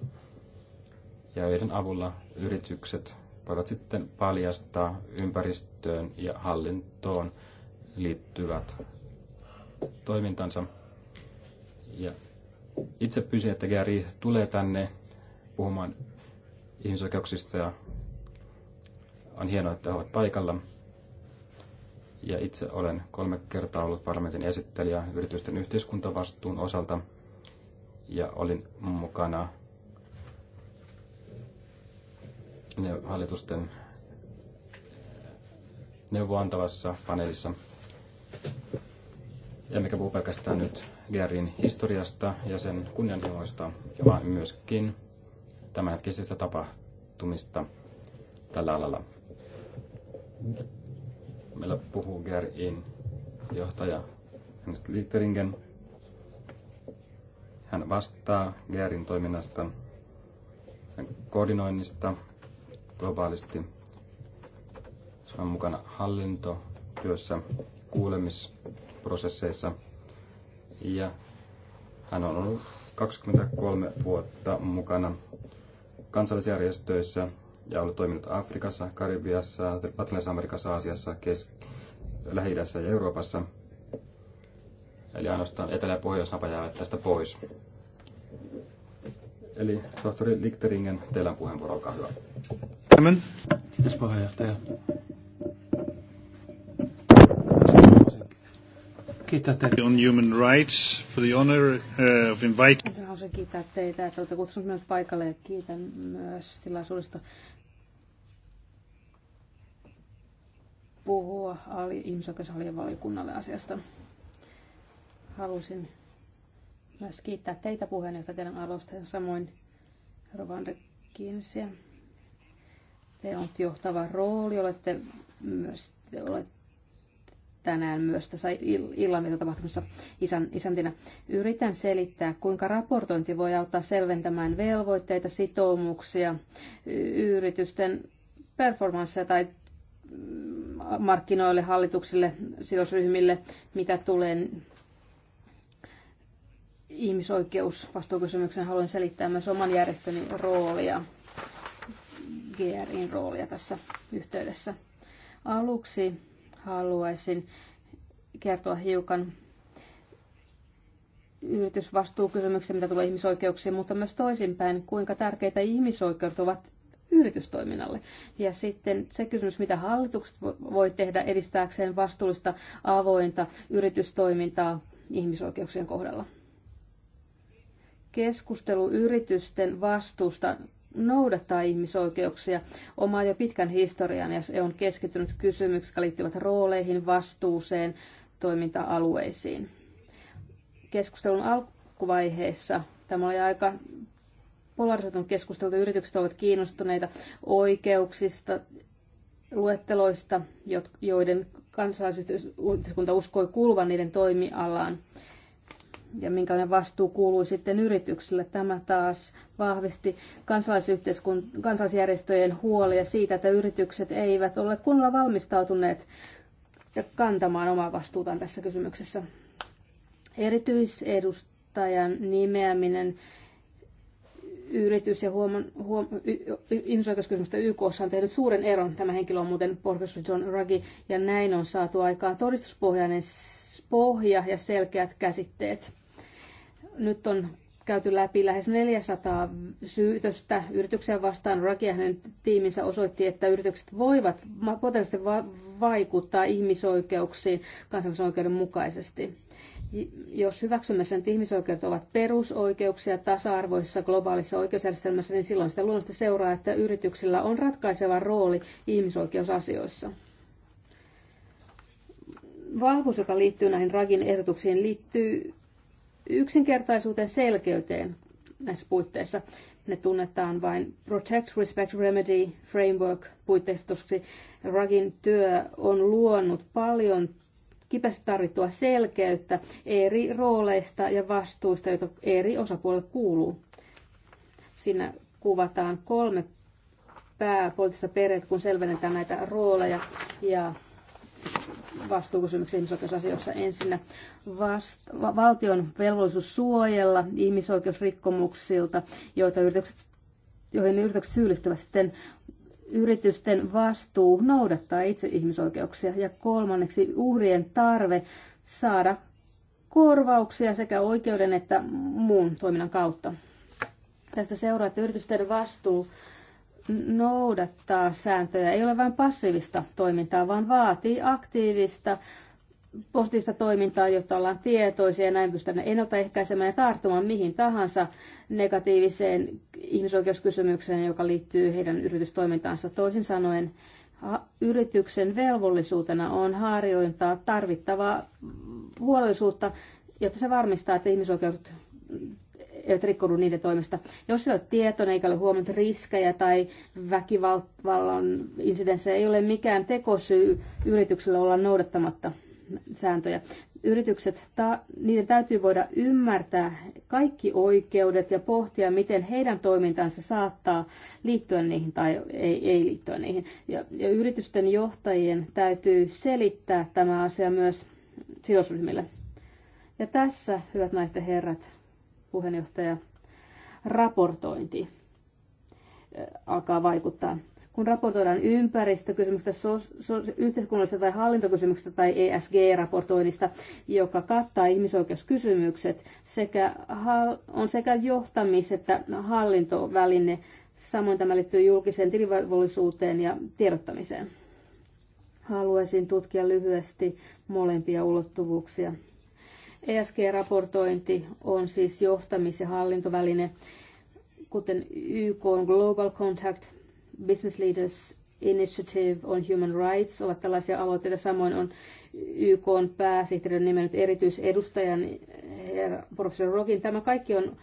ja joiden avulla yritykset voivat sitten paljastaa ympäristöön ja hallintoon liittyvät toimintansa. Ja itse pyysin, että Gary tulee tänne puhumaan ihmisoikeuksista ja on hienoa, että he ovat paikalla ja itse olen kolme kertaa ollut parlamentin esittelijä yritysten yhteiskuntavastuun osalta ja olin mukana hallitusten neuvoantavassa paneelissa. Emmekä puhu pelkästään nyt GRin historiasta ja sen kunnianhimoista, vaan myöskin tämänhetkisistä tapahtumista tällä alalla. Meillä puhuu Gerin johtaja Ernst Litteringen. Hän vastaa Gerin toiminnasta, sen koordinoinnista globaalisti. Se on mukana hallintotyössä, kuulemisprosesseissa ja hän on ollut 23 vuotta mukana kansallisjärjestöissä ja ollut toiminut Afrikassa, Karibiassa, Latinalaisessa Amerikassa, Aasiassa, Kesk- lähi ja Euroopassa. Eli ainoastaan Etelä- ja pohjois jäävät tästä pois. Eli tohtori Likteringen, teillä on puheenvuoro, olkaa hyvä. Tämän. Kiitos puheenjohtaja. Kiittää teitä. On human rights for the honor uh, of inviting. Haluaisin kiittää teitä, että olette kutsunut minut paikalle ja kiitän myös tilaisuudesta puhua ihmisoikeusalien valiokunnalle asiasta. Halusin myös kiittää teitä puheenjohtaja teidän ja samoin Rovandre Kinsiä. Te on johtava rooli, olette myös olette tänään myös tässä illan tapahtumassa isän, isäntinä. Yritän selittää, kuinka raportointi voi auttaa selventämään velvoitteita, sitoumuksia, yritysten performanssia tai markkinoille, hallituksille, sidosryhmille, mitä tulee vastuukysymyksen haluan selittää myös oman järjestöni roolia, GRin roolia tässä yhteydessä. Aluksi haluaisin kertoa hiukan yritysvastuukysymyksiä, mitä tulee ihmisoikeuksiin, mutta myös toisinpäin, kuinka tärkeitä ihmisoikeudet ovat yritystoiminnalle. Ja sitten se kysymys, mitä hallitukset voi tehdä edistääkseen vastuullista avointa yritystoimintaa ihmisoikeuksien kohdalla. Keskustelu yritysten vastuusta noudattaa ihmisoikeuksia omaa jo pitkän historian ja se on keskittynyt kysymyksiin, jotka liittyvät rooleihin, vastuuseen, toiminta-alueisiin. Keskustelun alkuvaiheessa tämä oli aika polarisoitunut keskustelu, yritykset ovat kiinnostuneita oikeuksista, luetteloista, joiden kansalaisyhteiskunta uskoi kuuluvan niiden toimialaan ja minkälainen vastuu kuului sitten yrityksille. Tämä taas vahvisti kansalaisjärjestöjen huolia siitä, että yritykset eivät ole kunnolla valmistautuneet kantamaan omaa vastuutaan tässä kysymyksessä. Erityisedustajan nimeäminen yritys ja huom, huom, y, y, ihmisoikeuskysymystä YK on tehnyt suuren eron. Tämä henkilö on muuten professori John Ruggie, ja näin on saatu aikaan todistuspohjainen pohja ja selkeät käsitteet. Nyt on käyty läpi lähes 400 syytöstä yrityksiä vastaan. Raki ja hänen tiiminsä osoitti, että yritykset voivat potentiaalisesti va- vaikuttaa ihmisoikeuksiin kansallisen oikeuden mukaisesti jos hyväksymme sen, että ihmisoikeudet ovat perusoikeuksia tasa-arvoisessa globaalissa oikeusjärjestelmässä, niin silloin sitä luonnollisesti seuraa, että yrityksillä on ratkaiseva rooli ihmisoikeusasioissa. Vahvuus, joka liittyy näihin Ragin ehdotuksiin, liittyy yksinkertaisuuteen selkeyteen näissä puitteissa. Ne tunnetaan vain Protect, Respect, Remedy, Framework puitteistoksi. Ragin työ on luonut paljon kipästi tarvittua selkeyttä eri rooleista ja vastuista, joita eri osapuolet kuuluu. Siinä kuvataan kolme pääpoliittista periaatetta, kun selvennetään näitä rooleja ja vastuukysymyksiä ihmisoikeusasioissa. Ensinnä vast, valtion velvollisuus suojella ihmisoikeusrikkomuksilta, joita yritykset, joihin yritykset syyllistyvät sitten yritysten vastuu noudattaa itse ihmisoikeuksia ja kolmanneksi uhrien tarve saada korvauksia sekä oikeuden että muun toiminnan kautta. Tästä seuraa, että yritysten vastuu noudattaa sääntöjä ei ole vain passiivista toimintaa, vaan vaatii aktiivista positiivista toimintaa, jotta ollaan tietoisia ja näin pystytään ennaltaehkäisemään ja tarttumaan mihin tahansa negatiiviseen ihmisoikeuskysymykseen, joka liittyy heidän yritystoimintaansa. Toisin sanoen yrityksen velvollisuutena on harjoittaa tarvittavaa huolellisuutta, jotta se varmistaa, että ihmisoikeudet eivät rikkoudu niiden toimesta. Jos ei ole tietoinen eikä ole huomannut riskejä tai väkivallan insidenssejä, ei ole mikään tekosyy yrityksellä olla noudattamatta sääntöjä. Yritykset, ta, niiden täytyy voida ymmärtää kaikki oikeudet ja pohtia, miten heidän toimintansa saattaa liittyä niihin tai ei, ei liittyä niihin. Ja, ja yritysten johtajien täytyy selittää tämä asia myös sidosryhmille. Ja tässä, hyvät naiset ja herrat, puheenjohtaja, raportointi alkaa vaikuttaa kun raportoidaan ympäristökysymyksistä, so, so, yhteiskunnallisista tai hallintokysymyksistä tai ESG-raportoinnista, joka kattaa ihmisoikeuskysymykset, sekä, on sekä johtamis- että hallintoväline. Samoin tämä liittyy julkiseen tilivallisuuteen ja tiedottamiseen. Haluaisin tutkia lyhyesti molempia ulottuvuuksia. ESG-raportointi on siis johtamis- ja hallintoväline, kuten YK Global Contact Business Leaders Initiative on Human Rights ovat tällaisia aloitteita. Samoin on YK on pääsihteerin nimennyt erityisedustajan herra professori Rogin. Tämä kaikki on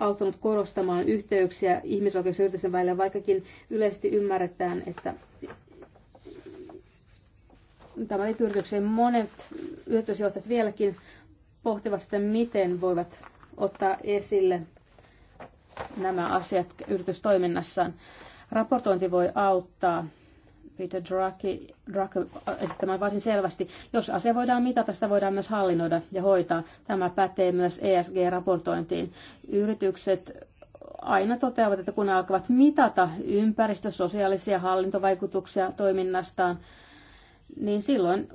auttanut korostamaan yhteyksiä ihmisoikeusyritysten välillä, vaikkakin yleisesti ymmärretään, että tämä liittyy Monet yritysjohtajat vieläkin pohtivat sitä, miten voivat ottaa esille nämä asiat yritystoiminnassaan. Raportointi voi auttaa Peter Drucki, Drucki äh, esittämään varsin selvästi. Jos asia voidaan mitata, sitä voidaan myös hallinnoida ja hoitaa. Tämä pätee myös ESG-raportointiin. Yritykset aina toteavat, että kun alkavat mitata ympäristö-, sosiaalisia hallintovaikutuksia toiminnastaan, niin silloin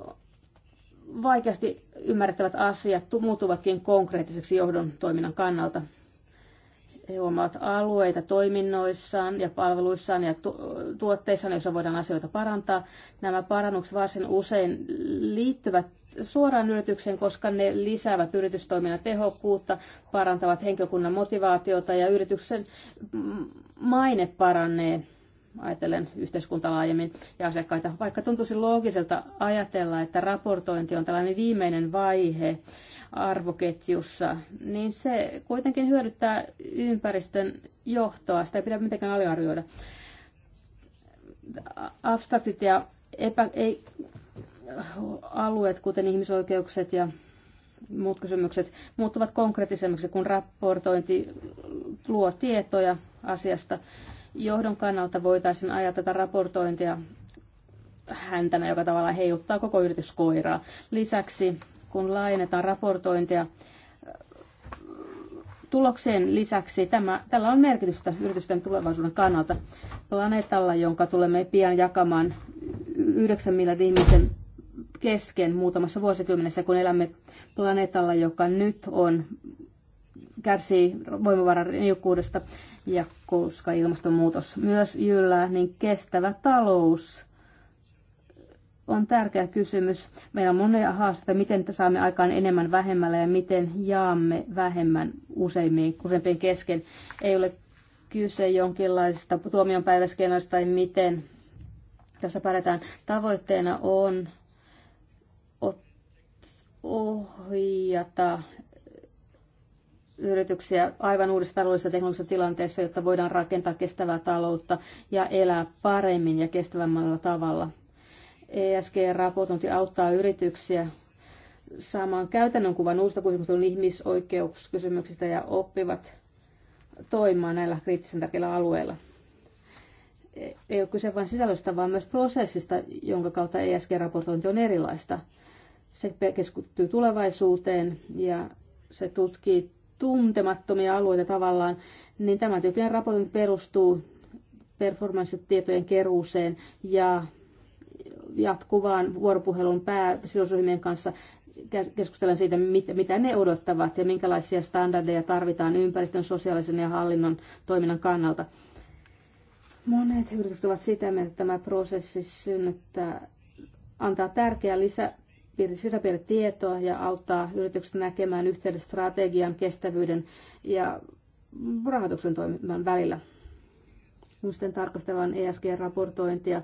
vaikeasti ymmärrettävät asiat muuttuvatkin konkreettiseksi johdon toiminnan kannalta. He huomaavat alueita toiminnoissaan ja palveluissaan ja tuotteissaan, joissa voidaan asioita parantaa. Nämä parannukset varsin usein liittyvät suoraan yritykseen, koska ne lisäävät yritystoiminnan tehokkuutta, parantavat henkilökunnan motivaatiota ja yrityksen maine paranee ajatellen yhteiskunta laajemmin ja asiakkaita. Vaikka tuntuisi loogiselta ajatella, että raportointi on tällainen viimeinen vaihe arvoketjussa, niin se kuitenkin hyödyttää ympäristön johtoa. Sitä ei pidä mitenkään aliarvioida. Abstraktit ja epä, ei, alueet, kuten ihmisoikeukset ja muut kysymykset, muuttuvat konkreettisemmiksi, kun raportointi luo tietoja asiasta. Johdon kannalta voitaisiin ajaa tätä raportointia häntänä, joka tavallaan heiluttaa koko yrityskoiraa. Lisäksi kun laajennetaan raportointia tulokseen lisäksi tämä, tällä on merkitystä yritysten tulevaisuuden kannalta. Planeetalla, jonka tulemme pian jakamaan 9 miljardin ihmisen kesken muutamassa vuosikymmenessä, kun elämme planeetalla, joka nyt on kärsii voimavaran niukkuudesta ja koska ilmastonmuutos myös yllää, niin kestävä talous on tärkeä kysymys. Meillä on monia haasteita, miten saamme aikaan enemmän vähemmällä ja miten jaamme vähemmän useimmin, useimpien kesken. Ei ole kyse jonkinlaisista tuomionpäiväskennoista tai miten tässä pärjätään. Tavoitteena on ohjata yrityksiä aivan uudessa taloudellisessa teknologisessa tilanteessa, jotta voidaan rakentaa kestävää taloutta ja elää paremmin ja kestävämmällä tavalla – ESG-raportointi auttaa yrityksiä saamaan käytännön kuvan uusista kuitenkin ihmisoikeuskysymyksistä ja oppivat toimimaan näillä kriittisen tärkeillä alueilla. Ei ole kyse vain sisällöstä, vaan myös prosessista, jonka kautta ESG-raportointi on erilaista. Se keskittyy tulevaisuuteen ja se tutkii tuntemattomia alueita tavallaan, niin tämä tyyppinen raportointi perustuu performanssitietojen keruuseen ja jatkuvaan vuoropuhelun pääsidosryhmien kanssa keskustellen siitä, mitä ne odottavat ja minkälaisia standardeja tarvitaan ympäristön, sosiaalisen ja hallinnon toiminnan kannalta. Monet yritykset ovat sitä mieltä, että tämä prosessi synnyttää, antaa tärkeää lisä, sisäpiiritietoa ja auttaa yritykset näkemään yhteyden strategian, kestävyyden ja rahoituksen toiminnan välillä. Muisten tarkastellaan ESG-raportointia,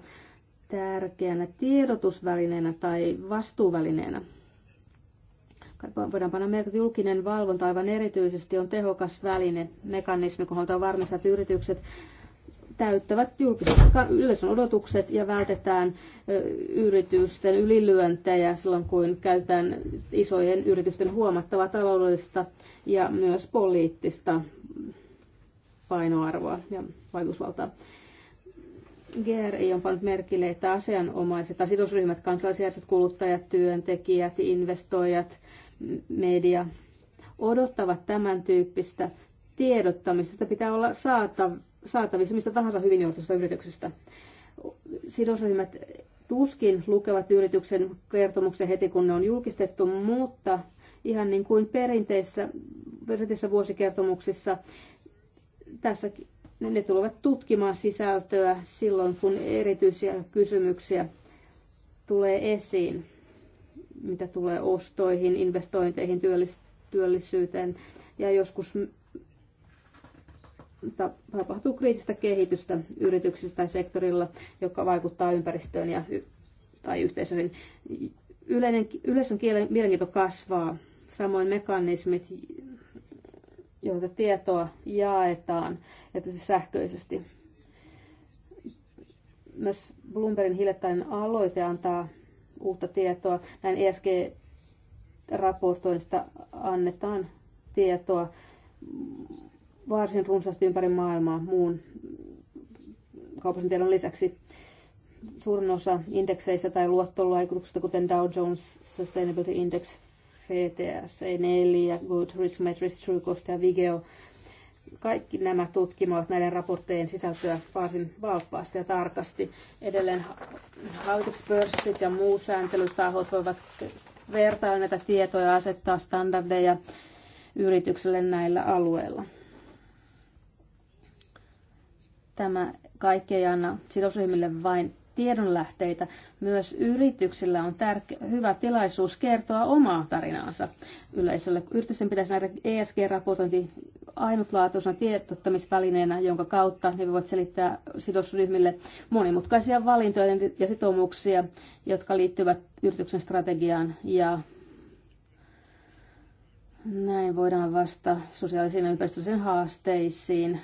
tärkeänä tiedotusvälineenä tai vastuuvälineenä. Voidaan panna merkki että julkinen valvonta aivan erityisesti on tehokas väline, mekanismi, kun halutaan varmistaa, että yritykset täyttävät julkiset yleisön odotukset ja vältetään yritysten ylilyöntejä silloin, kun käytetään isojen yritysten huomattavaa taloudellista ja myös poliittista painoarvoa ja vaikutusvaltaa. GRI on pannut merkille, että asianomaiset tai sidosryhmät, kansalaisjärjestöt, kuluttajat, työntekijät, investoijat, media odottavat tämän tyyppistä tiedottamista. Sitä pitää olla saatavissa mistä tahansa hyvin johtuisesta yrityksestä. Sidosryhmät tuskin lukevat yrityksen kertomuksen heti, kun ne on julkistettu, mutta ihan niin kuin perinteisissä, perinteisissä vuosikertomuksissa tässä ne tulevat tutkimaan sisältöä silloin, kun erityisiä kysymyksiä tulee esiin, mitä tulee ostoihin, investointeihin, työllisyyteen. Ja joskus tapahtuu kriittistä kehitystä yrityksissä tai sektorilla, joka vaikuttaa ympäristöön ja, tai yhteisöihin. Yleinen, yleisön kielen mielenkiinto kasvaa, samoin mekanismit, joita tietoa jaetaan, ja tietysti sähköisesti. Myös Bloombergin hiljattainen aloite antaa uutta tietoa. Näin ESG-raportoinnista annetaan tietoa varsin runsaasti ympäri maailmaa muun kaupallisen tiedon lisäksi. Suurin osa indekseistä tai luottoluokituksista, kuten Dow Jones Sustainability Index, VTS4, e Good Risk Metrics, Truecost ja Vigeo. Kaikki nämä tutkimaat näiden raporttien sisältöä varsin valppaasti ja tarkasti. Edelleen hallituspörssit ja muut sääntelytahot voivat vertailla näitä tietoja ja asettaa standardeja yritykselle näillä alueilla. Tämä kaikki ei anna sidosryhmille vain tiedonlähteitä, myös yrityksillä on tärke- hyvä tilaisuus kertoa omaa tarinaansa yleisölle. Yritysten pitäisi nähdä ESG-raportointi ainutlaatuisena tiedottamisvälineenä, jonka kautta ne voivat selittää sidosryhmille monimutkaisia valintoja ja sitoumuksia, jotka liittyvät yrityksen strategiaan ja näin voidaan vastata sosiaalisiin ja ympäristöllisiin haasteisiin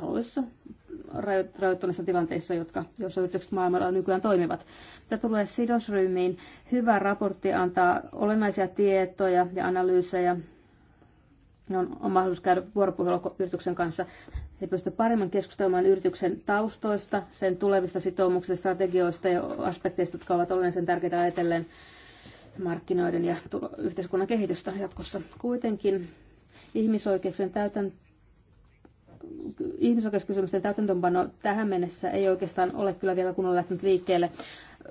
taloudellisissa rajoittuneissa tilanteissa, jotka, joissa yritykset maailmalla nykyään toimivat. Mitä tulee sidosryhmiin, hyvä raportti antaa olennaisia tietoja ja analyysejä. On, on mahdollisuus käydä vuoropuhelua yrityksen kanssa. He pystyvät paremmin keskustelemaan yrityksen taustoista, sen tulevista sitoumuksista, strategioista ja aspekteista, jotka ovat olennaisen tärkeitä ajatellen markkinoiden ja yhteiskunnan kehitystä jatkossa. Kuitenkin ihmisoikeuksien täytäntö ihmisoikeuskysymysten täytäntöönpano tähän mennessä ei oikeastaan ole kyllä vielä kunnolla lähtenyt liikkeelle.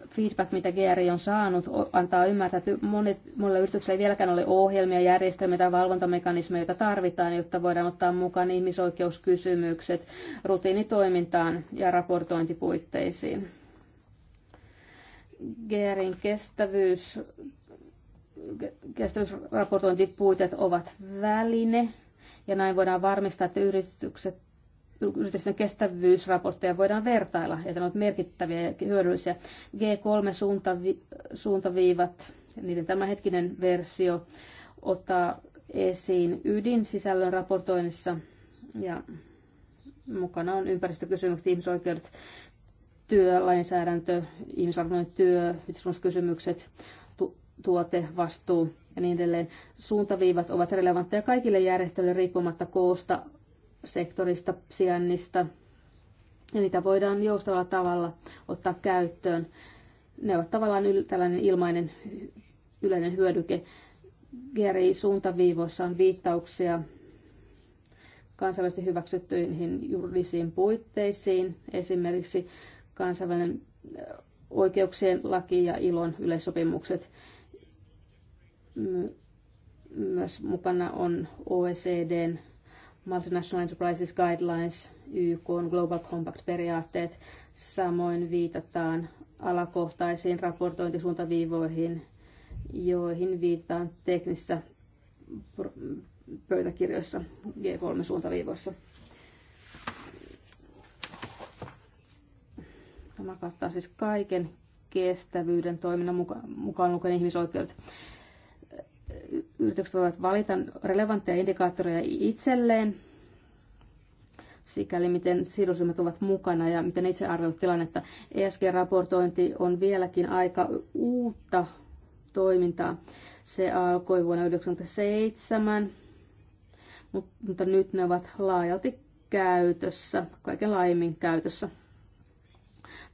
Feedback, mitä GRI on saanut, antaa ymmärtää, että monet, monilla yrityksillä ei vieläkään ole ohjelmia, järjestelmiä tai valvontamekanismeja, joita tarvitaan, jotta voidaan ottaa mukaan ihmisoikeuskysymykset rutiinitoimintaan ja raportointipuitteisiin. GRIn kestävyys kestävyysraportointipuutteet ovat väline, ja näin voidaan varmistaa, että yritykset yritysten kestävyysraportteja voidaan vertailla, että ne ovat merkittäviä ja hyödyllisiä. G3-suuntaviivat, niiden tämänhetkinen versio, ottaa esiin ydinsisällön raportoinnissa, ja mukana on ympäristökysymykset, ihmisoikeudet, työlainsäädäntö, ihmisarvoinen työ, yhteiskunnalliset kysymykset, tu- vastuu ja niin edelleen. Suuntaviivat ovat relevantteja kaikille järjestöille riippumatta koosta, sektorista, sijainnista, ja niitä voidaan joustavalla tavalla ottaa käyttöön. Ne ovat tavallaan yl- tällainen ilmainen yleinen hyödyke. Geri suuntaviivoissa on viittauksia kansainvälisesti hyväksyttyihin juridisiin puitteisiin, esimerkiksi kansainvälinen oikeuksien laki ja ilon yleissopimukset. Myös mukana on OECDn Multinational Enterprises Guidelines, YK Global Compact-periaatteet. Samoin viitataan alakohtaisiin raportointisuuntaviivoihin, joihin viitataan teknisissä pöytäkirjoissa G3-suuntaviivoissa. Tämä kattaa siis kaiken kestävyyden toiminnan mukaan, mukaan lukien ihmisoikeudet yritykset voivat valita relevantteja indikaattoreja itselleen, sikäli miten sidosryhmät ovat mukana ja miten itse arvioivat tilannetta. ESG-raportointi on vieläkin aika uutta toimintaa. Se alkoi vuonna 1997, mutta nyt ne ovat laajalti käytössä, kaiken laajemmin käytössä.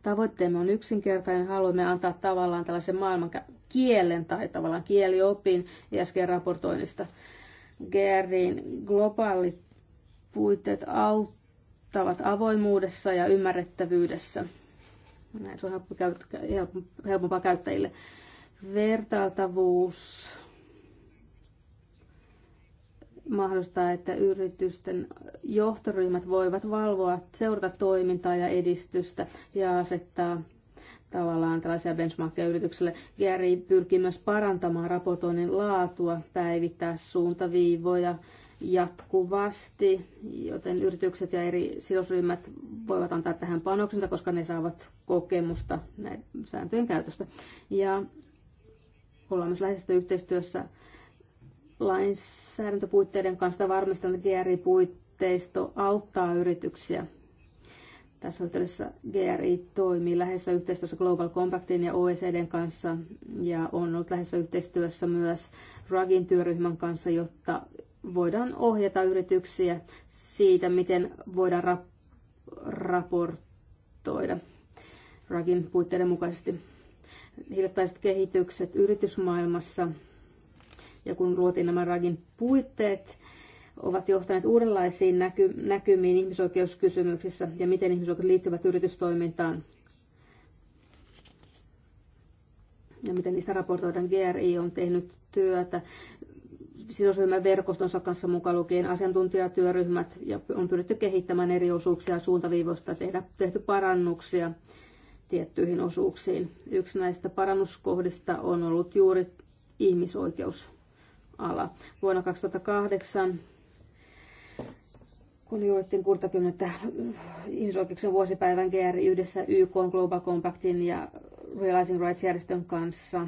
Tavoitteemme on yksinkertainen. Haluamme antaa tavallaan tällaisen maailman kielen tai tavallaan kieliopin ESG-raportoinnista. GRin globaalit puitteet auttavat avoimuudessa ja ymmärrettävyydessä. Näin se on helpompaa käyttäjille. Vertailtavuus mahdollistaa, että yritysten johtoryhmät voivat valvoa, seurata toimintaa ja edistystä ja asettaa tavallaan tällaisia benchmarkkeja yritykselle. Gary pyrkii myös parantamaan raportoinnin laatua, päivittää suuntaviivoja jatkuvasti, joten yritykset ja eri sidosryhmät voivat antaa tähän panoksensa, koska ne saavat kokemusta näiden sääntöjen käytöstä. Ja ollaan myös läheisessä yhteistyössä lainsäädäntöpuitteiden kanssa varmistaa, että GRI-puitteisto auttaa yrityksiä. Tässä yhteydessä GRI toimii läheisessä yhteistyössä Global Compactin ja OECDn kanssa ja on ollut läheisessä yhteistyössä myös RAGin työryhmän kanssa, jotta voidaan ohjata yrityksiä siitä, miten voidaan rap- raportoida RAGin puitteiden mukaisesti. Hiljattaiset kehitykset yritysmaailmassa – ja kun luotiin nämä ragin puitteet, ovat johtaneet uudenlaisiin näky- näkymiin ihmisoikeuskysymyksissä ja miten ihmisoikeudet liittyvät yritystoimintaan. Ja miten niistä raportoidaan. GRI on tehnyt työtä sidosryhmän verkostonsa kanssa mukaan lukien asiantuntijatyöryhmät ja on pyritty kehittämään eri osuuksia suuntaviivoista tehdä tehty parannuksia tiettyihin osuuksiin. Yksi näistä parannuskohdista on ollut juuri ihmisoikeus ala. Vuonna 2008 kun juhlittiin 60 ihmisoikeuksien vuosipäivän GRI yhdessä YK Global Compactin ja Realizing Rights-järjestön kanssa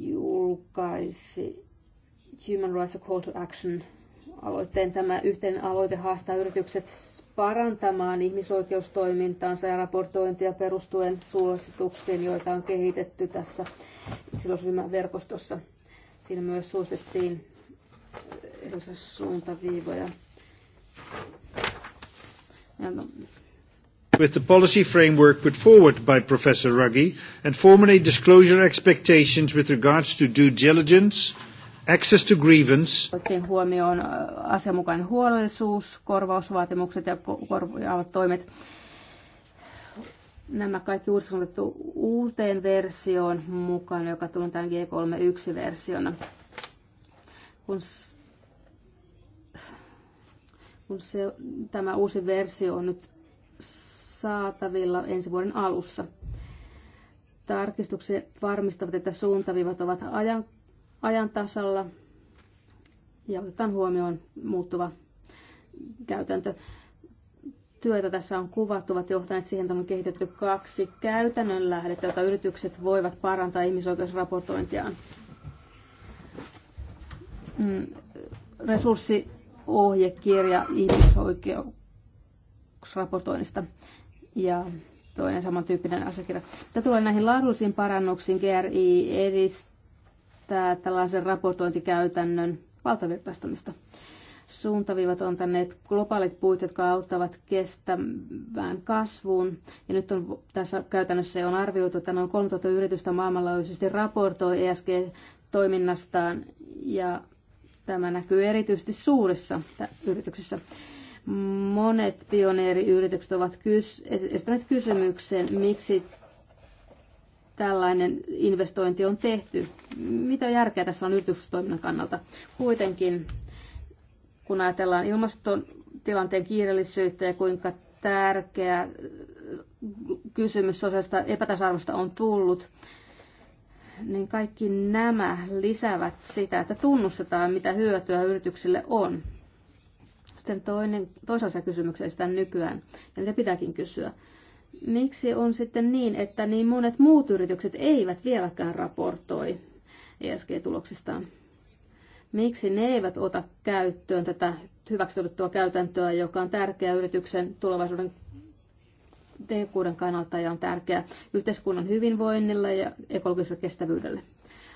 julkaisi Human Rights a Call to Action aloitteen. Tämä yhteinen aloite haastaa yritykset parantamaan ihmisoikeustoimintaansa ja raportointia perustuen suosituksiin, joita on kehitetty tässä sidosryhmäverkostossa verkostossa Siinä myös suosittiin erilaisia suuntaviivoja. No. With the policy framework put forward by Professor Ruggie and formulate disclosure expectations with regards to due diligence, access to grievance. Otettiin huomioon äh, asianmukainen huolellisuus, korvausvaatimukset ja korvaavat toimet nämä kaikki uudistukset uuteen versioon mukaan, joka tunnetaan G31-versiona. Kun, kun se, tämä uusi versio on nyt saatavilla ensi vuoden alussa. Tarkistukset varmistavat, että suuntavivat ovat ajan, ajan tasalla ja otetaan huomioon muuttuva käytäntö työtä tässä on kuvattu, ovat johtaneet siihen, että on kehitetty kaksi käytännön lähdettä, joita yritykset voivat parantaa ihmisoikeusraportointiaan. Mm, resurssiohjekirja ihmisoikeusraportoinnista ja toinen samantyyppinen asiakirja. Tämä tulee näihin laadullisiin parannuksiin. GRI edistää tällaisen raportointikäytännön valtavirtaistamista suuntaviivat on että globaalit puut, jotka auttavat kestävään kasvuun. Ja nyt on, tässä käytännössä on arvioitu, että noin 3000 yritystä maailmanlaajuisesti raportoi ESG-toiminnastaan ja tämä näkyy erityisesti suurissa yrityksissä. Monet pioneeriyritykset ovat kys- esittäneet kysymyksen, miksi tällainen investointi on tehty. Mitä järkeä tässä on yritystoiminnan kannalta? Kuitenkin kun ajatellaan ilmastotilanteen kiireellisyyttä ja kuinka tärkeä kysymys sosiaalista epätasa-arvosta on tullut, niin kaikki nämä lisäävät sitä, että tunnustetaan, mitä hyötyä yrityksille on. Sitten toinen, toisaalta kysymykseen sitä nykyään, ja niitä pitääkin kysyä. Miksi on sitten niin, että niin monet muut yritykset eivät vieläkään raportoi ESG-tuloksistaan? Miksi ne eivät ota käyttöön tätä hyväksytettua käytäntöä, joka on tärkeä yrityksen tulevaisuuden tehokkuuden kannalta ja on tärkeä yhteiskunnan hyvinvoinnille ja ekologiselle kestävyydelle?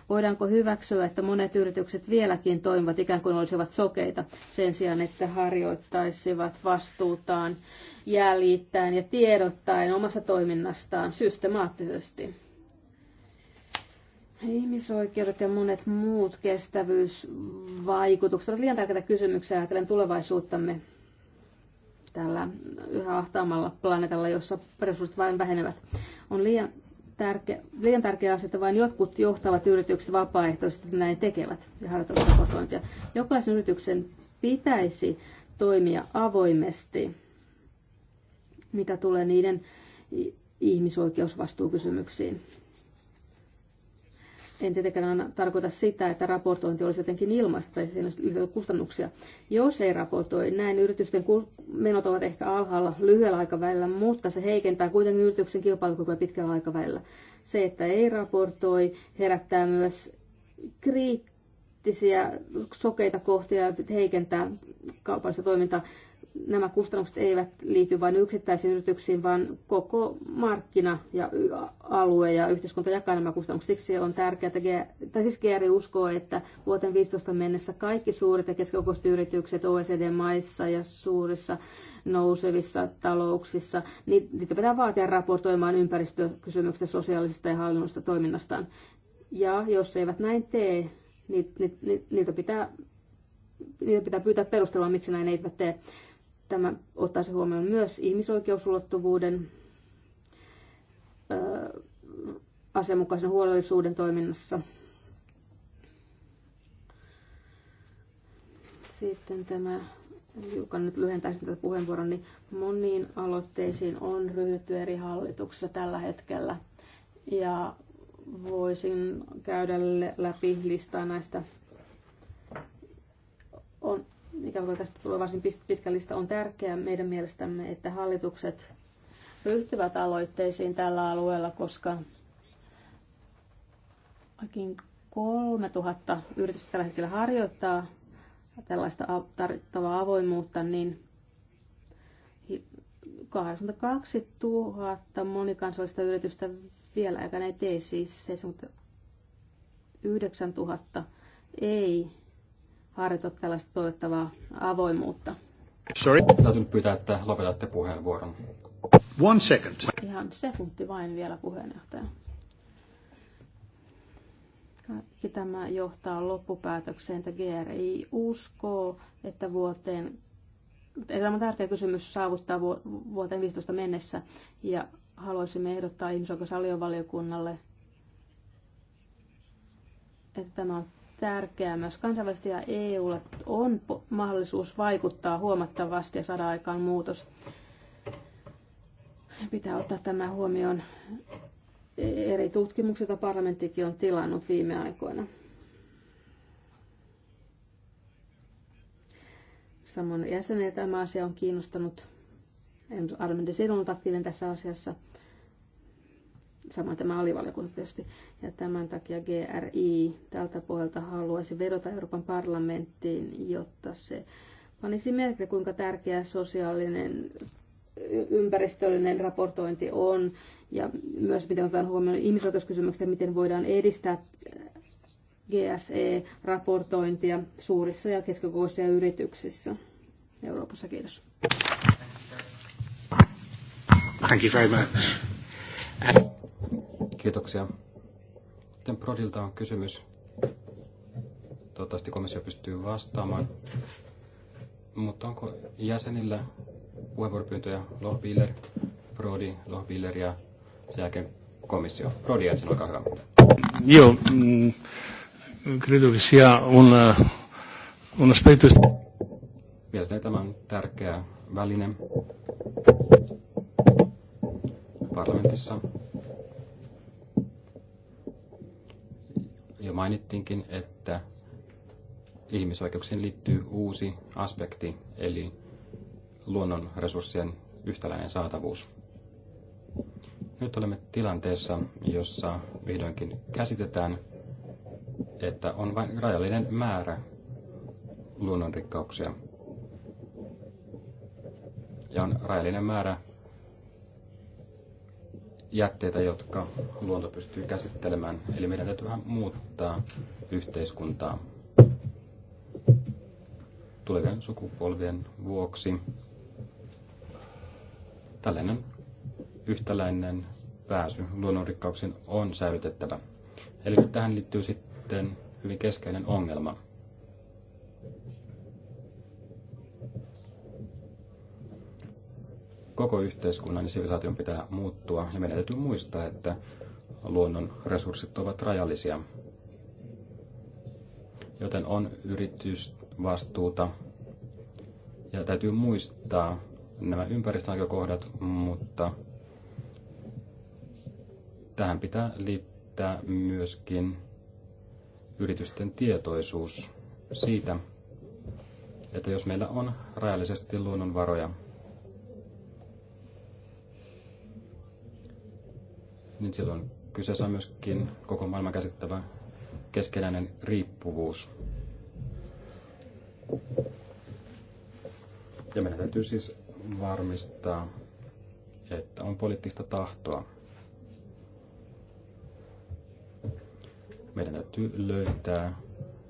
Voidaanko hyväksyä, että monet yritykset vieläkin toimivat ikään kuin olisivat sokeita sen sijaan, että harjoittaisivat vastuutaan jäljittäen ja tiedottaen omassa toiminnastaan systemaattisesti? Ihmisoikeudet ja monet muut kestävyysvaikutukset ovat liian tärkeitä kysymyksiä ajatellen tulevaisuuttamme tällä yhä ahtaamalla planeetalla, jossa resurssit vain vähenevät. On liian tärkeä, liian tärkeä asia, että vain jotkut johtavat yritykset vapaaehtoisesti näin tekevät ja harjoittavat Jokaisen yrityksen pitäisi toimia avoimesti, mitä tulee niiden ihmisoikeusvastuukysymyksiin. En tietenkään tarkoita sitä, että raportointi olisi jotenkin ilmaista tai siinä olisi kustannuksia. Jos ei raportoi, näin yritysten menot ovat ehkä alhaalla lyhyellä aikavälillä, mutta se heikentää kuitenkin yrityksen kilpailukykyä pitkällä aikavälillä. Se, että ei raportoi, herättää myös kriittisiä sokeita kohtia ja heikentää kaupallista toimintaa nämä kustannukset eivät liity vain yksittäisiin yrityksiin, vaan koko markkina ja alue ja yhteiskunta jakaa nämä kustannukset. Siksi on tärkeää, että tai siis GRI uskoo, että vuoteen 15 mennessä kaikki suuret ja keskikokoiset yritykset OECD-maissa ja suurissa nousevissa talouksissa, niin niitä pitää vaatia raportoimaan ympäristökysymyksistä, sosiaalisesta ja hallinnollisesta toiminnastaan. Ja jos eivät näin tee, niin niitä pitää, niitä pitää pyytää perustelua, miksi näin eivät tee Tämä ottaisi huomioon myös ihmisoikeusulottuvuuden, asianmukaisen huolellisuuden toiminnassa. Sitten tämä, hiukan nyt lyhentäisin tätä puheenvuoron, niin moniin aloitteisiin on ryhdytty eri hallituksessa tällä hetkellä. Ja voisin käydä läpi listaa näistä. On ikävä kuin tästä tulee varsin pitkä lista, on tärkeää meidän mielestämme, että hallitukset ryhtyvät aloitteisiin tällä alueella, koska ainakin 3000 yritystä tällä hetkellä harjoittaa tällaista tarvittavaa avoimuutta, niin 82 000 monikansallista yritystä vielä aikana ei tee, siis 79 000 ei harjoittaa tällaista toivottavaa avoimuutta. Sorry. Täytyy pyytää, että lopetatte puheenvuoron. One second. Ihan sekunti vain vielä puheenjohtaja. Kaikki tämä johtaa loppupäätökseen, että GRI uskoo, että vuoteen Tämä on tärkeä kysymys saavuttaa vuoteen 15 mennessä ja haluaisimme ehdottaa ihmisoikeusaliovaliokunnalle, että tämä on tärkeää myös kansainvälisesti ja EUlla on mahdollisuus vaikuttaa huomattavasti ja saada aikaan muutos. Pitää ottaa tämä huomioon eri tutkimukset, joita parlamenttikin on tilannut viime aikoina. Samoin jäseniä tämä asia on kiinnostanut. En Armendi sinun aktiivinen tässä asiassa – Samoin tämä alivaliokunta tietysti. Ja tämän takia GRI tältä pohjalta haluaisi vedota Euroopan parlamenttiin, jotta se panisi merkille, kuinka tärkeä sosiaalinen ympäristöllinen raportointi on ja myös miten otetaan huomioon ihmisoikeuskysymykset ja miten voidaan edistää GSE-raportointia suurissa ja keskikokoisissa yrityksissä Euroopassa. Kiitos. Thank you very much. Kiitoksia. Sitten Prodilta on kysymys. Toivottavasti komissio pystyy vastaamaan. Mutta onko jäsenillä puheenvuoropyyntöjä Lohbiller, Prodi, Lohbiller ja sen jälkeen komissio? Prodi jäsen, olkaa hyvä. Joo, mm, credo che sia un, un aspetto... Mielestäni tämä on tärkeä väline parlamentissa jo mainittiinkin, että ihmisoikeuksiin liittyy uusi aspekti, eli luonnon resurssien yhtäläinen saatavuus. Nyt olemme tilanteessa, jossa vihdoinkin käsitetään, että on vain rajallinen määrä luonnonrikkauksia. Ja on rajallinen määrä jätteitä, jotka luonto pystyy käsittelemään. Eli meidän täytyy vähän muuttaa yhteiskuntaa tulevien sukupolvien vuoksi. Tällainen yhtäläinen pääsy luonnonrikkauksiin on säilytettävä. Eli nyt tähän liittyy sitten hyvin keskeinen ongelma – Koko yhteiskunnan ja sivilisaation pitää muuttua ja meidän täytyy muistaa, että luonnon resurssit ovat rajallisia. Joten on yritysvastuuta ja täytyy muistaa nämä ympäristönäkökohdat, mutta tähän pitää liittää myöskin yritysten tietoisuus siitä, että jos meillä on rajallisesti luonnonvaroja, niin silloin kyseessä on myöskin koko maailman käsittävä keskenäinen riippuvuus. Ja meidän täytyy siis varmistaa, että on poliittista tahtoa. Meidän täytyy löytää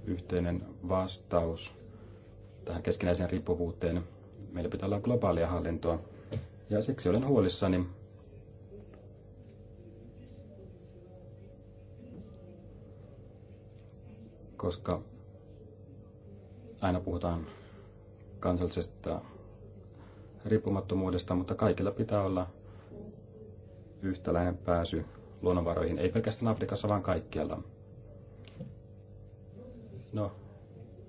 yhteinen vastaus tähän keskinäiseen riippuvuuteen. Meillä pitää olla globaalia hallintoa. Ja siksi olen huolissani koska aina puhutaan kansallisesta riippumattomuudesta, mutta kaikilla pitää olla yhtäläinen pääsy luonnonvaroihin, ei pelkästään Afrikassa, vaan kaikkialla. No,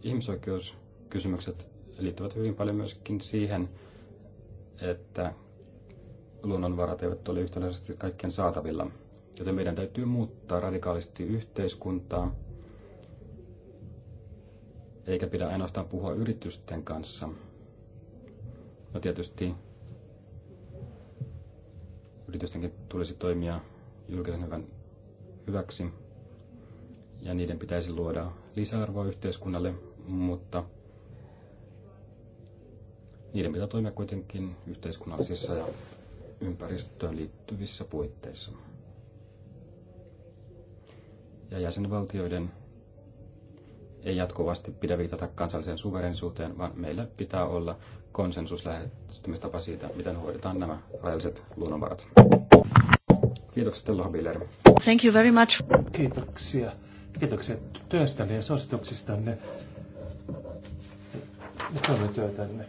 ihmisoikeuskysymykset liittyvät hyvin paljon myöskin siihen, että luonnonvarat eivät ole yhtäläisesti kaikkien saatavilla. Joten meidän täytyy muuttaa radikaalisti yhteiskuntaa, eikä pidä ainoastaan puhua yritysten kanssa. No tietysti yritystenkin tulisi toimia julkisen hyvän hyväksi ja niiden pitäisi luoda lisäarvoa yhteiskunnalle, mutta niiden pitää toimia kuitenkin yhteiskunnallisissa ja ympäristöön liittyvissä puitteissa. Ja jäsenvaltioiden ei jatkuvasti pidä viitata kansalliseen suverenisuuteen, vaan meillä pitää olla konsensuslähestymistapa siitä, miten hoidetaan nämä rajalliset luonnonvarat. Kiitokset, Tello Habiller. Thank you very much. Kiitoksia. Kiitoksia työstänne ja suosituksistanne ja toimetyötänne.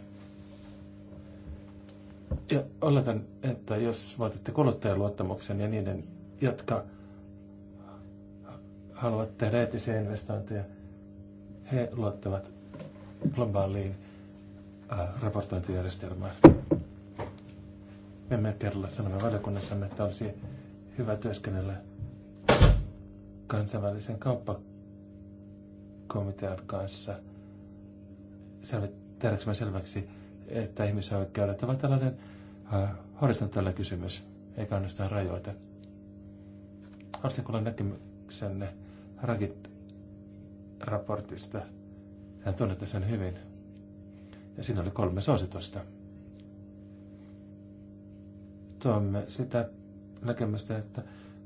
Ja oletan, että jos voitatte kuluttajan luottamuksen ja niiden, jotka haluavat tehdä eettisiä investointeja, he luottavat globaaliin äh, raportointijärjestelmään. Me emme kerralla sanomme valiokunnassamme, että olisi hyvä työskennellä kansainvälisen kauppakomitean kanssa tehdäänkö selväksi, että ihmisoikeudet ovat tällainen äh, horisontaalinen kysymys, eikä ainoastaan rajoita. Haluaisin kuulla näkemyksenne. Rakit raportista. Hän tunnette sen hyvin. Ja siinä oli kolme suositusta. Tuomme sitä näkemystä, että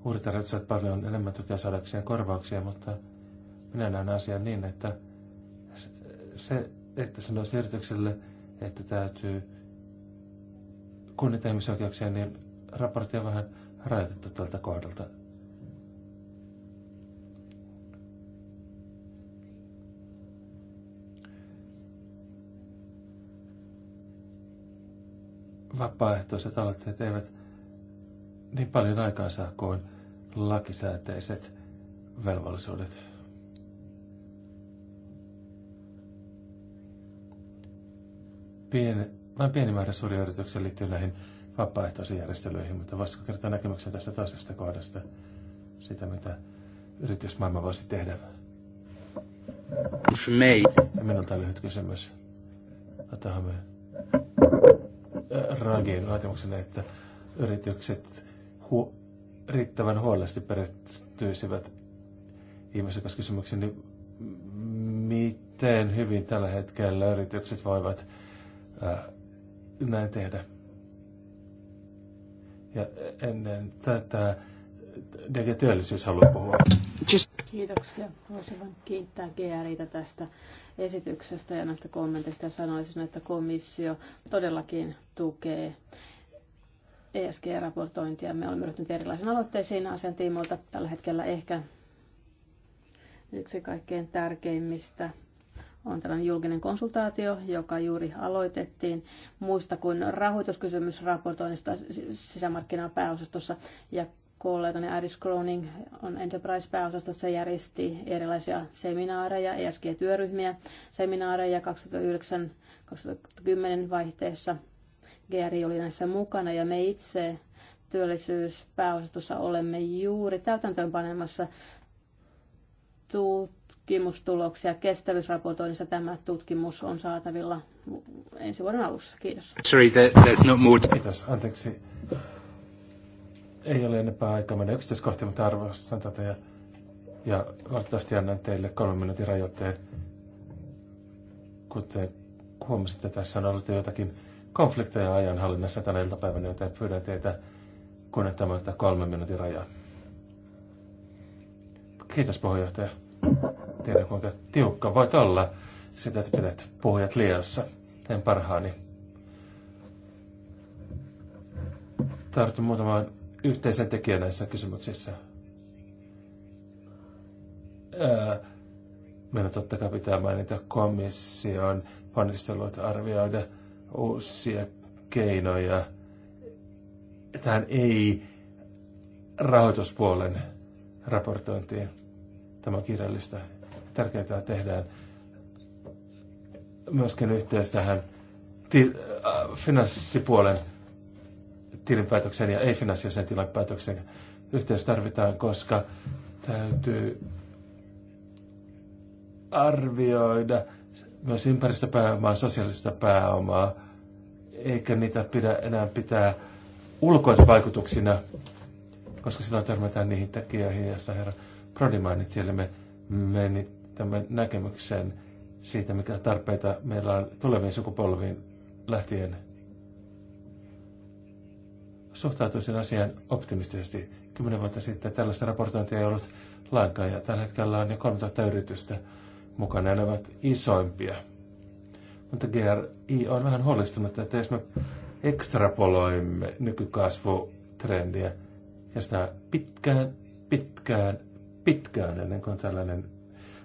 uhrit tarvitsevat paljon enemmän tukea saadakseen korvauksia, mutta minä näen asian niin, että se, että sanoo siirtykselle, että täytyy kunnioittaa ihmisoikeuksia, niin raportti on vähän rajoitettu tältä kohdalta. vapaaehtoiset aloitteet eivät niin paljon aikaa saa kuin lakisääteiset velvollisuudet. Pieni, vain pieni määrä suuria yrityksiä liittyy näihin vapaaehtoisiin järjestelyihin, mutta voisiko kertoa näkemyksen tästä toisesta kohdasta, sitä mitä yritysmaailma voisi tehdä? Ja minulta lyhyt kysymys. Otamme Ragin vaatimuksena, että yritykset hu- riittävän huolellisesti perehtyisivät ihmisoikeuskysymyksiin, niin miten hyvin tällä hetkellä yritykset voivat äh, näin tehdä. Ja ennen tätä DG Työllisyys haluaa puhua. Kiitoksia. Voisin vain kiittää GRItä tästä esityksestä ja näistä kommenteista. Sanoisin, että komissio todellakin tukee ESG-raportointia. Me olemme ryhtyneet erilaisiin aloitteisiin asian tiimoilta. Tällä hetkellä ehkä yksi kaikkein tärkeimmistä on tällainen julkinen konsultaatio, joka juuri aloitettiin muista kuin rahoituskysymysraportoinnista sisämarkkinapääosastossa. Ja kollegani Iris Croning on Enterprise-pääosastossa järjesti erilaisia seminaareja, ESG-työryhmiä, seminaareja 2009-2010 vaihteessa. Geri oli näissä mukana ja me itse työllisyyspääosastossa olemme juuri täytäntöönpanemassa tutkimustuloksia kestävyysraportoinnissa. Tämä tutkimus on saatavilla ensi vuoden alussa. Kiitos. Sorry, there, there's not more. Kiitos. Anteeksi ei ole enempää aikaa mennä yksityiskohtiin, mutta arvostan tätä ja, ja valitettavasti annan teille kolmen minuutin rajoitteen. Kuten huomasitte, tässä on ollut jo jotakin konflikteja ajanhallinnassa tänä iltapäivänä, joten pyydän teitä kunnettamaan tätä kolmen minuutin rajaa. Kiitos puheenjohtaja. Tiedän kuinka tiukka voit olla sitä, että pidät puhujat liiassa. Teen parhaani. Tartun muutamaan yhteisen tekijä näissä kysymyksissä. Meidän totta kai pitää mainita komission ponnistelut arvioida uusia keinoja tähän ei-rahoituspuolen raportointiin. Tämä on kirjallista. Tärkeää tehdään myöskin yhteys tähän äh, finanssipuolen tilinpäätöksen ja ei finanssiasian tilinpäätöksen yhteys tarvitaan, koska täytyy arvioida myös ympäristöpääomaa, sosiaalista pääomaa, eikä niitä pidä enää pitää ulkoisvaikutuksina, koska silloin törmätään niihin tekijöihin, joissa herra Prodi mainitsi, eli me menitämme näkemykseen siitä, mikä tarpeita meillä on tuleviin sukupolviin lähtien suhtautuisin asiaan optimistisesti. Kymmenen vuotta sitten tällaista raportointia ei ollut lainkaan ja tällä hetkellä on jo 3000 yritystä mukana ja ne ovat isoimpia. Mutta GRI on vähän huolestunut, että jos me ekstrapoloimme nykykasvutrendiä ja sitä pitkään, pitkään, pitkään ennen kuin tällainen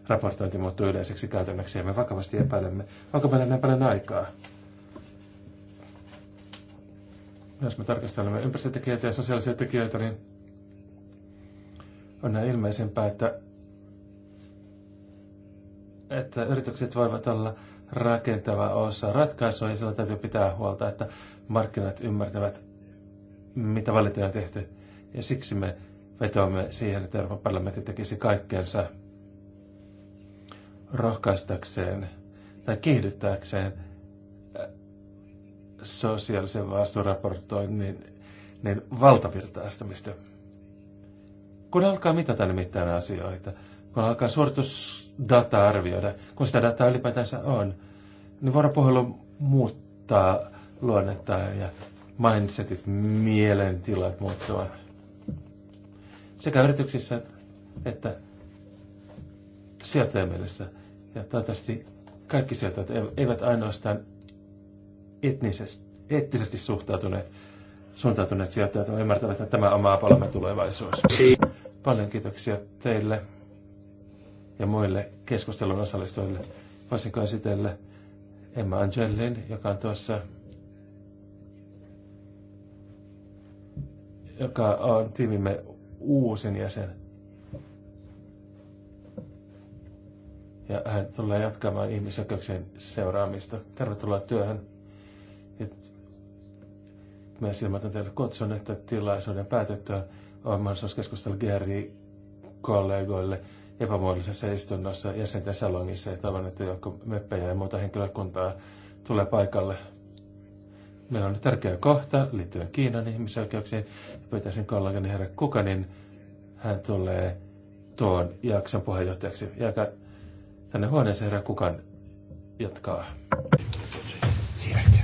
raportointi muuttuu yleiseksi käytännöksi ja me vakavasti epäilemme, onko meillä näin paljon aikaa jos me tarkastelemme ympäristötekijöitä ja sosiaalisia tekijöitä, niin on näin ilmeisempää, että, että yritykset voivat olla rakentava osa ratkaisua ja sillä täytyy pitää huolta, että markkinat ymmärtävät, mitä valintoja on tehty. Ja siksi me vetoamme siihen, että Euroopan parlamentti tekisi kaikkeensa rohkaistakseen tai kiihdyttääkseen sosiaalisen vastuuraportoinnin niin valtavirtaistamista. Kun alkaa mitata nimittäin asioita, kun alkaa suoritusdata arvioida, kun sitä dataa ylipäätänsä on, niin vuoropuhelu muuttaa luonnetta ja mindsetit, mielentilat muuttuvat. Sekä yrityksissä että sijoittajamielessä. Ja toivottavasti kaikki sijoittajat eivät ainoastaan etnisesti, eettisesti suhtautuneet, suuntautuneet sieltä, että ymmärtävät, että tämä on maapallomme tulevaisuus. Paljon kiitoksia teille ja muille keskustelun osallistujille. Voisinko esitellä Emma Angelin, joka on tuossa joka on tiimimme uusin jäsen. Ja hän tulee jatkamaan ihmisoikeuksien seuraamista. Tervetuloa työhön. Mä ilmoitan teille kutsun, että tilaisuuden päätettyä on mahdollisuus keskustella GRI-kollegoille epämuodollisessa istunnossa jäsenten salongissa ja toivon, että joku meppejä ja muuta henkilökuntaa tulee paikalle. Meillä on tärkeä kohta liittyen Kiinan ihmisoikeuksiin. Pyytäisin kollegani herra Kukanin. Hän tulee tuon jakson puheenjohtajaksi. Jääkä tänne huoneeseen herra Kukan jatkaa. Siirrytään.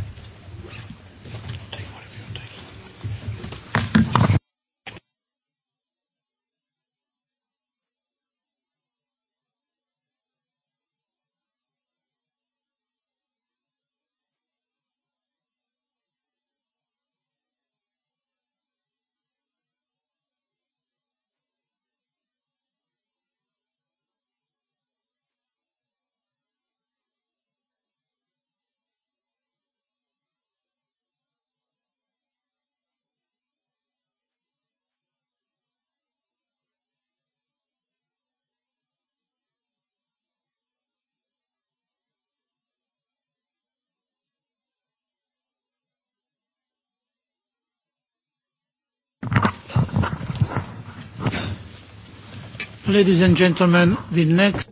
Ladies and gentlemen, the next...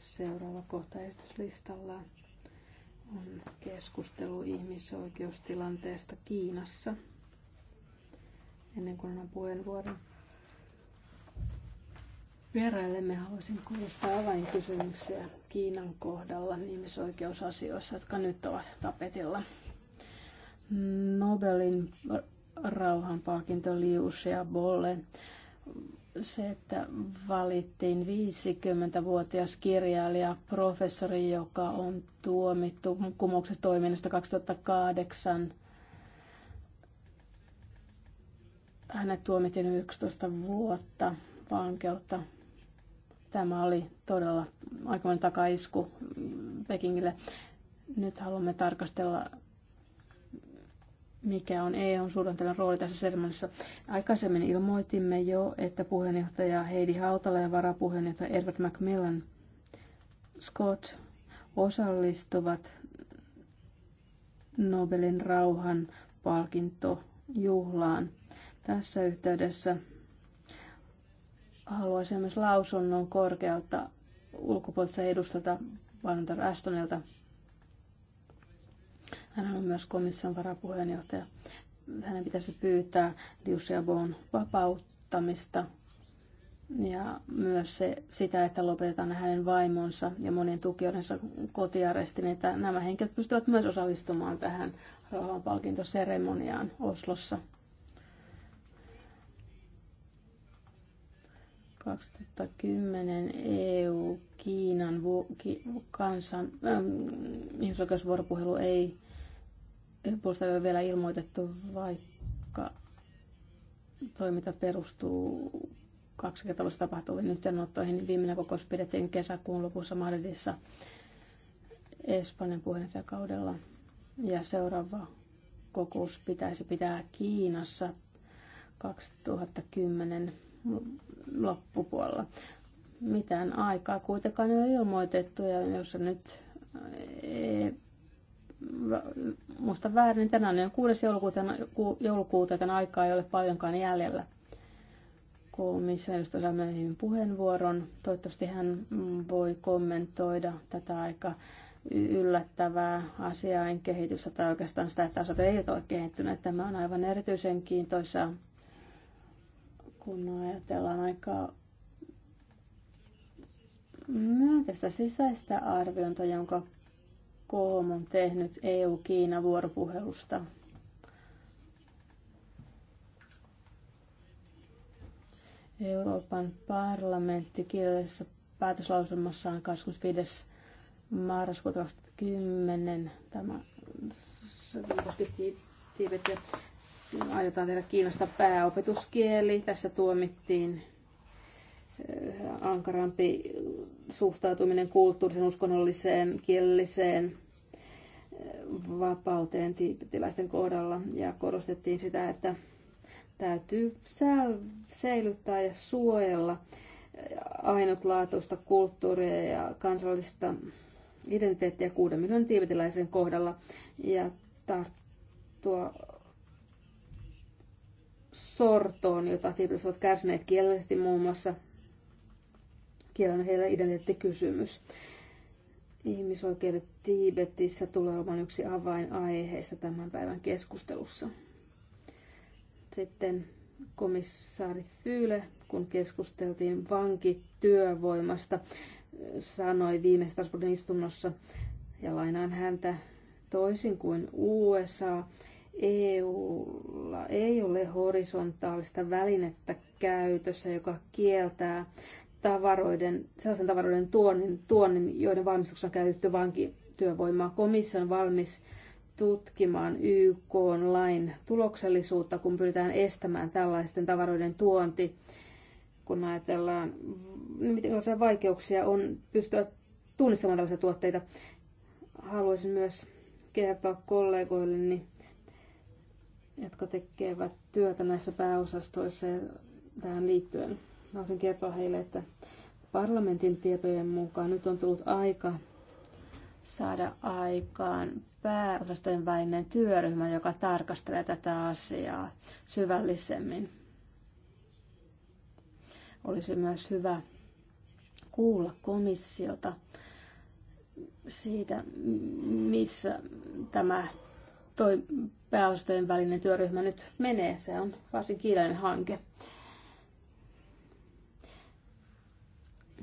seuraava kohta on keskustelu ihmisoikeustilanteesta Kiinassa. Ennen kuin annan puheenvuoron vieraillemme, haluaisin korostaa avainkysymyksiä Kiinan kohdalla ihmisoikeusasioissa, jotka nyt ovat tapetilla. Nobelin rauhanpalkinto Liu Xiaobolle se, että valittiin 50-vuotias kirjailija, professori, joka on tuomittu kumouksesta toiminnasta 2008. Hänet tuomittiin 11 vuotta vankeutta. Tämä oli todella aikamoinen takaisku Pekingille. Nyt haluamme tarkastella mikä on EUn suunnitelman rooli tässä seremoniassa. Aikaisemmin ilmoitimme jo, että puheenjohtaja Heidi Hautala ja varapuheenjohtaja Edward Macmillan Scott osallistuvat Nobelin rauhan palkintojuhlaan. Tässä yhteydessä haluaisin myös lausunnon korkealta ulkopuoliselta edustalta Valenter Astonilta hän on myös komission varapuheenjohtaja. Hänen pitäisi pyytää Liu Xiaobon vapauttamista ja myös se, sitä, että lopetetaan hänen vaimonsa ja monien tukijoidensa kotiaresti, niin että nämä henkilöt pystyvät myös osallistumaan tähän rauhanpalkintoseremoniaan Oslossa. 2010 EU-Kiinan vu- ki- kansan ähm, ihmisoikeusvuoropuhelu ei puolesta ei ole vielä ilmoitettu, vaikka toiminta perustuu kaksi kertaa tapahtuviin yhteenottoihin. Niin viimeinen kokous pidettiin kesäkuun lopussa Madridissa Espanjan puheenjohtajakaudella. Ja seuraava kokous pitäisi pitää Kiinassa 2010 loppupuolella. Mitään aikaa kuitenkaan ei ole ilmoitettu ja jos nyt muista väärin, niin tänään on 6. joulukuuta, joulukuuta, joten aikaa ei ole paljonkaan jäljellä. Komission edustaja saa myöhemmin puheenvuoron. Toivottavasti hän voi kommentoida tätä aika yllättävää asiain kehitystä tai oikeastaan sitä, että asiat eivät ole kehittyneet. Tämä on aivan erityisen kiintoisa, kun ajatellaan aikaa myönteistä sisäistä arviointa, jonka KOHOM on tehnyt EU-Kiina-vuoropuhelusta. Euroopan parlamentti kirjallisessa päätöslausumassaan 25. marraskuuta 2010 tämä koski Tiibetia. Aiotaan tehdä Kiinasta pääopetuskieli. Tässä tuomittiin ankarampi suhtautuminen kulttuurisen, uskonnolliseen, kielelliseen eh, vapauteen tilaisten kohdalla ja korostettiin sitä, että täytyy säilyttää ja suojella eh, ainutlaatuista kulttuuria ja kansallista identiteettiä kuuden miljoonan tiibetiläisen kohdalla ja tarttua sortoon, jota tiibetilaiset ovat kärsineet kielellisesti muun muassa kielen heille identiteettikysymys. Ihmisoikeudet Tiibetissä tulee olemaan yksi avainaiheista tämän päivän keskustelussa. Sitten komissaari Fyyle, kun keskusteltiin vankityövoimasta, sanoi viime Strasbourgin istunnossa, ja lainaan häntä toisin kuin USA, EUlla ei ole horisontaalista välinettä käytössä, joka kieltää tavaroiden, sellaisen tavaroiden tuonnin, tuonnin joiden valmistuksessa on käytetty vankityövoimaa. Komissio on valmis tutkimaan YK lain tuloksellisuutta, kun pyritään estämään tällaisten tavaroiden tuonti, kun ajatellaan, miten vaikeuksia on pystyä tunnistamaan tällaisia tuotteita. Haluaisin myös kertoa kollegoilleni, jotka tekevät työtä näissä pääosastoissa tähän liittyen. Haluaisin kertoa heille, että parlamentin tietojen mukaan nyt on tullut aika saada aikaan pääosastojen välinen työryhmä, joka tarkastelee tätä asiaa syvällisemmin. Olisi myös hyvä kuulla komissiota siitä, missä tämä toi pääosastojen välinen työryhmä nyt menee. Se on varsin kiireinen hanke.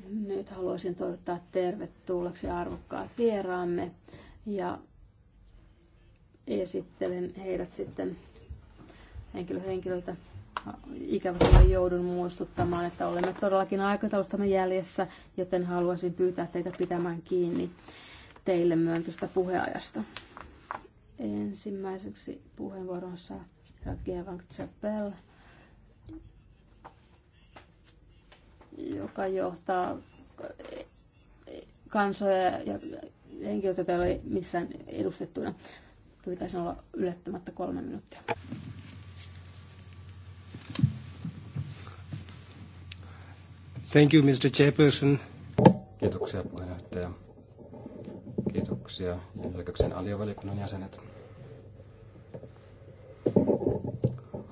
Nyt haluaisin toivottaa tervetulleeksi arvokkaat vieraamme ja esittelen heidät sitten henkilö henkilöltä. Ikävä joudun muistuttamaan, että olemme todellakin aikataulustamme jäljessä, joten haluaisin pyytää teitä pitämään kiinni teille myöntystä puheajasta. Ensimmäiseksi puheenvuoronsa saa Rakia Chapelle joka johtaa kansoja ja henkilöitä, joita ei ole missään edustettuina. Pyytäisin olla ylettämättä kolme minuuttia. Thank you, Mr. Chairperson. Kiitoksia puheenjohtaja. Kiitoksia jälkeen aliovalikunnan jäsenet.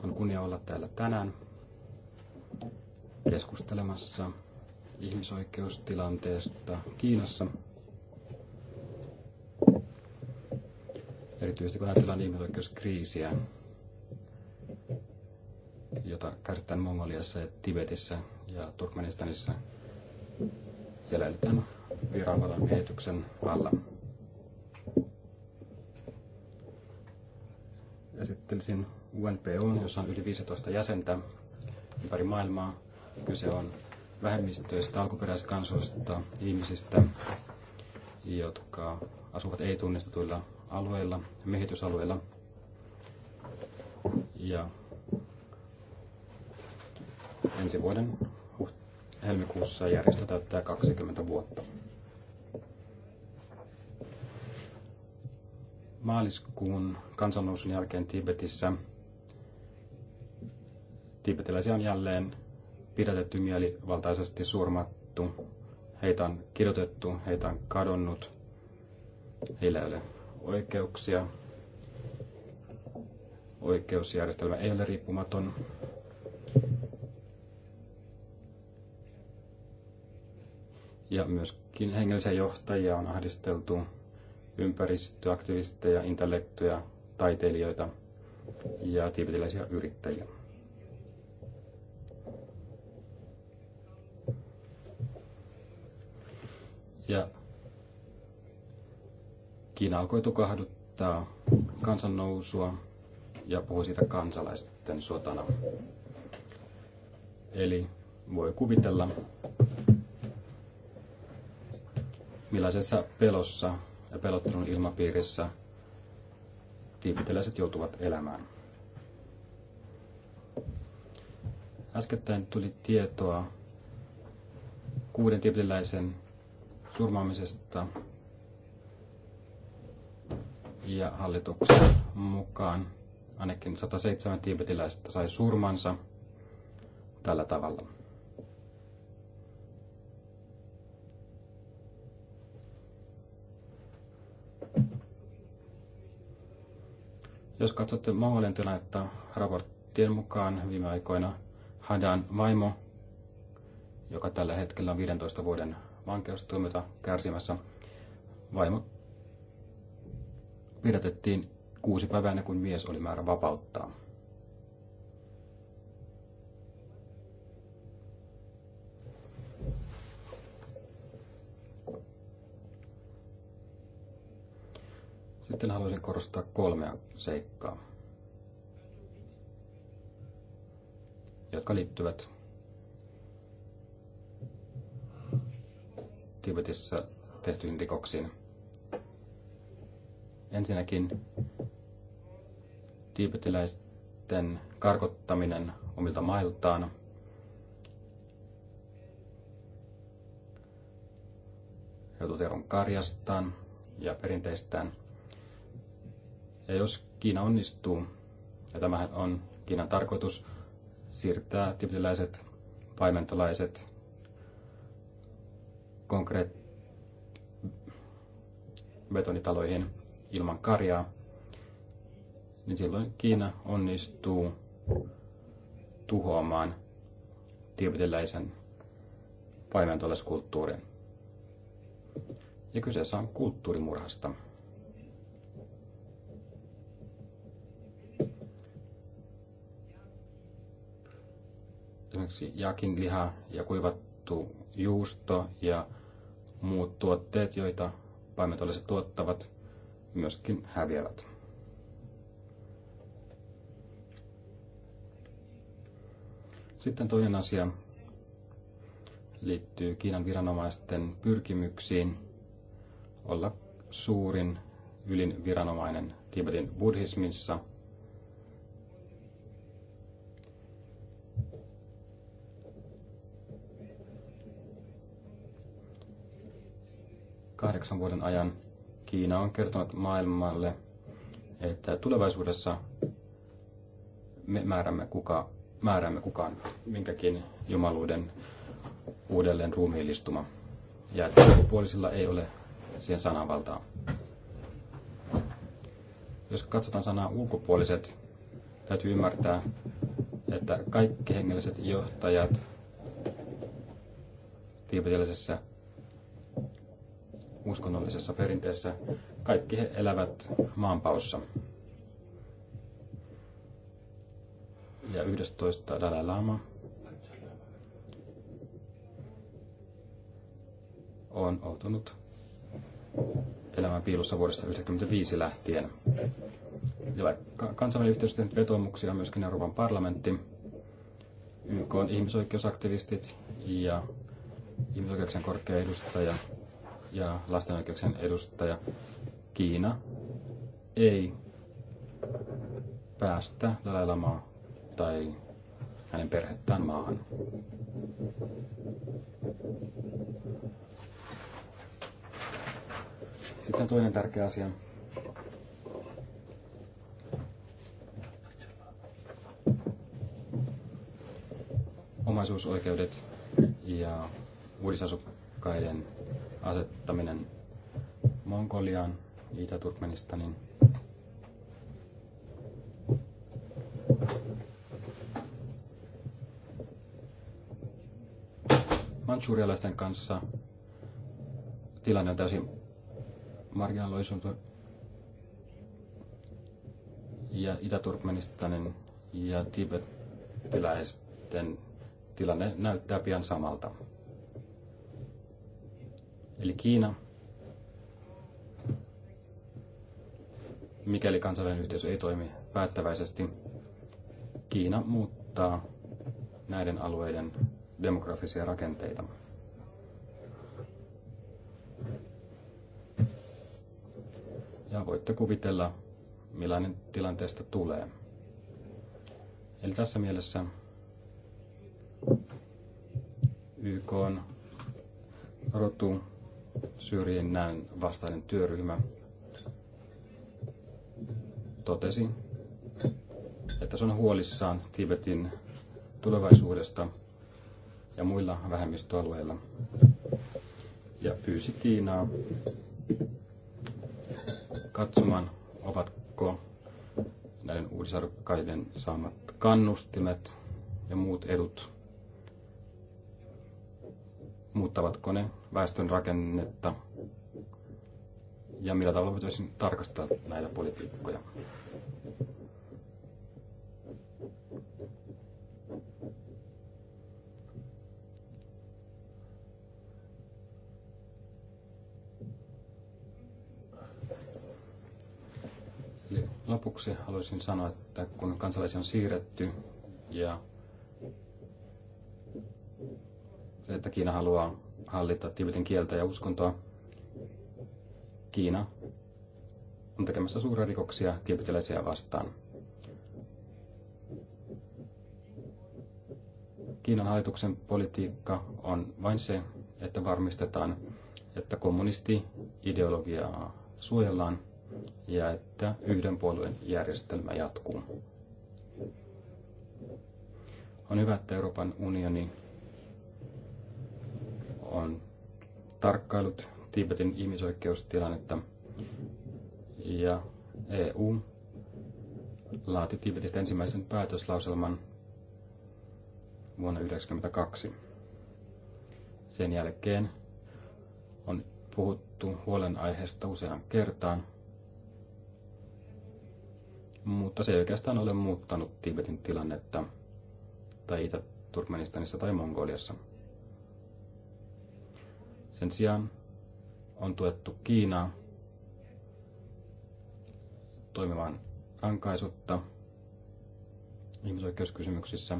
On kunnia olla täällä tänään keskustelemassa ihmisoikeustilanteesta Kiinassa. Erityisesti kun ajatellaan ihmisoikeuskriisiä, jota kärsitään Mongoliassa ja Tibetissä ja Turkmenistanissa. Siellä eletään viranvallan miehityksen alla. Esittelisin UNPO, jossa on yli 15 jäsentä ympäri maailmaa, Kyse on vähemmistöistä, alkuperäiskansoista, ihmisistä, jotka asuvat ei-tunnistetuilla alueilla, miehitysalueilla Ja ensi vuoden helmikuussa järjestö täyttää 20 vuotta. Maaliskuun kansannousun jälkeen Tibetissä tibetiläisiä on jälleen pidätetty mielivaltaisesti surmattu. Heitä on kidutettu, heitä on kadonnut. Heillä ei ole oikeuksia. Oikeusjärjestelmä ei ole riippumaton. Ja myöskin hengellisiä johtajia on ahdisteltu, ympäristöaktivisteja, intellektuja, taiteilijoita ja tiibetiläisiä yrittäjiä. Ja Kiina alkoi tukahduttaa kansannousua ja puhui siitä kansalaisten sotana. Eli voi kuvitella, millaisessa pelossa ja pelottelun ilmapiirissä tiipiteläiset joutuvat elämään. Äskettäin tuli tietoa kuuden tiipiteläisen surmaamisesta ja hallituksen mukaan ainakin 107 tiibetiläistä sai surmansa tällä tavalla. Jos katsotte Mongolian tilannetta raporttien mukaan viime aikoina, Hadan vaimo, joka tällä hetkellä on 15 vuoden vankeustuomiota kärsimässä. Vaimo pidätettiin kuusi päivää ennen kuin mies oli määrä vapauttaa. Sitten haluaisin korostaa kolmea seikkaa, jotka liittyvät Tibetissä tehtyihin rikoksiin. Ensinnäkin tiibetiläisten karkottaminen omilta mailtaan. Joutuvat eron karjastaan ja perinteistään. Ja jos Kiina onnistuu, ja tämähän on Kiinan tarkoitus, siirtää tiibetiläiset paimentolaiset konkreet betonitaloihin ilman karjaa, niin silloin Kiina onnistuu tuhoamaan tiibetiläisen paimentolaiskulttuurin. Ja kyseessä on kulttuurimurhasta. Esimerkiksi jakin liha ja kuivattu juusto ja muut tuotteet, joita paimentolliset tuottavat, myöskin häviävät. Sitten toinen asia liittyy Kiinan viranomaisten pyrkimyksiin olla suurin ylin viranomainen Tibetin buddhismissa – kahdeksan vuoden ajan Kiina on kertonut maailmalle, että tulevaisuudessa me määrämme, kuka, määräämme kukaan minkäkin jumaluuden uudelleen ruumiillistuma. Ja että ulkopuolisilla ei ole siihen sananvaltaa. Jos katsotaan sanaa ulkopuoliset, täytyy ymmärtää, että kaikki hengelliset johtajat tiibetiläisessä uskonnollisessa perinteessä. Kaikki he elävät maanpaossa. Ja 11. Dalai Lama on outunut elämän piilossa vuodesta 1995 lähtien. Ja vaikka kansainvälinen yhteisö on myöskin Euroopan parlamentti, YK on ihmisoikeusaktivistit ja ihmisoikeuksien korkea edustaja ja lasten oikeuksien edustaja, Kiina ei päästä Dalai tai hänen perhettään maahan. Sitten toinen tärkeä asia. Omaisuusoikeudet ja uudisasukkaiden asettaminen Mongoliaan, Itä-Turkmenistanin. Manchurialaisten kanssa tilanne on täysin marginaloisunut ja Itä-Turkmenistanin ja tibettiläisten tilanne näyttää pian samalta eli Kiina, mikäli kansainvälinen yhteisö ei toimi päättäväisesti, Kiina muuttaa näiden alueiden demografisia rakenteita. Ja voitte kuvitella, millainen tilanteesta tulee. Eli tässä mielessä YK on rotu syrjinnän vastainen työryhmä totesi, että se on huolissaan Tibetin tulevaisuudesta ja muilla vähemmistöalueilla ja pyysi Kiinaa katsomaan, ovatko näiden uudisarkkaiden saamat kannustimet ja muut edut, muuttavatko ne väestön rakennetta ja millä tavalla voitaisiin tarkastaa näitä politiikkoja. Eli lopuksi haluaisin sanoa, että kun kansalaisia on siirretty ja se, että Kiina haluaa hallita Tibetin kieltä ja uskontoa. Kiina on tekemässä suuria rikoksia tibetiläisiä vastaan. Kiinan hallituksen politiikka on vain se, että varmistetaan, että kommunisti-ideologiaa suojellaan ja että yhden puolueen järjestelmä jatkuu. On hyvä, että Euroopan unioni on tarkkailut Tiibetin ihmisoikeustilannetta ja EU laati Tiibetistä ensimmäisen päätöslauselman vuonna 1992. Sen jälkeen on puhuttu huolenaiheesta useaan kertaan, mutta se ei oikeastaan ole muuttanut Tiibetin tilannetta tai Itä-Turkmenistanissa tai Mongoliassa – sen sijaan on tuettu Kiinaa toimimaan rankaisutta ihmisoikeuskysymyksissä.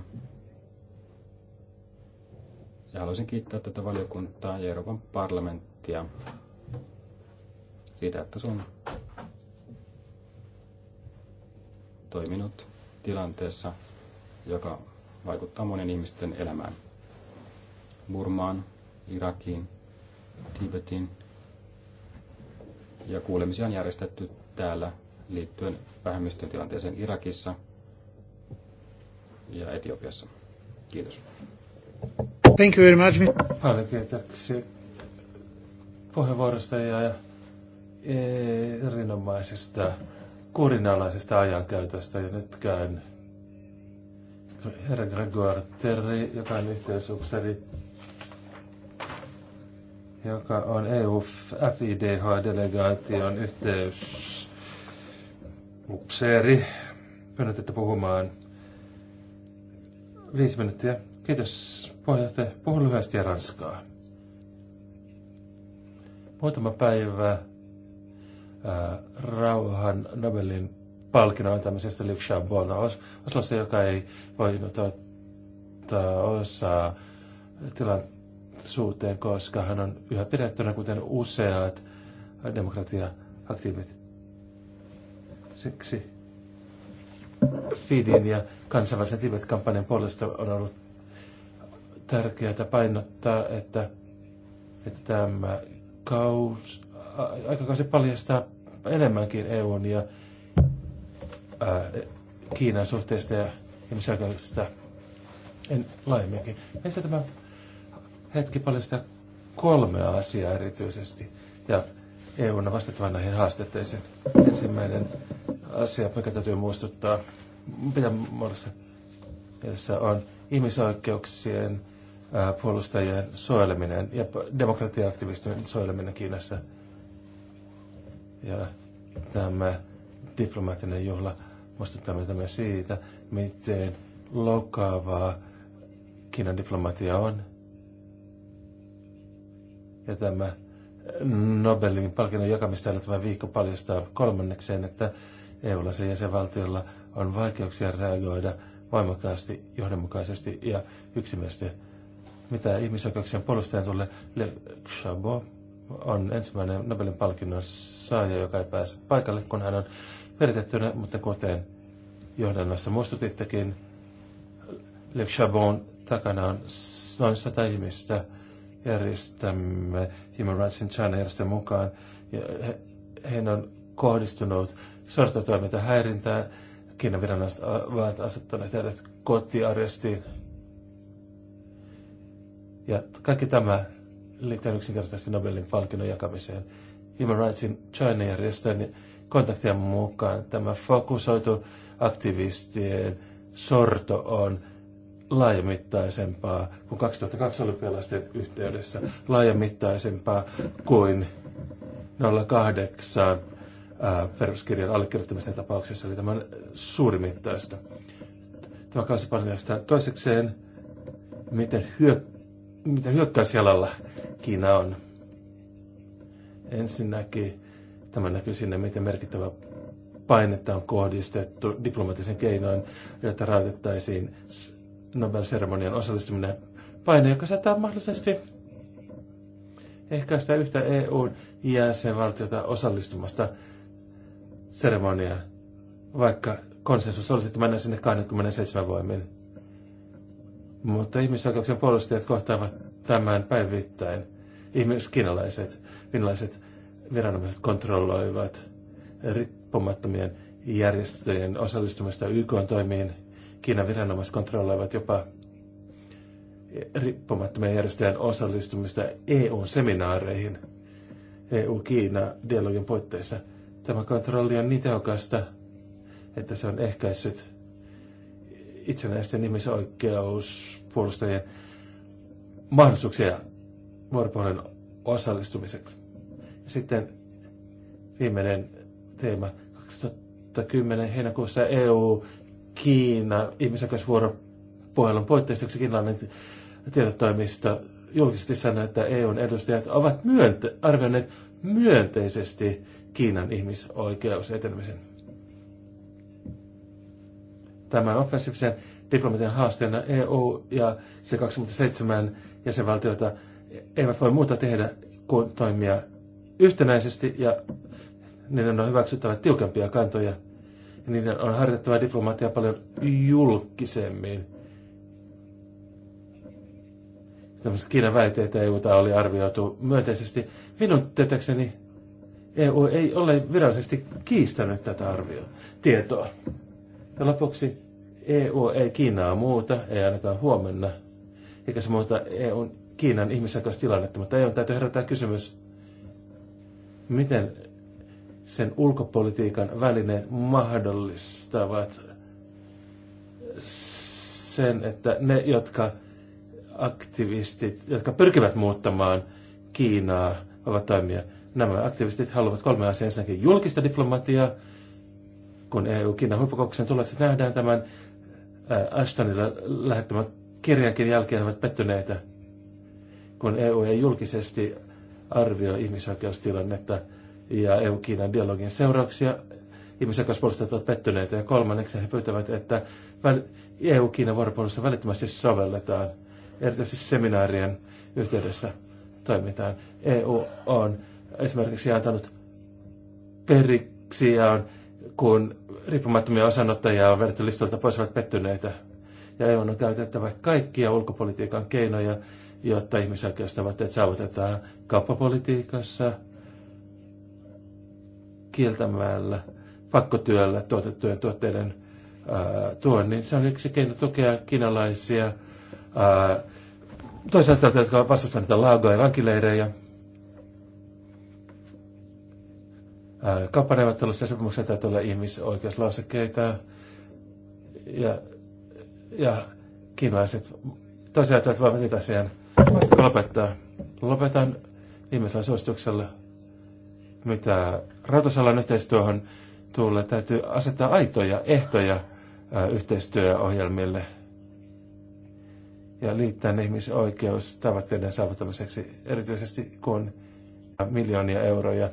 Ja haluaisin kiittää tätä valiokuntaa ja Euroopan parlamenttia siitä, että se on toiminut tilanteessa, joka vaikuttaa monen ihmisten elämään. Burmaan, Irakiin, Tibetin. Ja kuulemisia on järjestetty täällä liittyen vähemmistön tilanteeseen Irakissa ja Etiopiassa. Kiitos. Thank you very much. Paljon kiitoksia puheenvuorosta ja erinomaisesta kurinalaisesta ajankäytöstä. Ja nyt käyn herra Gregor Terri, joka on yhteysupseri joka on EU-FIDH-delegaation yhteys upseeri. Pyydän puhumaan viisi minuuttia. Kiitos puheenjohtaja. Puhun lyhyesti ja ranskaa. Muutama päivä ää, rauhan Nobelin palkinnon antamisesta Luc Chabolta no, Oslossa, joka ei voinut ottaa osaa tilanteesta suhteen, koska hän on yhä pidettynä kuten useat demokratiaaktiivit. Siksi Fidin ja kansainvälisen Tibet-kampanjan puolesta on ollut tärkeää painottaa, että, että tämä kaus, aikakausi paljastaa enemmänkin EUn ja ää, Kiinan suhteista ja ihmisoikeudesta en laajemminkin. mistä tämä hetki paljasta kolmea asiaa erityisesti ja EUn vastattava näihin haasteisiin. Ensimmäinen asia, mikä täytyy muistuttaa, mitä muodossa mielessä on ihmisoikeuksien puolustajien suojeleminen ja demokratiaaktivistien suojeleminen Kiinassa. Ja tämä diplomaattinen juhla muistuttaa meitä myös siitä, miten loukkaavaa Kiinan diplomatia on ja tämä äh, Nobelin palkinnon jakamista tämä viikko paljastaa kolmannekseen, että EU-laisen jäsenvaltiolla on vaikeuksia reagoida voimakkaasti, johdonmukaisesti ja yksimielisesti. Mitä ihmisoikeuksien puolustajan tulee, Le Chabot on ensimmäinen Nobelin palkinnon saaja, joka ei pääse paikalle, kun hän on veritettynä, mutta kuten johdannossa muistutittekin, Le Chabon takana on noin sata ihmistä – järjestämme Human Rights in China järjestön mukaan. Ja heihin on kohdistunut sortotoiminta häirintää. Kiinan viranomaiset ovat asettaneet heidät kotiarestiin. Ja kaikki tämä liittyy yksinkertaisesti Nobelin palkinnon jakamiseen. Human Rights in China-järjestön kontaktien mukaan tämä fokusoitu aktivistien sorto on laajamittaisempaa kuin 2002 olympialaisten yhteydessä, laajamittaisempaa kuin 08 peruskirjan allekirjoittamisen tapauksessa, eli tämä on suurimittaista. Tämä kausi paljastaa toisekseen, miten, hyö, miten hyökkäysjalalla Kiina on. Ensinnäkin tämä näkyy sinne, miten merkittävä painetta on kohdistettu diplomaattisen keinoin, jotta rautettaisiin Nobel-seremonian osallistuminen paine, joka saattaa mahdollisesti ehkäistä yhtä eu jäsenvaltiota osallistumasta seremoniaan, vaikka konsensus olisi, että mennään sinne 27 voimin. Mutta ihmisoikeuksien puolustajat kohtaavat tämän päivittäin. Ihmiskinalaiset, finlaiset viranomaiset kontrolloivat riippumattomien järjestöjen osallistumista YK toimiin Kiinan viranomaiset kontrolloivat jopa riippumattomien järjestöjen osallistumista EU-seminaareihin EU-Kiina-dialogin puitteissa. Tämä kontrolli on niin tehokasta, että se on ehkäissyt itsenäisten ihmisoikeuspuolustajien mahdollisuuksia vuoropuolen osallistumiseksi. Ja sitten viimeinen teema 2010 heinäkuussa EU Kiina ihmisoikeusvuoropuhelun puitteissa kiinalainen tietotoimisto julkisesti sanoi, että EUn edustajat ovat myönte- arvioineet myönteisesti Kiinan ihmisoikeusetenemisen. Tämän offensiivisen diplomatian haasteena EU ja se 27 jäsenvaltiota eivät voi muuta tehdä kuin toimia yhtenäisesti ja niiden on hyväksyttävä tiukempia kantoja – niiden on harjoittava diplomatia paljon julkisemmin. Tämmöiset Kiinan väitteet EUta oli arvioitu myönteisesti. Minun tietäkseni EU ei ole virallisesti kiistänyt tätä arvio tietoa. Ja lopuksi EU ei Kiinaa muuta, ei ainakaan huomenna, eikä se muuta EUn Kiinan tilannetta, mutta EU täytyy herättää kysymys, miten sen ulkopolitiikan väline mahdollistavat sen, että ne, jotka aktivistit, jotka pyrkivät muuttamaan Kiinaa, ovat toimia. Nämä aktivistit haluavat kolme asiaa. Ensinnäkin julkista diplomatiaa, kun EU-Kiinan huippukokouksen tulokset nähdään tämän äh, Ashtonilla lähettämän kirjankin jälkeen, he ovat pettyneitä, kun EU ei julkisesti arvioi ihmisoikeustilannetta – ja EU-Kiinan dialogin seurauksia. Ihmisoikeuspuolustajat ovat pettyneitä ja kolmanneksi he pyytävät, että EU-Kiinan vuoropuolussa välittömästi sovelletaan, erityisesti seminaarien yhteydessä toimitaan. EU on esimerkiksi antanut periksi ja on, kun riippumattomia osanottajia on vedetty listolta pois, ovat pettyneitä. Ja EU on käytettävä kaikkia ulkopolitiikan keinoja, jotta ihmisoikeustavoitteet saavutetaan kauppapolitiikassa – kieltämällä pakkotyöllä tuotettujen tuotteiden tuon, niin Se on yksi keino tukea kiinalaisia toisaalta, jotka vastustavat niitä laagoja ja vankileirejä. Kauppaneuvottelussa ja sopimuksessa täytyy olla ihmisoikeuslausekkeita ja, ja kiinalaiset tosiaan voivat niitä asian lopettaa. Lopetan viimeisellä suosituksella mitä rautasalan yhteistyöhön tulee, täytyy asettaa aitoja ehtoja yhteistyöohjelmille ja liittää ne ihmisoikeus tavoitteiden saavuttamiseksi, erityisesti kun miljoonia euroja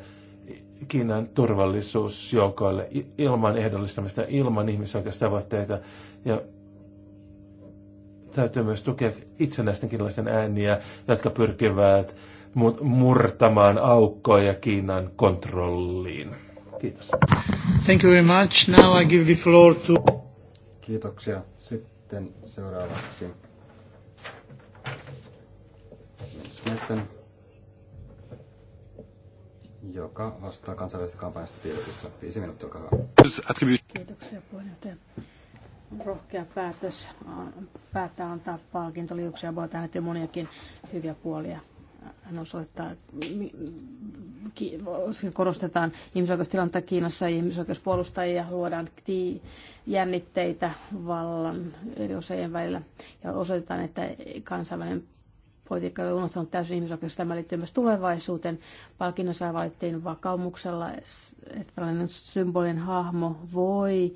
Kiinan turvallisuusjoukoille ilman ehdollistamista, ilman ihmisoikeustavoitteita. Ja täytyy myös tukea itsenäisten kiinalaisten ääniä, jotka pyrkivät murtamaan aukkoja Kiinan kontrolliin. Kiitos. Thank you very much. Now I give the floor to... Kiitoksia. Sitten seuraavaksi Smetten, joka vastaa kansainvälisestä kampanjasta tiedotussa. Viisi minuuttia, olkaa Kiitoksia puheenjohtaja. Rohkea päätös päättää antaa palkinto liuksia, voi tähän moniakin hyviä puolia hän osoittaa, korostetaan ihmisoikeustilannetta Kiinassa ja ihmisoikeuspuolustajia, luodaan jännitteitä vallan eri osien välillä ja osoitetaan, että kansainvälinen politiikka oli unohtanut täysin ihmisoikeus. Tämä liittyy myös tulevaisuuteen. Palkinnossa valittiin vakaumuksella, että tällainen symbolin hahmo voi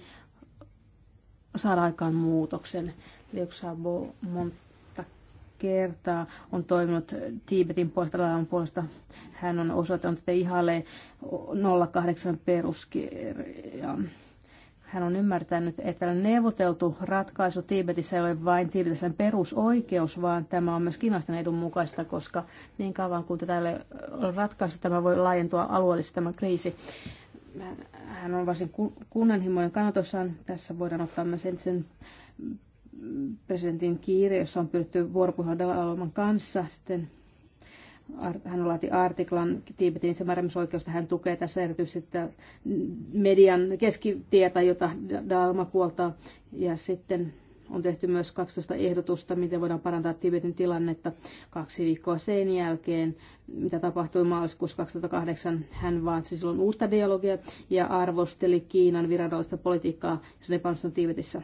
saada aikaan muutoksen. Liuksabo kertaa on toiminut Tiibetin puolesta, Lailan puolesta. Hän on osoittanut, että ihailee 08 peruskirja. Hän on ymmärtänyt, että neuvoteltu ratkaisu Tiibetissä ei ole vain Tiibetissä perusoikeus, vaan tämä on myös Kiinalaisten edun mukaista, koska niin kauan kuin tätä ei ole ratkaistu, tämä voi laajentua alueellisesti tämä kriisi hän on varsin kunnanhimoinen kannatossaan. Tässä voidaan ottaa myös entisen presidentin kiire, jossa on pyritty vuoropuhua Dalai kanssa. Sitten hän laati artiklan Tiibetin itsemääräämisoikeusta. Hän tukee tässä erityisesti median keskitietä, jota Dalma puoltaa. Ja sitten on tehty myös 12 ehdotusta, miten voidaan parantaa Tibetin tilannetta kaksi viikkoa sen jälkeen, mitä tapahtui maaliskuussa 2008. Hän vaatsi silloin uutta dialogia ja arvosteli Kiinan virallista politiikkaa, jos ne Tiibetissä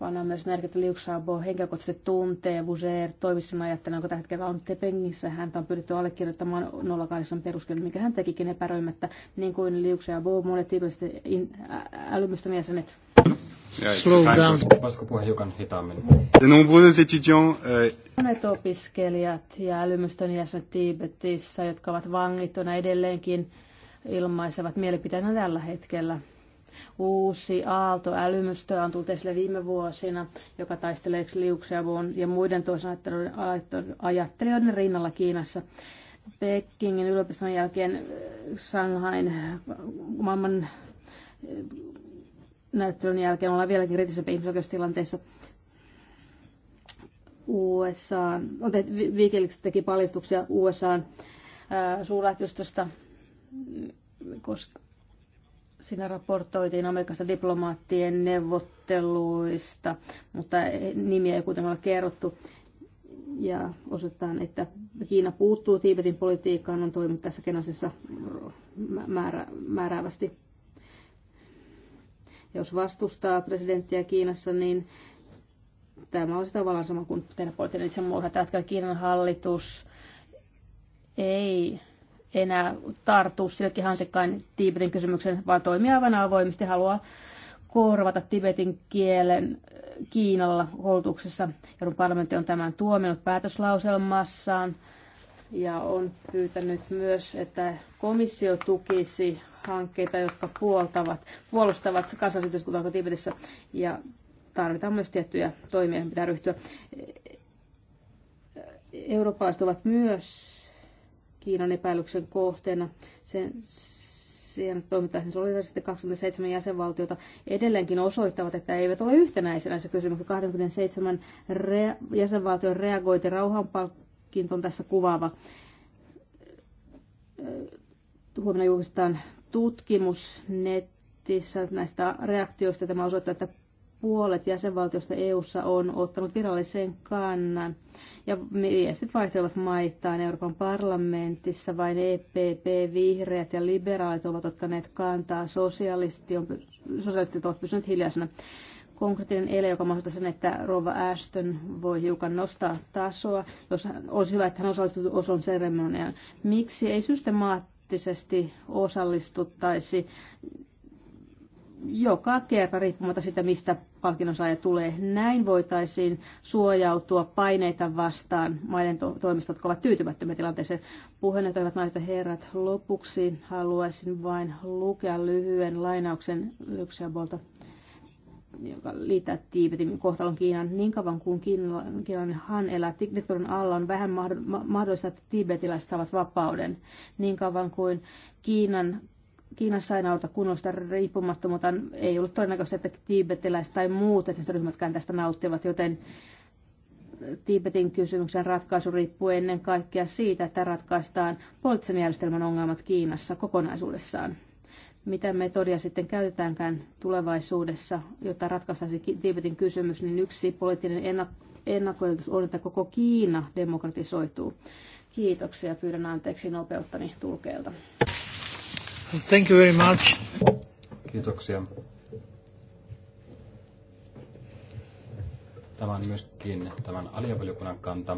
vaan on myös merkitty Liuksabo henkilökohtaisesti tuntee vuzer, toivissin ajattelen, onko tällä hetkellä on Tepengissä. Häntä on pyydetty allekirjoittamaan 08 peruskirjan, mikä hän tekikin epäröimättä, niin kuin Liuksabo monet ilmeisesti älymystön jäsenet. Slow down. Voisiko puhua hiukan hitaammin? De nombreux étudiants... Euh, monet opiskelijat ja älymystön jäsenet Tiibetissä, jotka ovat vangittuna edelleenkin, ilmaisevat mielipiteenä tällä hetkellä. Uusi aalto älymystöä on tullut esille viime vuosina, joka taistelee liukseavun ja muiden ajattelijoiden rinnalla Kiinassa. Pekingin yliopiston jälkeen äh, Shanghain maailman äh, näyttelyn jälkeen ollaan vieläkin kriittisempi ihmisoikeustilanteessa. USA, Wikileaks teki paljastuksia USA äh, suurlähetystöstä koska Siinä raportoitiin Amerikassa diplomaattien neuvotteluista, mutta nimiä ei kuitenkaan ole kerrottu. Ja osoitetaan, että Kiina puuttuu Tiibetin politiikkaan, on toiminut tässä asiassa määrä, määräävästi. Jos vastustaa presidenttiä Kiinassa, niin tämä olisi tavallaan sama kuin tehdä poliittinen itsemurha. Tällä Kiinan hallitus ei enää tartu silläkin hansikkain Tiibetin kysymyksen, vaan toimii aivan avoimesti, haluaa korvata Tibetin kielen äh, Kiinalla koulutuksessa. Euroopan parlamentti on tämän tuominut päätöslauselmassaan ja on pyytänyt myös, että komissio tukisi hankkeita, jotka puoltavat, puolustavat kansallisyhteiskuntaa Tibetissä ja tarvitaan myös tiettyjä toimia, mitä pitää ryhtyä. Eurooppalaiset ovat myös Kiinan epäilyksen kohteena. Sen siihen toimittaisiin solidaarisesti 27 jäsenvaltiota edelleenkin osoittavat, että eivät ole yhtenäisiä näissä kysymyksissä. 27 rea- jäsenvaltion reagointi rauhanpalkinto on tässä kuvaava. Huomenna julkistetaan tutkimus netissä näistä reaktioista. Tämä osoittaa, että puolet jäsenvaltiosta EU:ssa on ottanut virallisen kannan. Ja viestit vaihtelevat maittain. Euroopan parlamentissa vain EPP, vihreät ja liberaalit ovat ottaneet kantaa. Sosialistit, on, sosialistit ovat pysyneet hiljaisena. Konkreettinen ele, joka mahdollistaa sen, että Rova Ashton voi hiukan nostaa tasoa, jos olisi hyvä, että hän osallistuu oson seremoniaan. Miksi ei systemaattisesti osallistuttaisi joka kerta riippumatta siitä, mistä palkinnonsaaja tulee. Näin voitaisiin suojautua paineita vastaan maiden to- toimista, jotka ovat tyytymättömiä tilanteeseen. Puheenjohtaja, hyvät naiset ja herrat, lopuksi haluaisin vain lukea lyhyen lainauksen Lyksiabolta joka liittää Tiibetin kohtalon Kiinan niin kauan kuin Kiinan Han elää diktatuurin alla, on vähän mahdollista, että tiibetiläiset saavat vapauden. Niin kauan kuin Kiinan Kiinassa ei nauta kunnollista riippumattomuutta. Ei ollut todennäköistä, että tiibetiläiset tai muut että ryhmätkään tästä nauttivat, joten Tiibetin kysymyksen ratkaisu riippuu ennen kaikkea siitä, että ratkaistaan poliittisen järjestelmän ongelmat Kiinassa kokonaisuudessaan. Mitä metodia sitten käytetäänkään tulevaisuudessa, jotta ratkaistaisiin Tiibetin kysymys, niin yksi poliittinen ennakoitus on, että koko Kiina demokratisoituu. Kiitoksia pyydän anteeksi nopeuttani tulkeelta. Thank you very much. Kiitoksia. Tämä on myöskin tämän aliavaliokunnan kanta,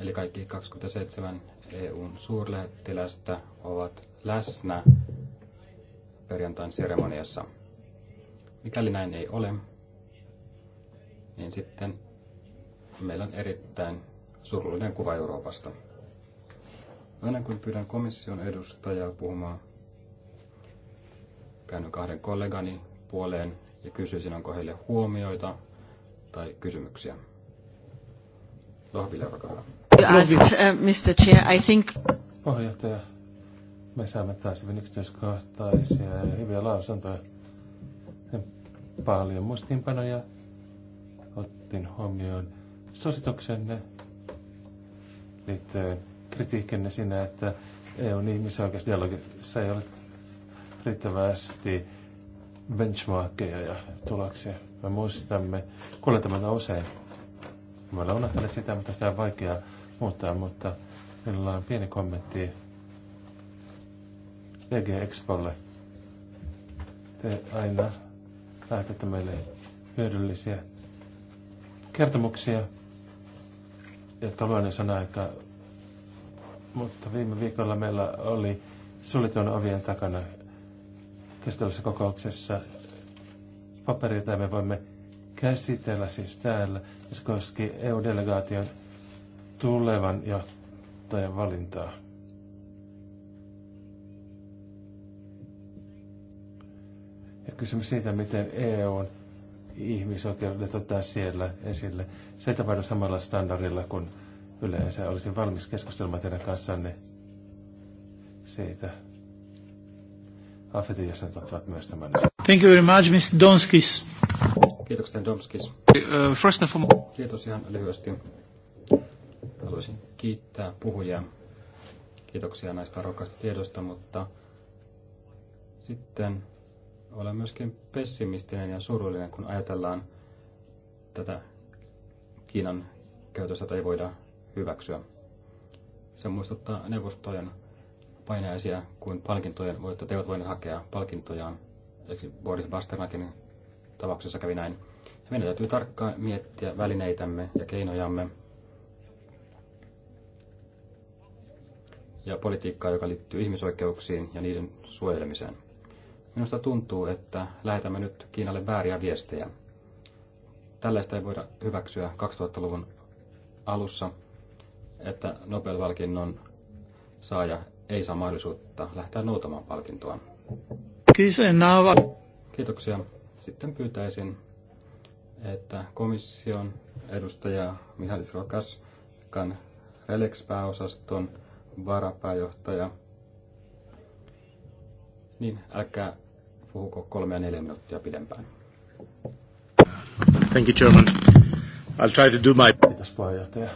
eli kaikki 27 EUn suurlähettilästä ovat läsnä perjantain seremoniassa. Mikäli näin ei ole, niin sitten meillä on erittäin surullinen kuva Euroopasta. Aina kun pyydän komission edustajaa puhumaan, käännyn kahden kollegani puoleen ja kysyisin, onko heille huomioita tai kysymyksiä. Lohville, olkaa hyvä. Uh, Mr. Chair, I think... Puheenjohtaja, me saamme taas hyvin yksityiskohtaisia ja hyviä lausuntoja. Paljon muistiinpanoja otin huomioon suosituksenne liittyen kritiikkinne siinä, että EUn ihmisoikeusdialogissa ei ole riittävästi benchmarkkeja ja tuloksia. Me muistamme, kuulemme usein. Me ollaan unohtaneet sitä, mutta sitä on vaikea muuttaa, mutta meillä on pieni kommentti EG Expolle. Te aina lähetätte meille hyödyllisiä kertomuksia, jotka luonnon sanaa, aika mutta viime viikolla meillä oli suljetun ovien takana kestävässä kokouksessa paperi, jota me voimme käsitellä siis täällä. Se koski EU-delegaation tulevan johtajan valintaa. Ja kysymys siitä, miten EUn ihmisoikeudet ottaa siellä esille. Se ei tapahdu samalla standardilla kuin yleensä olisin valmis keskustelemaan teidän kanssanne siitä. Afetin jäsenet ottavat myös tämän. Thank you very much, Mr. Donskis. Kiitoksia, Donskis. Uh, first of all, Kiitos ihan lyhyesti. Haluaisin kiittää puhujia. Kiitoksia näistä arvokkaista tiedosta, mutta sitten olen myöskin pessimistinen ja surullinen, kun ajatellaan tätä Kiinan käytöstä tai voida hyväksyä. Se muistuttaa neuvostojen painajaisia kuin palkintojen, mutta teot eivät voineet hakea palkintojaan. Eikö Boris Basternakin tapauksessa kävi näin. Ja meidän täytyy tarkkaan miettiä välineitämme ja keinojamme ja politiikkaa, joka liittyy ihmisoikeuksiin ja niiden suojelemiseen. Minusta tuntuu, että lähetämme nyt Kiinalle vääriä viestejä. Tällaista ei voida hyväksyä 2000-luvun alussa – että Nobel-palkinnon saaja ei saa mahdollisuutta lähteä noutamaan palkintoa. Kiitoksia. Sitten pyytäisin, että komission edustaja Mihalis Rokas, kan Relex-pääosaston varapääjohtaja, niin älkää puhuko kolme ja neljä minuuttia pidempään. Thank you, Chairman. I'll try to do my... Kiitos puheenjohtaja.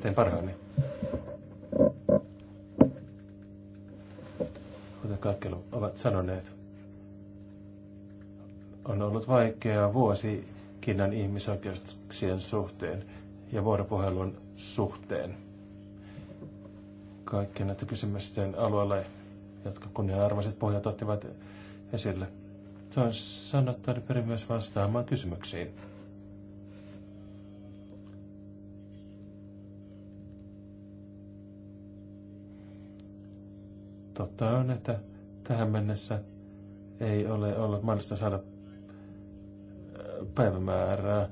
Teen parhaani. Kuten kaikki ovat sanoneet, on ollut vaikea vuosi Kiinan ihmisoikeuksien suhteen ja vuoropuhelun suhteen. Kaikki näitä kysymysten alueelle, jotka kunnianarvoiset pohjat ottivat esille. Se on sanottu, että niin pyrin myös vastaamaan kysymyksiin. Totta on, että tähän mennessä ei ole ollut mahdollista saada äh, päivämäärää äh,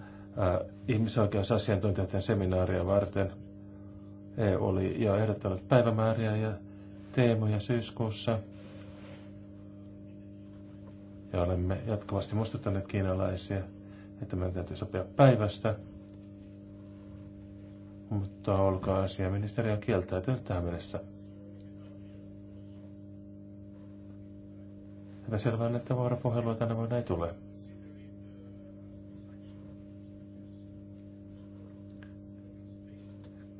ihmisoikeusasiantuntijoiden seminaaria varten. EU oli jo ehdottanut päivämääriä ja teemoja syyskuussa. Ja olemme jatkuvasti muistuttaneet kiinalaisia, että meidän täytyy sopia päivästä. Mutta olkaa asia, kieltäytynyt tähän mennessä. Mutta selvä on, että vuoropuhelua tänä vuonna ei tule.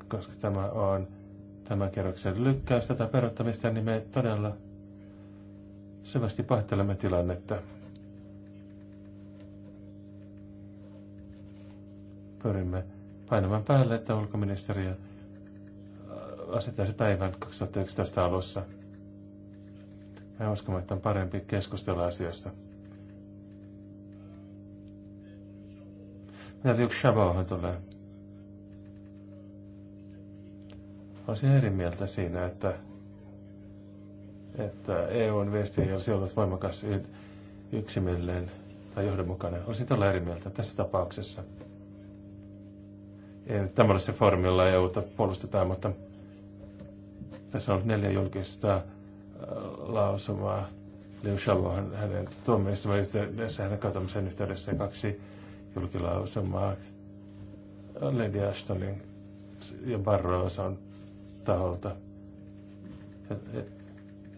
Koska tämä on tämä kerroksen lykkäys tätä peruttamista, niin me todella syvästi pahtelemme tilannetta. Pyrimme painamaan päälle, että ulkoministeriö asettaisi päivän 2019 alussa – me uskomme, että on parempi keskustella asiasta. Mitä yksi Chabohan tulee? Olisin eri mieltä siinä, että, että EUn viesti ei olisi ollut voimakas yksimielinen tai johdonmukainen. Olisin olla eri mieltä tässä tapauksessa. Ei nyt tämmöisessä formilla EUta puolustetaan, mutta tässä on neljä julkista lausumaa Liu Shabohan hänen tuomioistuimen yhteydessä, hänen katomisen yhteydessä kaksi julkilausumaa Lady Ashtonin ja Barroson taholta. Ja, ja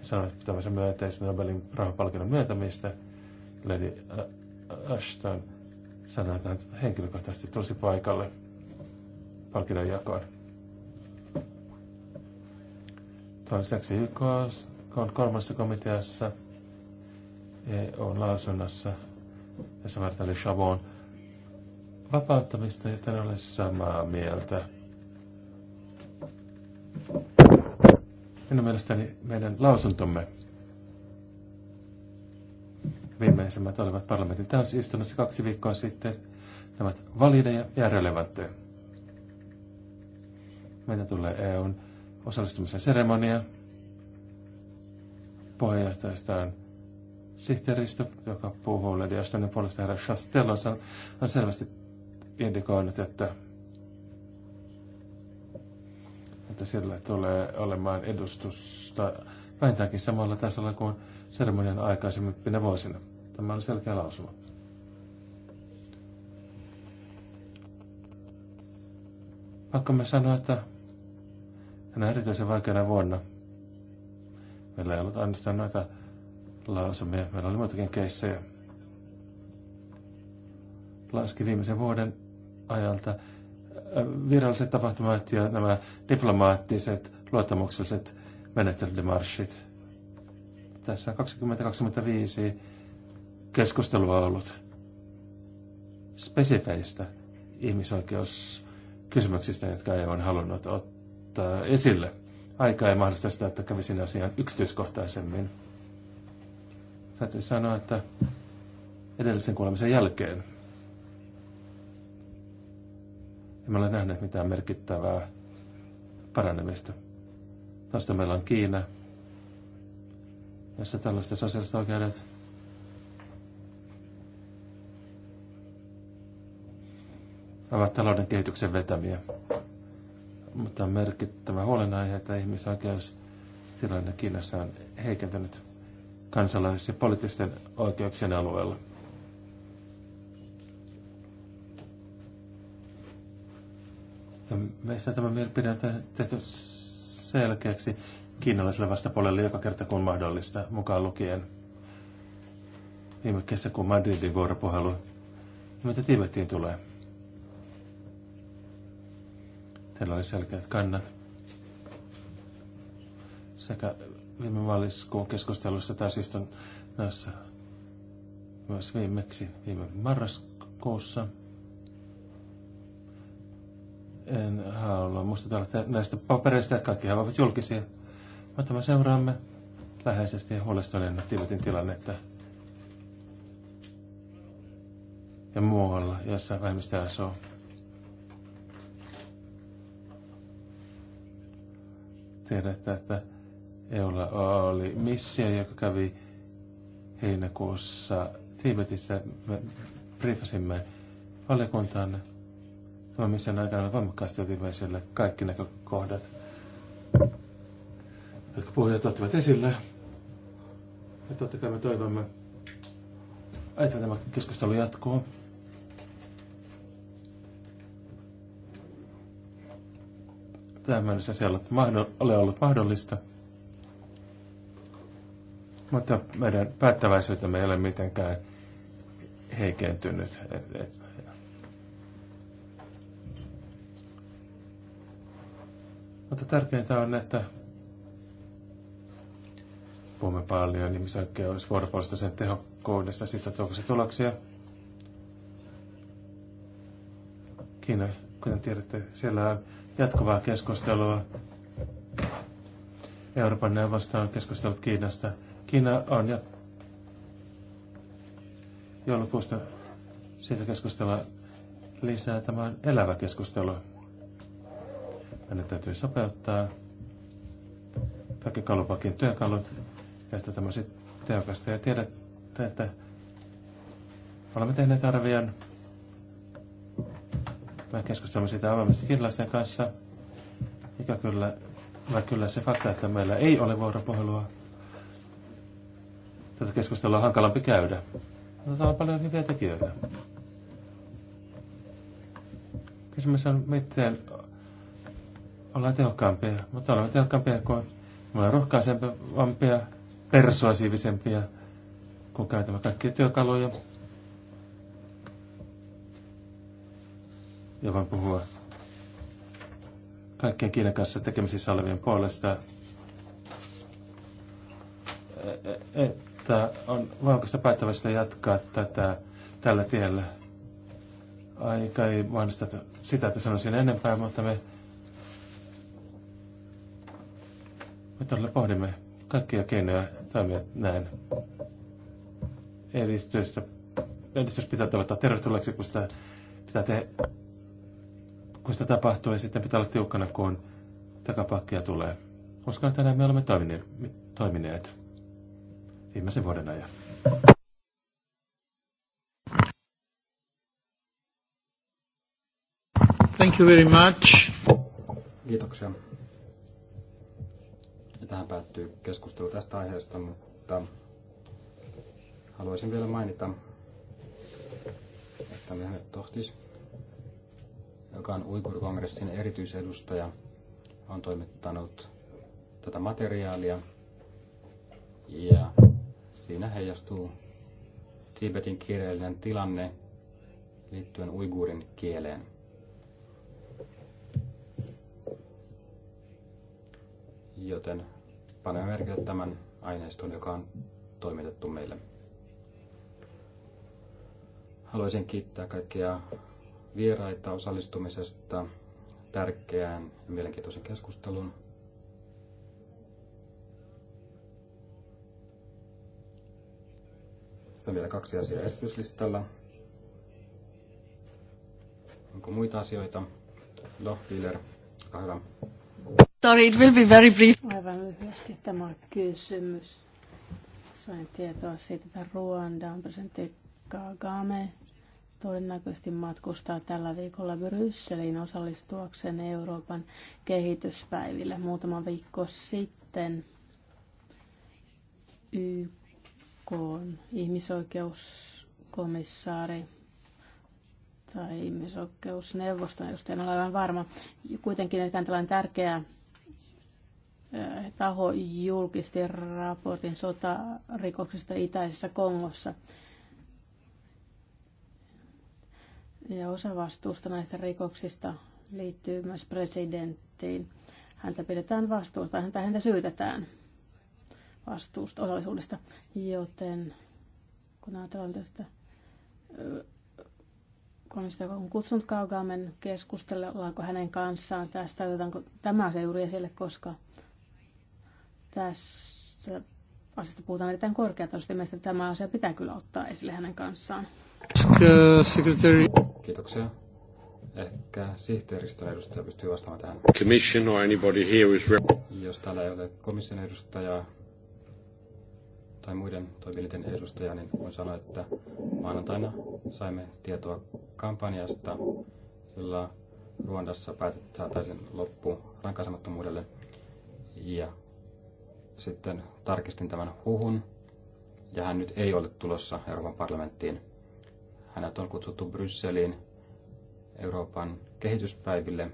sanoivat pitävänsä myönteisen Nobelin rahapalkinnon myöntämistä. Lady Ashton sanoi, että hän henkilökohtaisesti tulisi paikalle palkinnon jakoon. Toiseksi YKs kolmassa komiteassa e on lausunnossa, jossa varten oli Chavon vapauttamista, joten ole samaa mieltä. Minun mielestäni meidän lausuntomme viimeisimmät olivat parlamentin täysistunnossa kaksi viikkoa sitten. Ne ovat valideja ja relevantteja. Meitä tulee EUn osallistumisen seremonia, puheenjohtajastaan sihteeristä, joka puhuu Lady Ashtonin puolesta herra Chastello, on, on selvästi indikoinut, että, että sillä tulee olemaan edustusta vähintäänkin samalla tasolla kuin seremonian aikaisemmin vuosina. Tämä on selkeä lausuma. Pakko me sanoa, että tänä erityisen vaikeana vuonna – Meillä ei ollut ainoastaan noita lausumia, meillä oli muitakin keissejä. Laski viimeisen vuoden ajalta äh, viralliset tapahtumat ja nämä diplomaattiset, luottamukselliset menettelydemarssit. Tässä on 20 keskustelua ollut spesifeistä ihmisoikeuskysymyksistä, jotka ei ole halunnut ottaa esille aika ei mahdollista sitä, että kävisin asiaan yksityiskohtaisemmin. Täytyy sanoa, että edellisen kuulemisen jälkeen emme ole nähneet mitään merkittävää paranemista. Tästä meillä on Kiina, jossa tällaista sosiaaliset oikeudet ovat talouden kehityksen vetämiä mutta on merkittävä huolenaihe, että ihmisoikeustilanne Kiinassa on heikentynyt kansalais- ja poliittisten oikeuksien alueella. Ja meistä tämä mielipide on tehty selkeäksi kiinalaiselle vastapuolelle joka kerta kun mahdollista, mukaan lukien viime kesäkuun Madridin vuoropuhelu, mitä Tibetiin tulee. Heillä oli selkeät kannat. Sekä viime maaliskuun keskustelussa näissä myös viimeksi viime marraskuussa. En halua muistutella näistä papereista, kaikki ovat julkisia. Mutta me seuraamme läheisesti ja huolestuneena Tibetin tilannetta. Ja muualla, jossa vähemmistö asuu. Tiedätte, että Eula oli missio, joka kävi heinäkuussa Tiibetissä. Me briefasimme valiokuntaan tämän mission aikana me voimakkaasti otimme esille kaikki näkökohdat, jotka puhujat ottivat esille. Ja totta kai me toivomme, että tämä keskustelu jatkuu. Tähän se ollut ole ollut mahdollista. Mutta meidän päättäväisyytemme ei ole mitenkään heikentynyt. Mutta tärkeintä on, että puhumme paljon ihmisoikeusvuoropuolesta niin sen tehokkuudesta, siitä tuoko se tuloksia. Kiinni. Kuten tiedätte, siellä on jatkuvaa keskustelua. Euroopan neuvosto on keskustellut Kiinasta. Kiina on jo joulukuusta siitä keskustella lisää. Tämä on elävä keskustelu. Tänne täytyy sopeuttaa kaikki kalupakin työkalut, että tämä sitten tehokasta. Ja tiedätte, että olemme tehneet arvion Mä keskustelemme siitä avoimesti kirjallisten kanssa. Mikä kyllä, mä kyllä se fakta, että meillä ei ole vuoropuhelua, tätä keskustelua on hankalampi käydä. mutta täällä on paljon hyviä tekijöitä. Kysymys on, miten ollaan tehokkaampia, mutta olemme tehokkaampia kuin me ollaan rohkaisevampia, persuasiivisempia, kun käytämme kaikkia työkaluja ja voin puhua kaikkien Kiinan kanssa tekemisissä olevien puolesta, että on valkoista päättävästä jatkaa tätä tällä tiellä. Aika ei mahdollista sitä, että sanoisin enempää, mutta me, me todella pohdimme kaikkia keinoja toimia näin. Edistystä, edistys pitää toivottaa tervetulleeksi, kun sitä pitää te, kun sitä tapahtuu, ja sitten pitää olla tiukkana, kun takapakkia tulee. Uskon, että näin me olemme toimineet viimeisen vuoden ajan. Thank you very much. Kiitoksia. Ja tähän päättyy keskustelu tästä aiheesta, mutta haluaisin vielä mainita, että mehän nyt tohtis joka on Uikurikongressin erityisedustaja, on toimittanut tätä materiaalia ja siinä heijastuu Tibetin kielellinen tilanne liittyen uiguurin kieleen. Joten panemme merkille tämän aineiston, joka on toimitettu meille. Haluaisin kiittää kaikkia vieraita osallistumisesta tärkeään ja mielenkiintoisen keskustelun. Sitten on vielä kaksi asiaa esityslistalla. Onko muita asioita? No, Wheeler, olkaa hyvä. Sorry, it will be very brief. Aivan lyhyesti tämä kysymys. Sain tietoa siitä, että Ruanda on presidentti Kagame todennäköisesti matkustaa tällä viikolla Brysseliin osallistuakseen Euroopan kehityspäiville. Muutama viikko sitten YK ihmisoikeuskomissaari tai ihmisoikeusneuvosto, josta en ole aivan varma. Kuitenkin erittäin tällainen tärkeä eh, taho julkisti raportin sotarikoksista itäisessä Kongossa. Ja osa vastuusta näistä rikoksista liittyy myös presidenttiin. Häntä pidetään vastuusta, häntä, häntä syytetään vastuusta, osallisuudesta. Joten kun ajatellaan tästä kun sitä on kutsunut Kaugamen keskustellaanko hänen kanssaan tästä, otetaanko tämä se juuri esille, koska tässä asiasta puhutaan erittäin korkeatasosta, Mielestäni tämä asia pitää kyllä ottaa esille hänen kanssaan. Kiitoksia. Ehkä sihteeristön edustaja pystyy vastaamaan tähän. Commission or anybody here is... Jos täällä ei ole komission edustajaa tai muiden toimielinten edustajaa, niin voin sanoa, että maanantaina saimme tietoa kampanjasta, jolla Ruandassa päätet, saataisiin loppu rankaisemattomuudelle. Ja sitten tarkistin tämän huhun, ja hän nyt ei ole tulossa Euroopan parlamenttiin. Hänet on kutsuttu Brysseliin Euroopan kehityspäiville,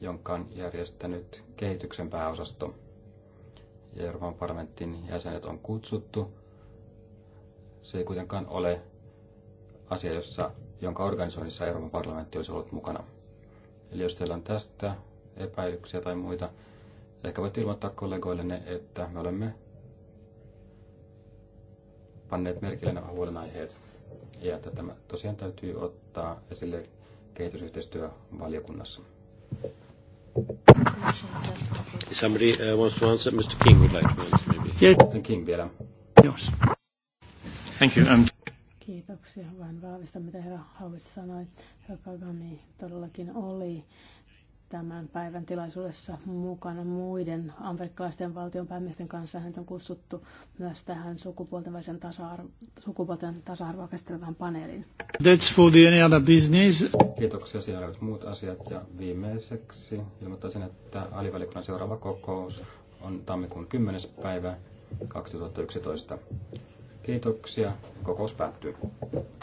jonka on järjestänyt kehityksen pääosasto. Ja Euroopan parlamentin jäsenet on kutsuttu. Se ei kuitenkaan ole asia, jossa, jonka organisoinnissa Euroopan parlamentti olisi ollut mukana. Eli jos teillä on tästä epäilyksiä tai muita, ehkä voit ilmoittaa kollegoillenne, että me olemme panneet merkille nämä huolenaiheet. Ja että tämä tosiaan täytyy ottaa esille kehitysyhteistyövaliokunnassa. Somebody uh, wants to answer. Mr. King would like to answer maybe. Yes. Mr. King vielä. Yes. Thank you. Um... Kiitoksia. Vain vahvistan, mitä herra Hauvis sanoi. Herra Kagami todellakin oli tämän päivän tilaisuudessa mukana muiden amerikkalaisten valtionpäämiesten kanssa. Hänet on kutsuttu myös tähän sukupuolten, välisen tasa-arvo, sukupuolten tasa-arvoa käsittelevään paneeliin. That's for the any other business. Kiitoksia. Siinä olivat muut asiat. Ja viimeiseksi ilmoittaisin, että alivalikunnan seuraava kokous on tammikuun 10. päivä 2011. Kiitoksia. Kokous päättyy.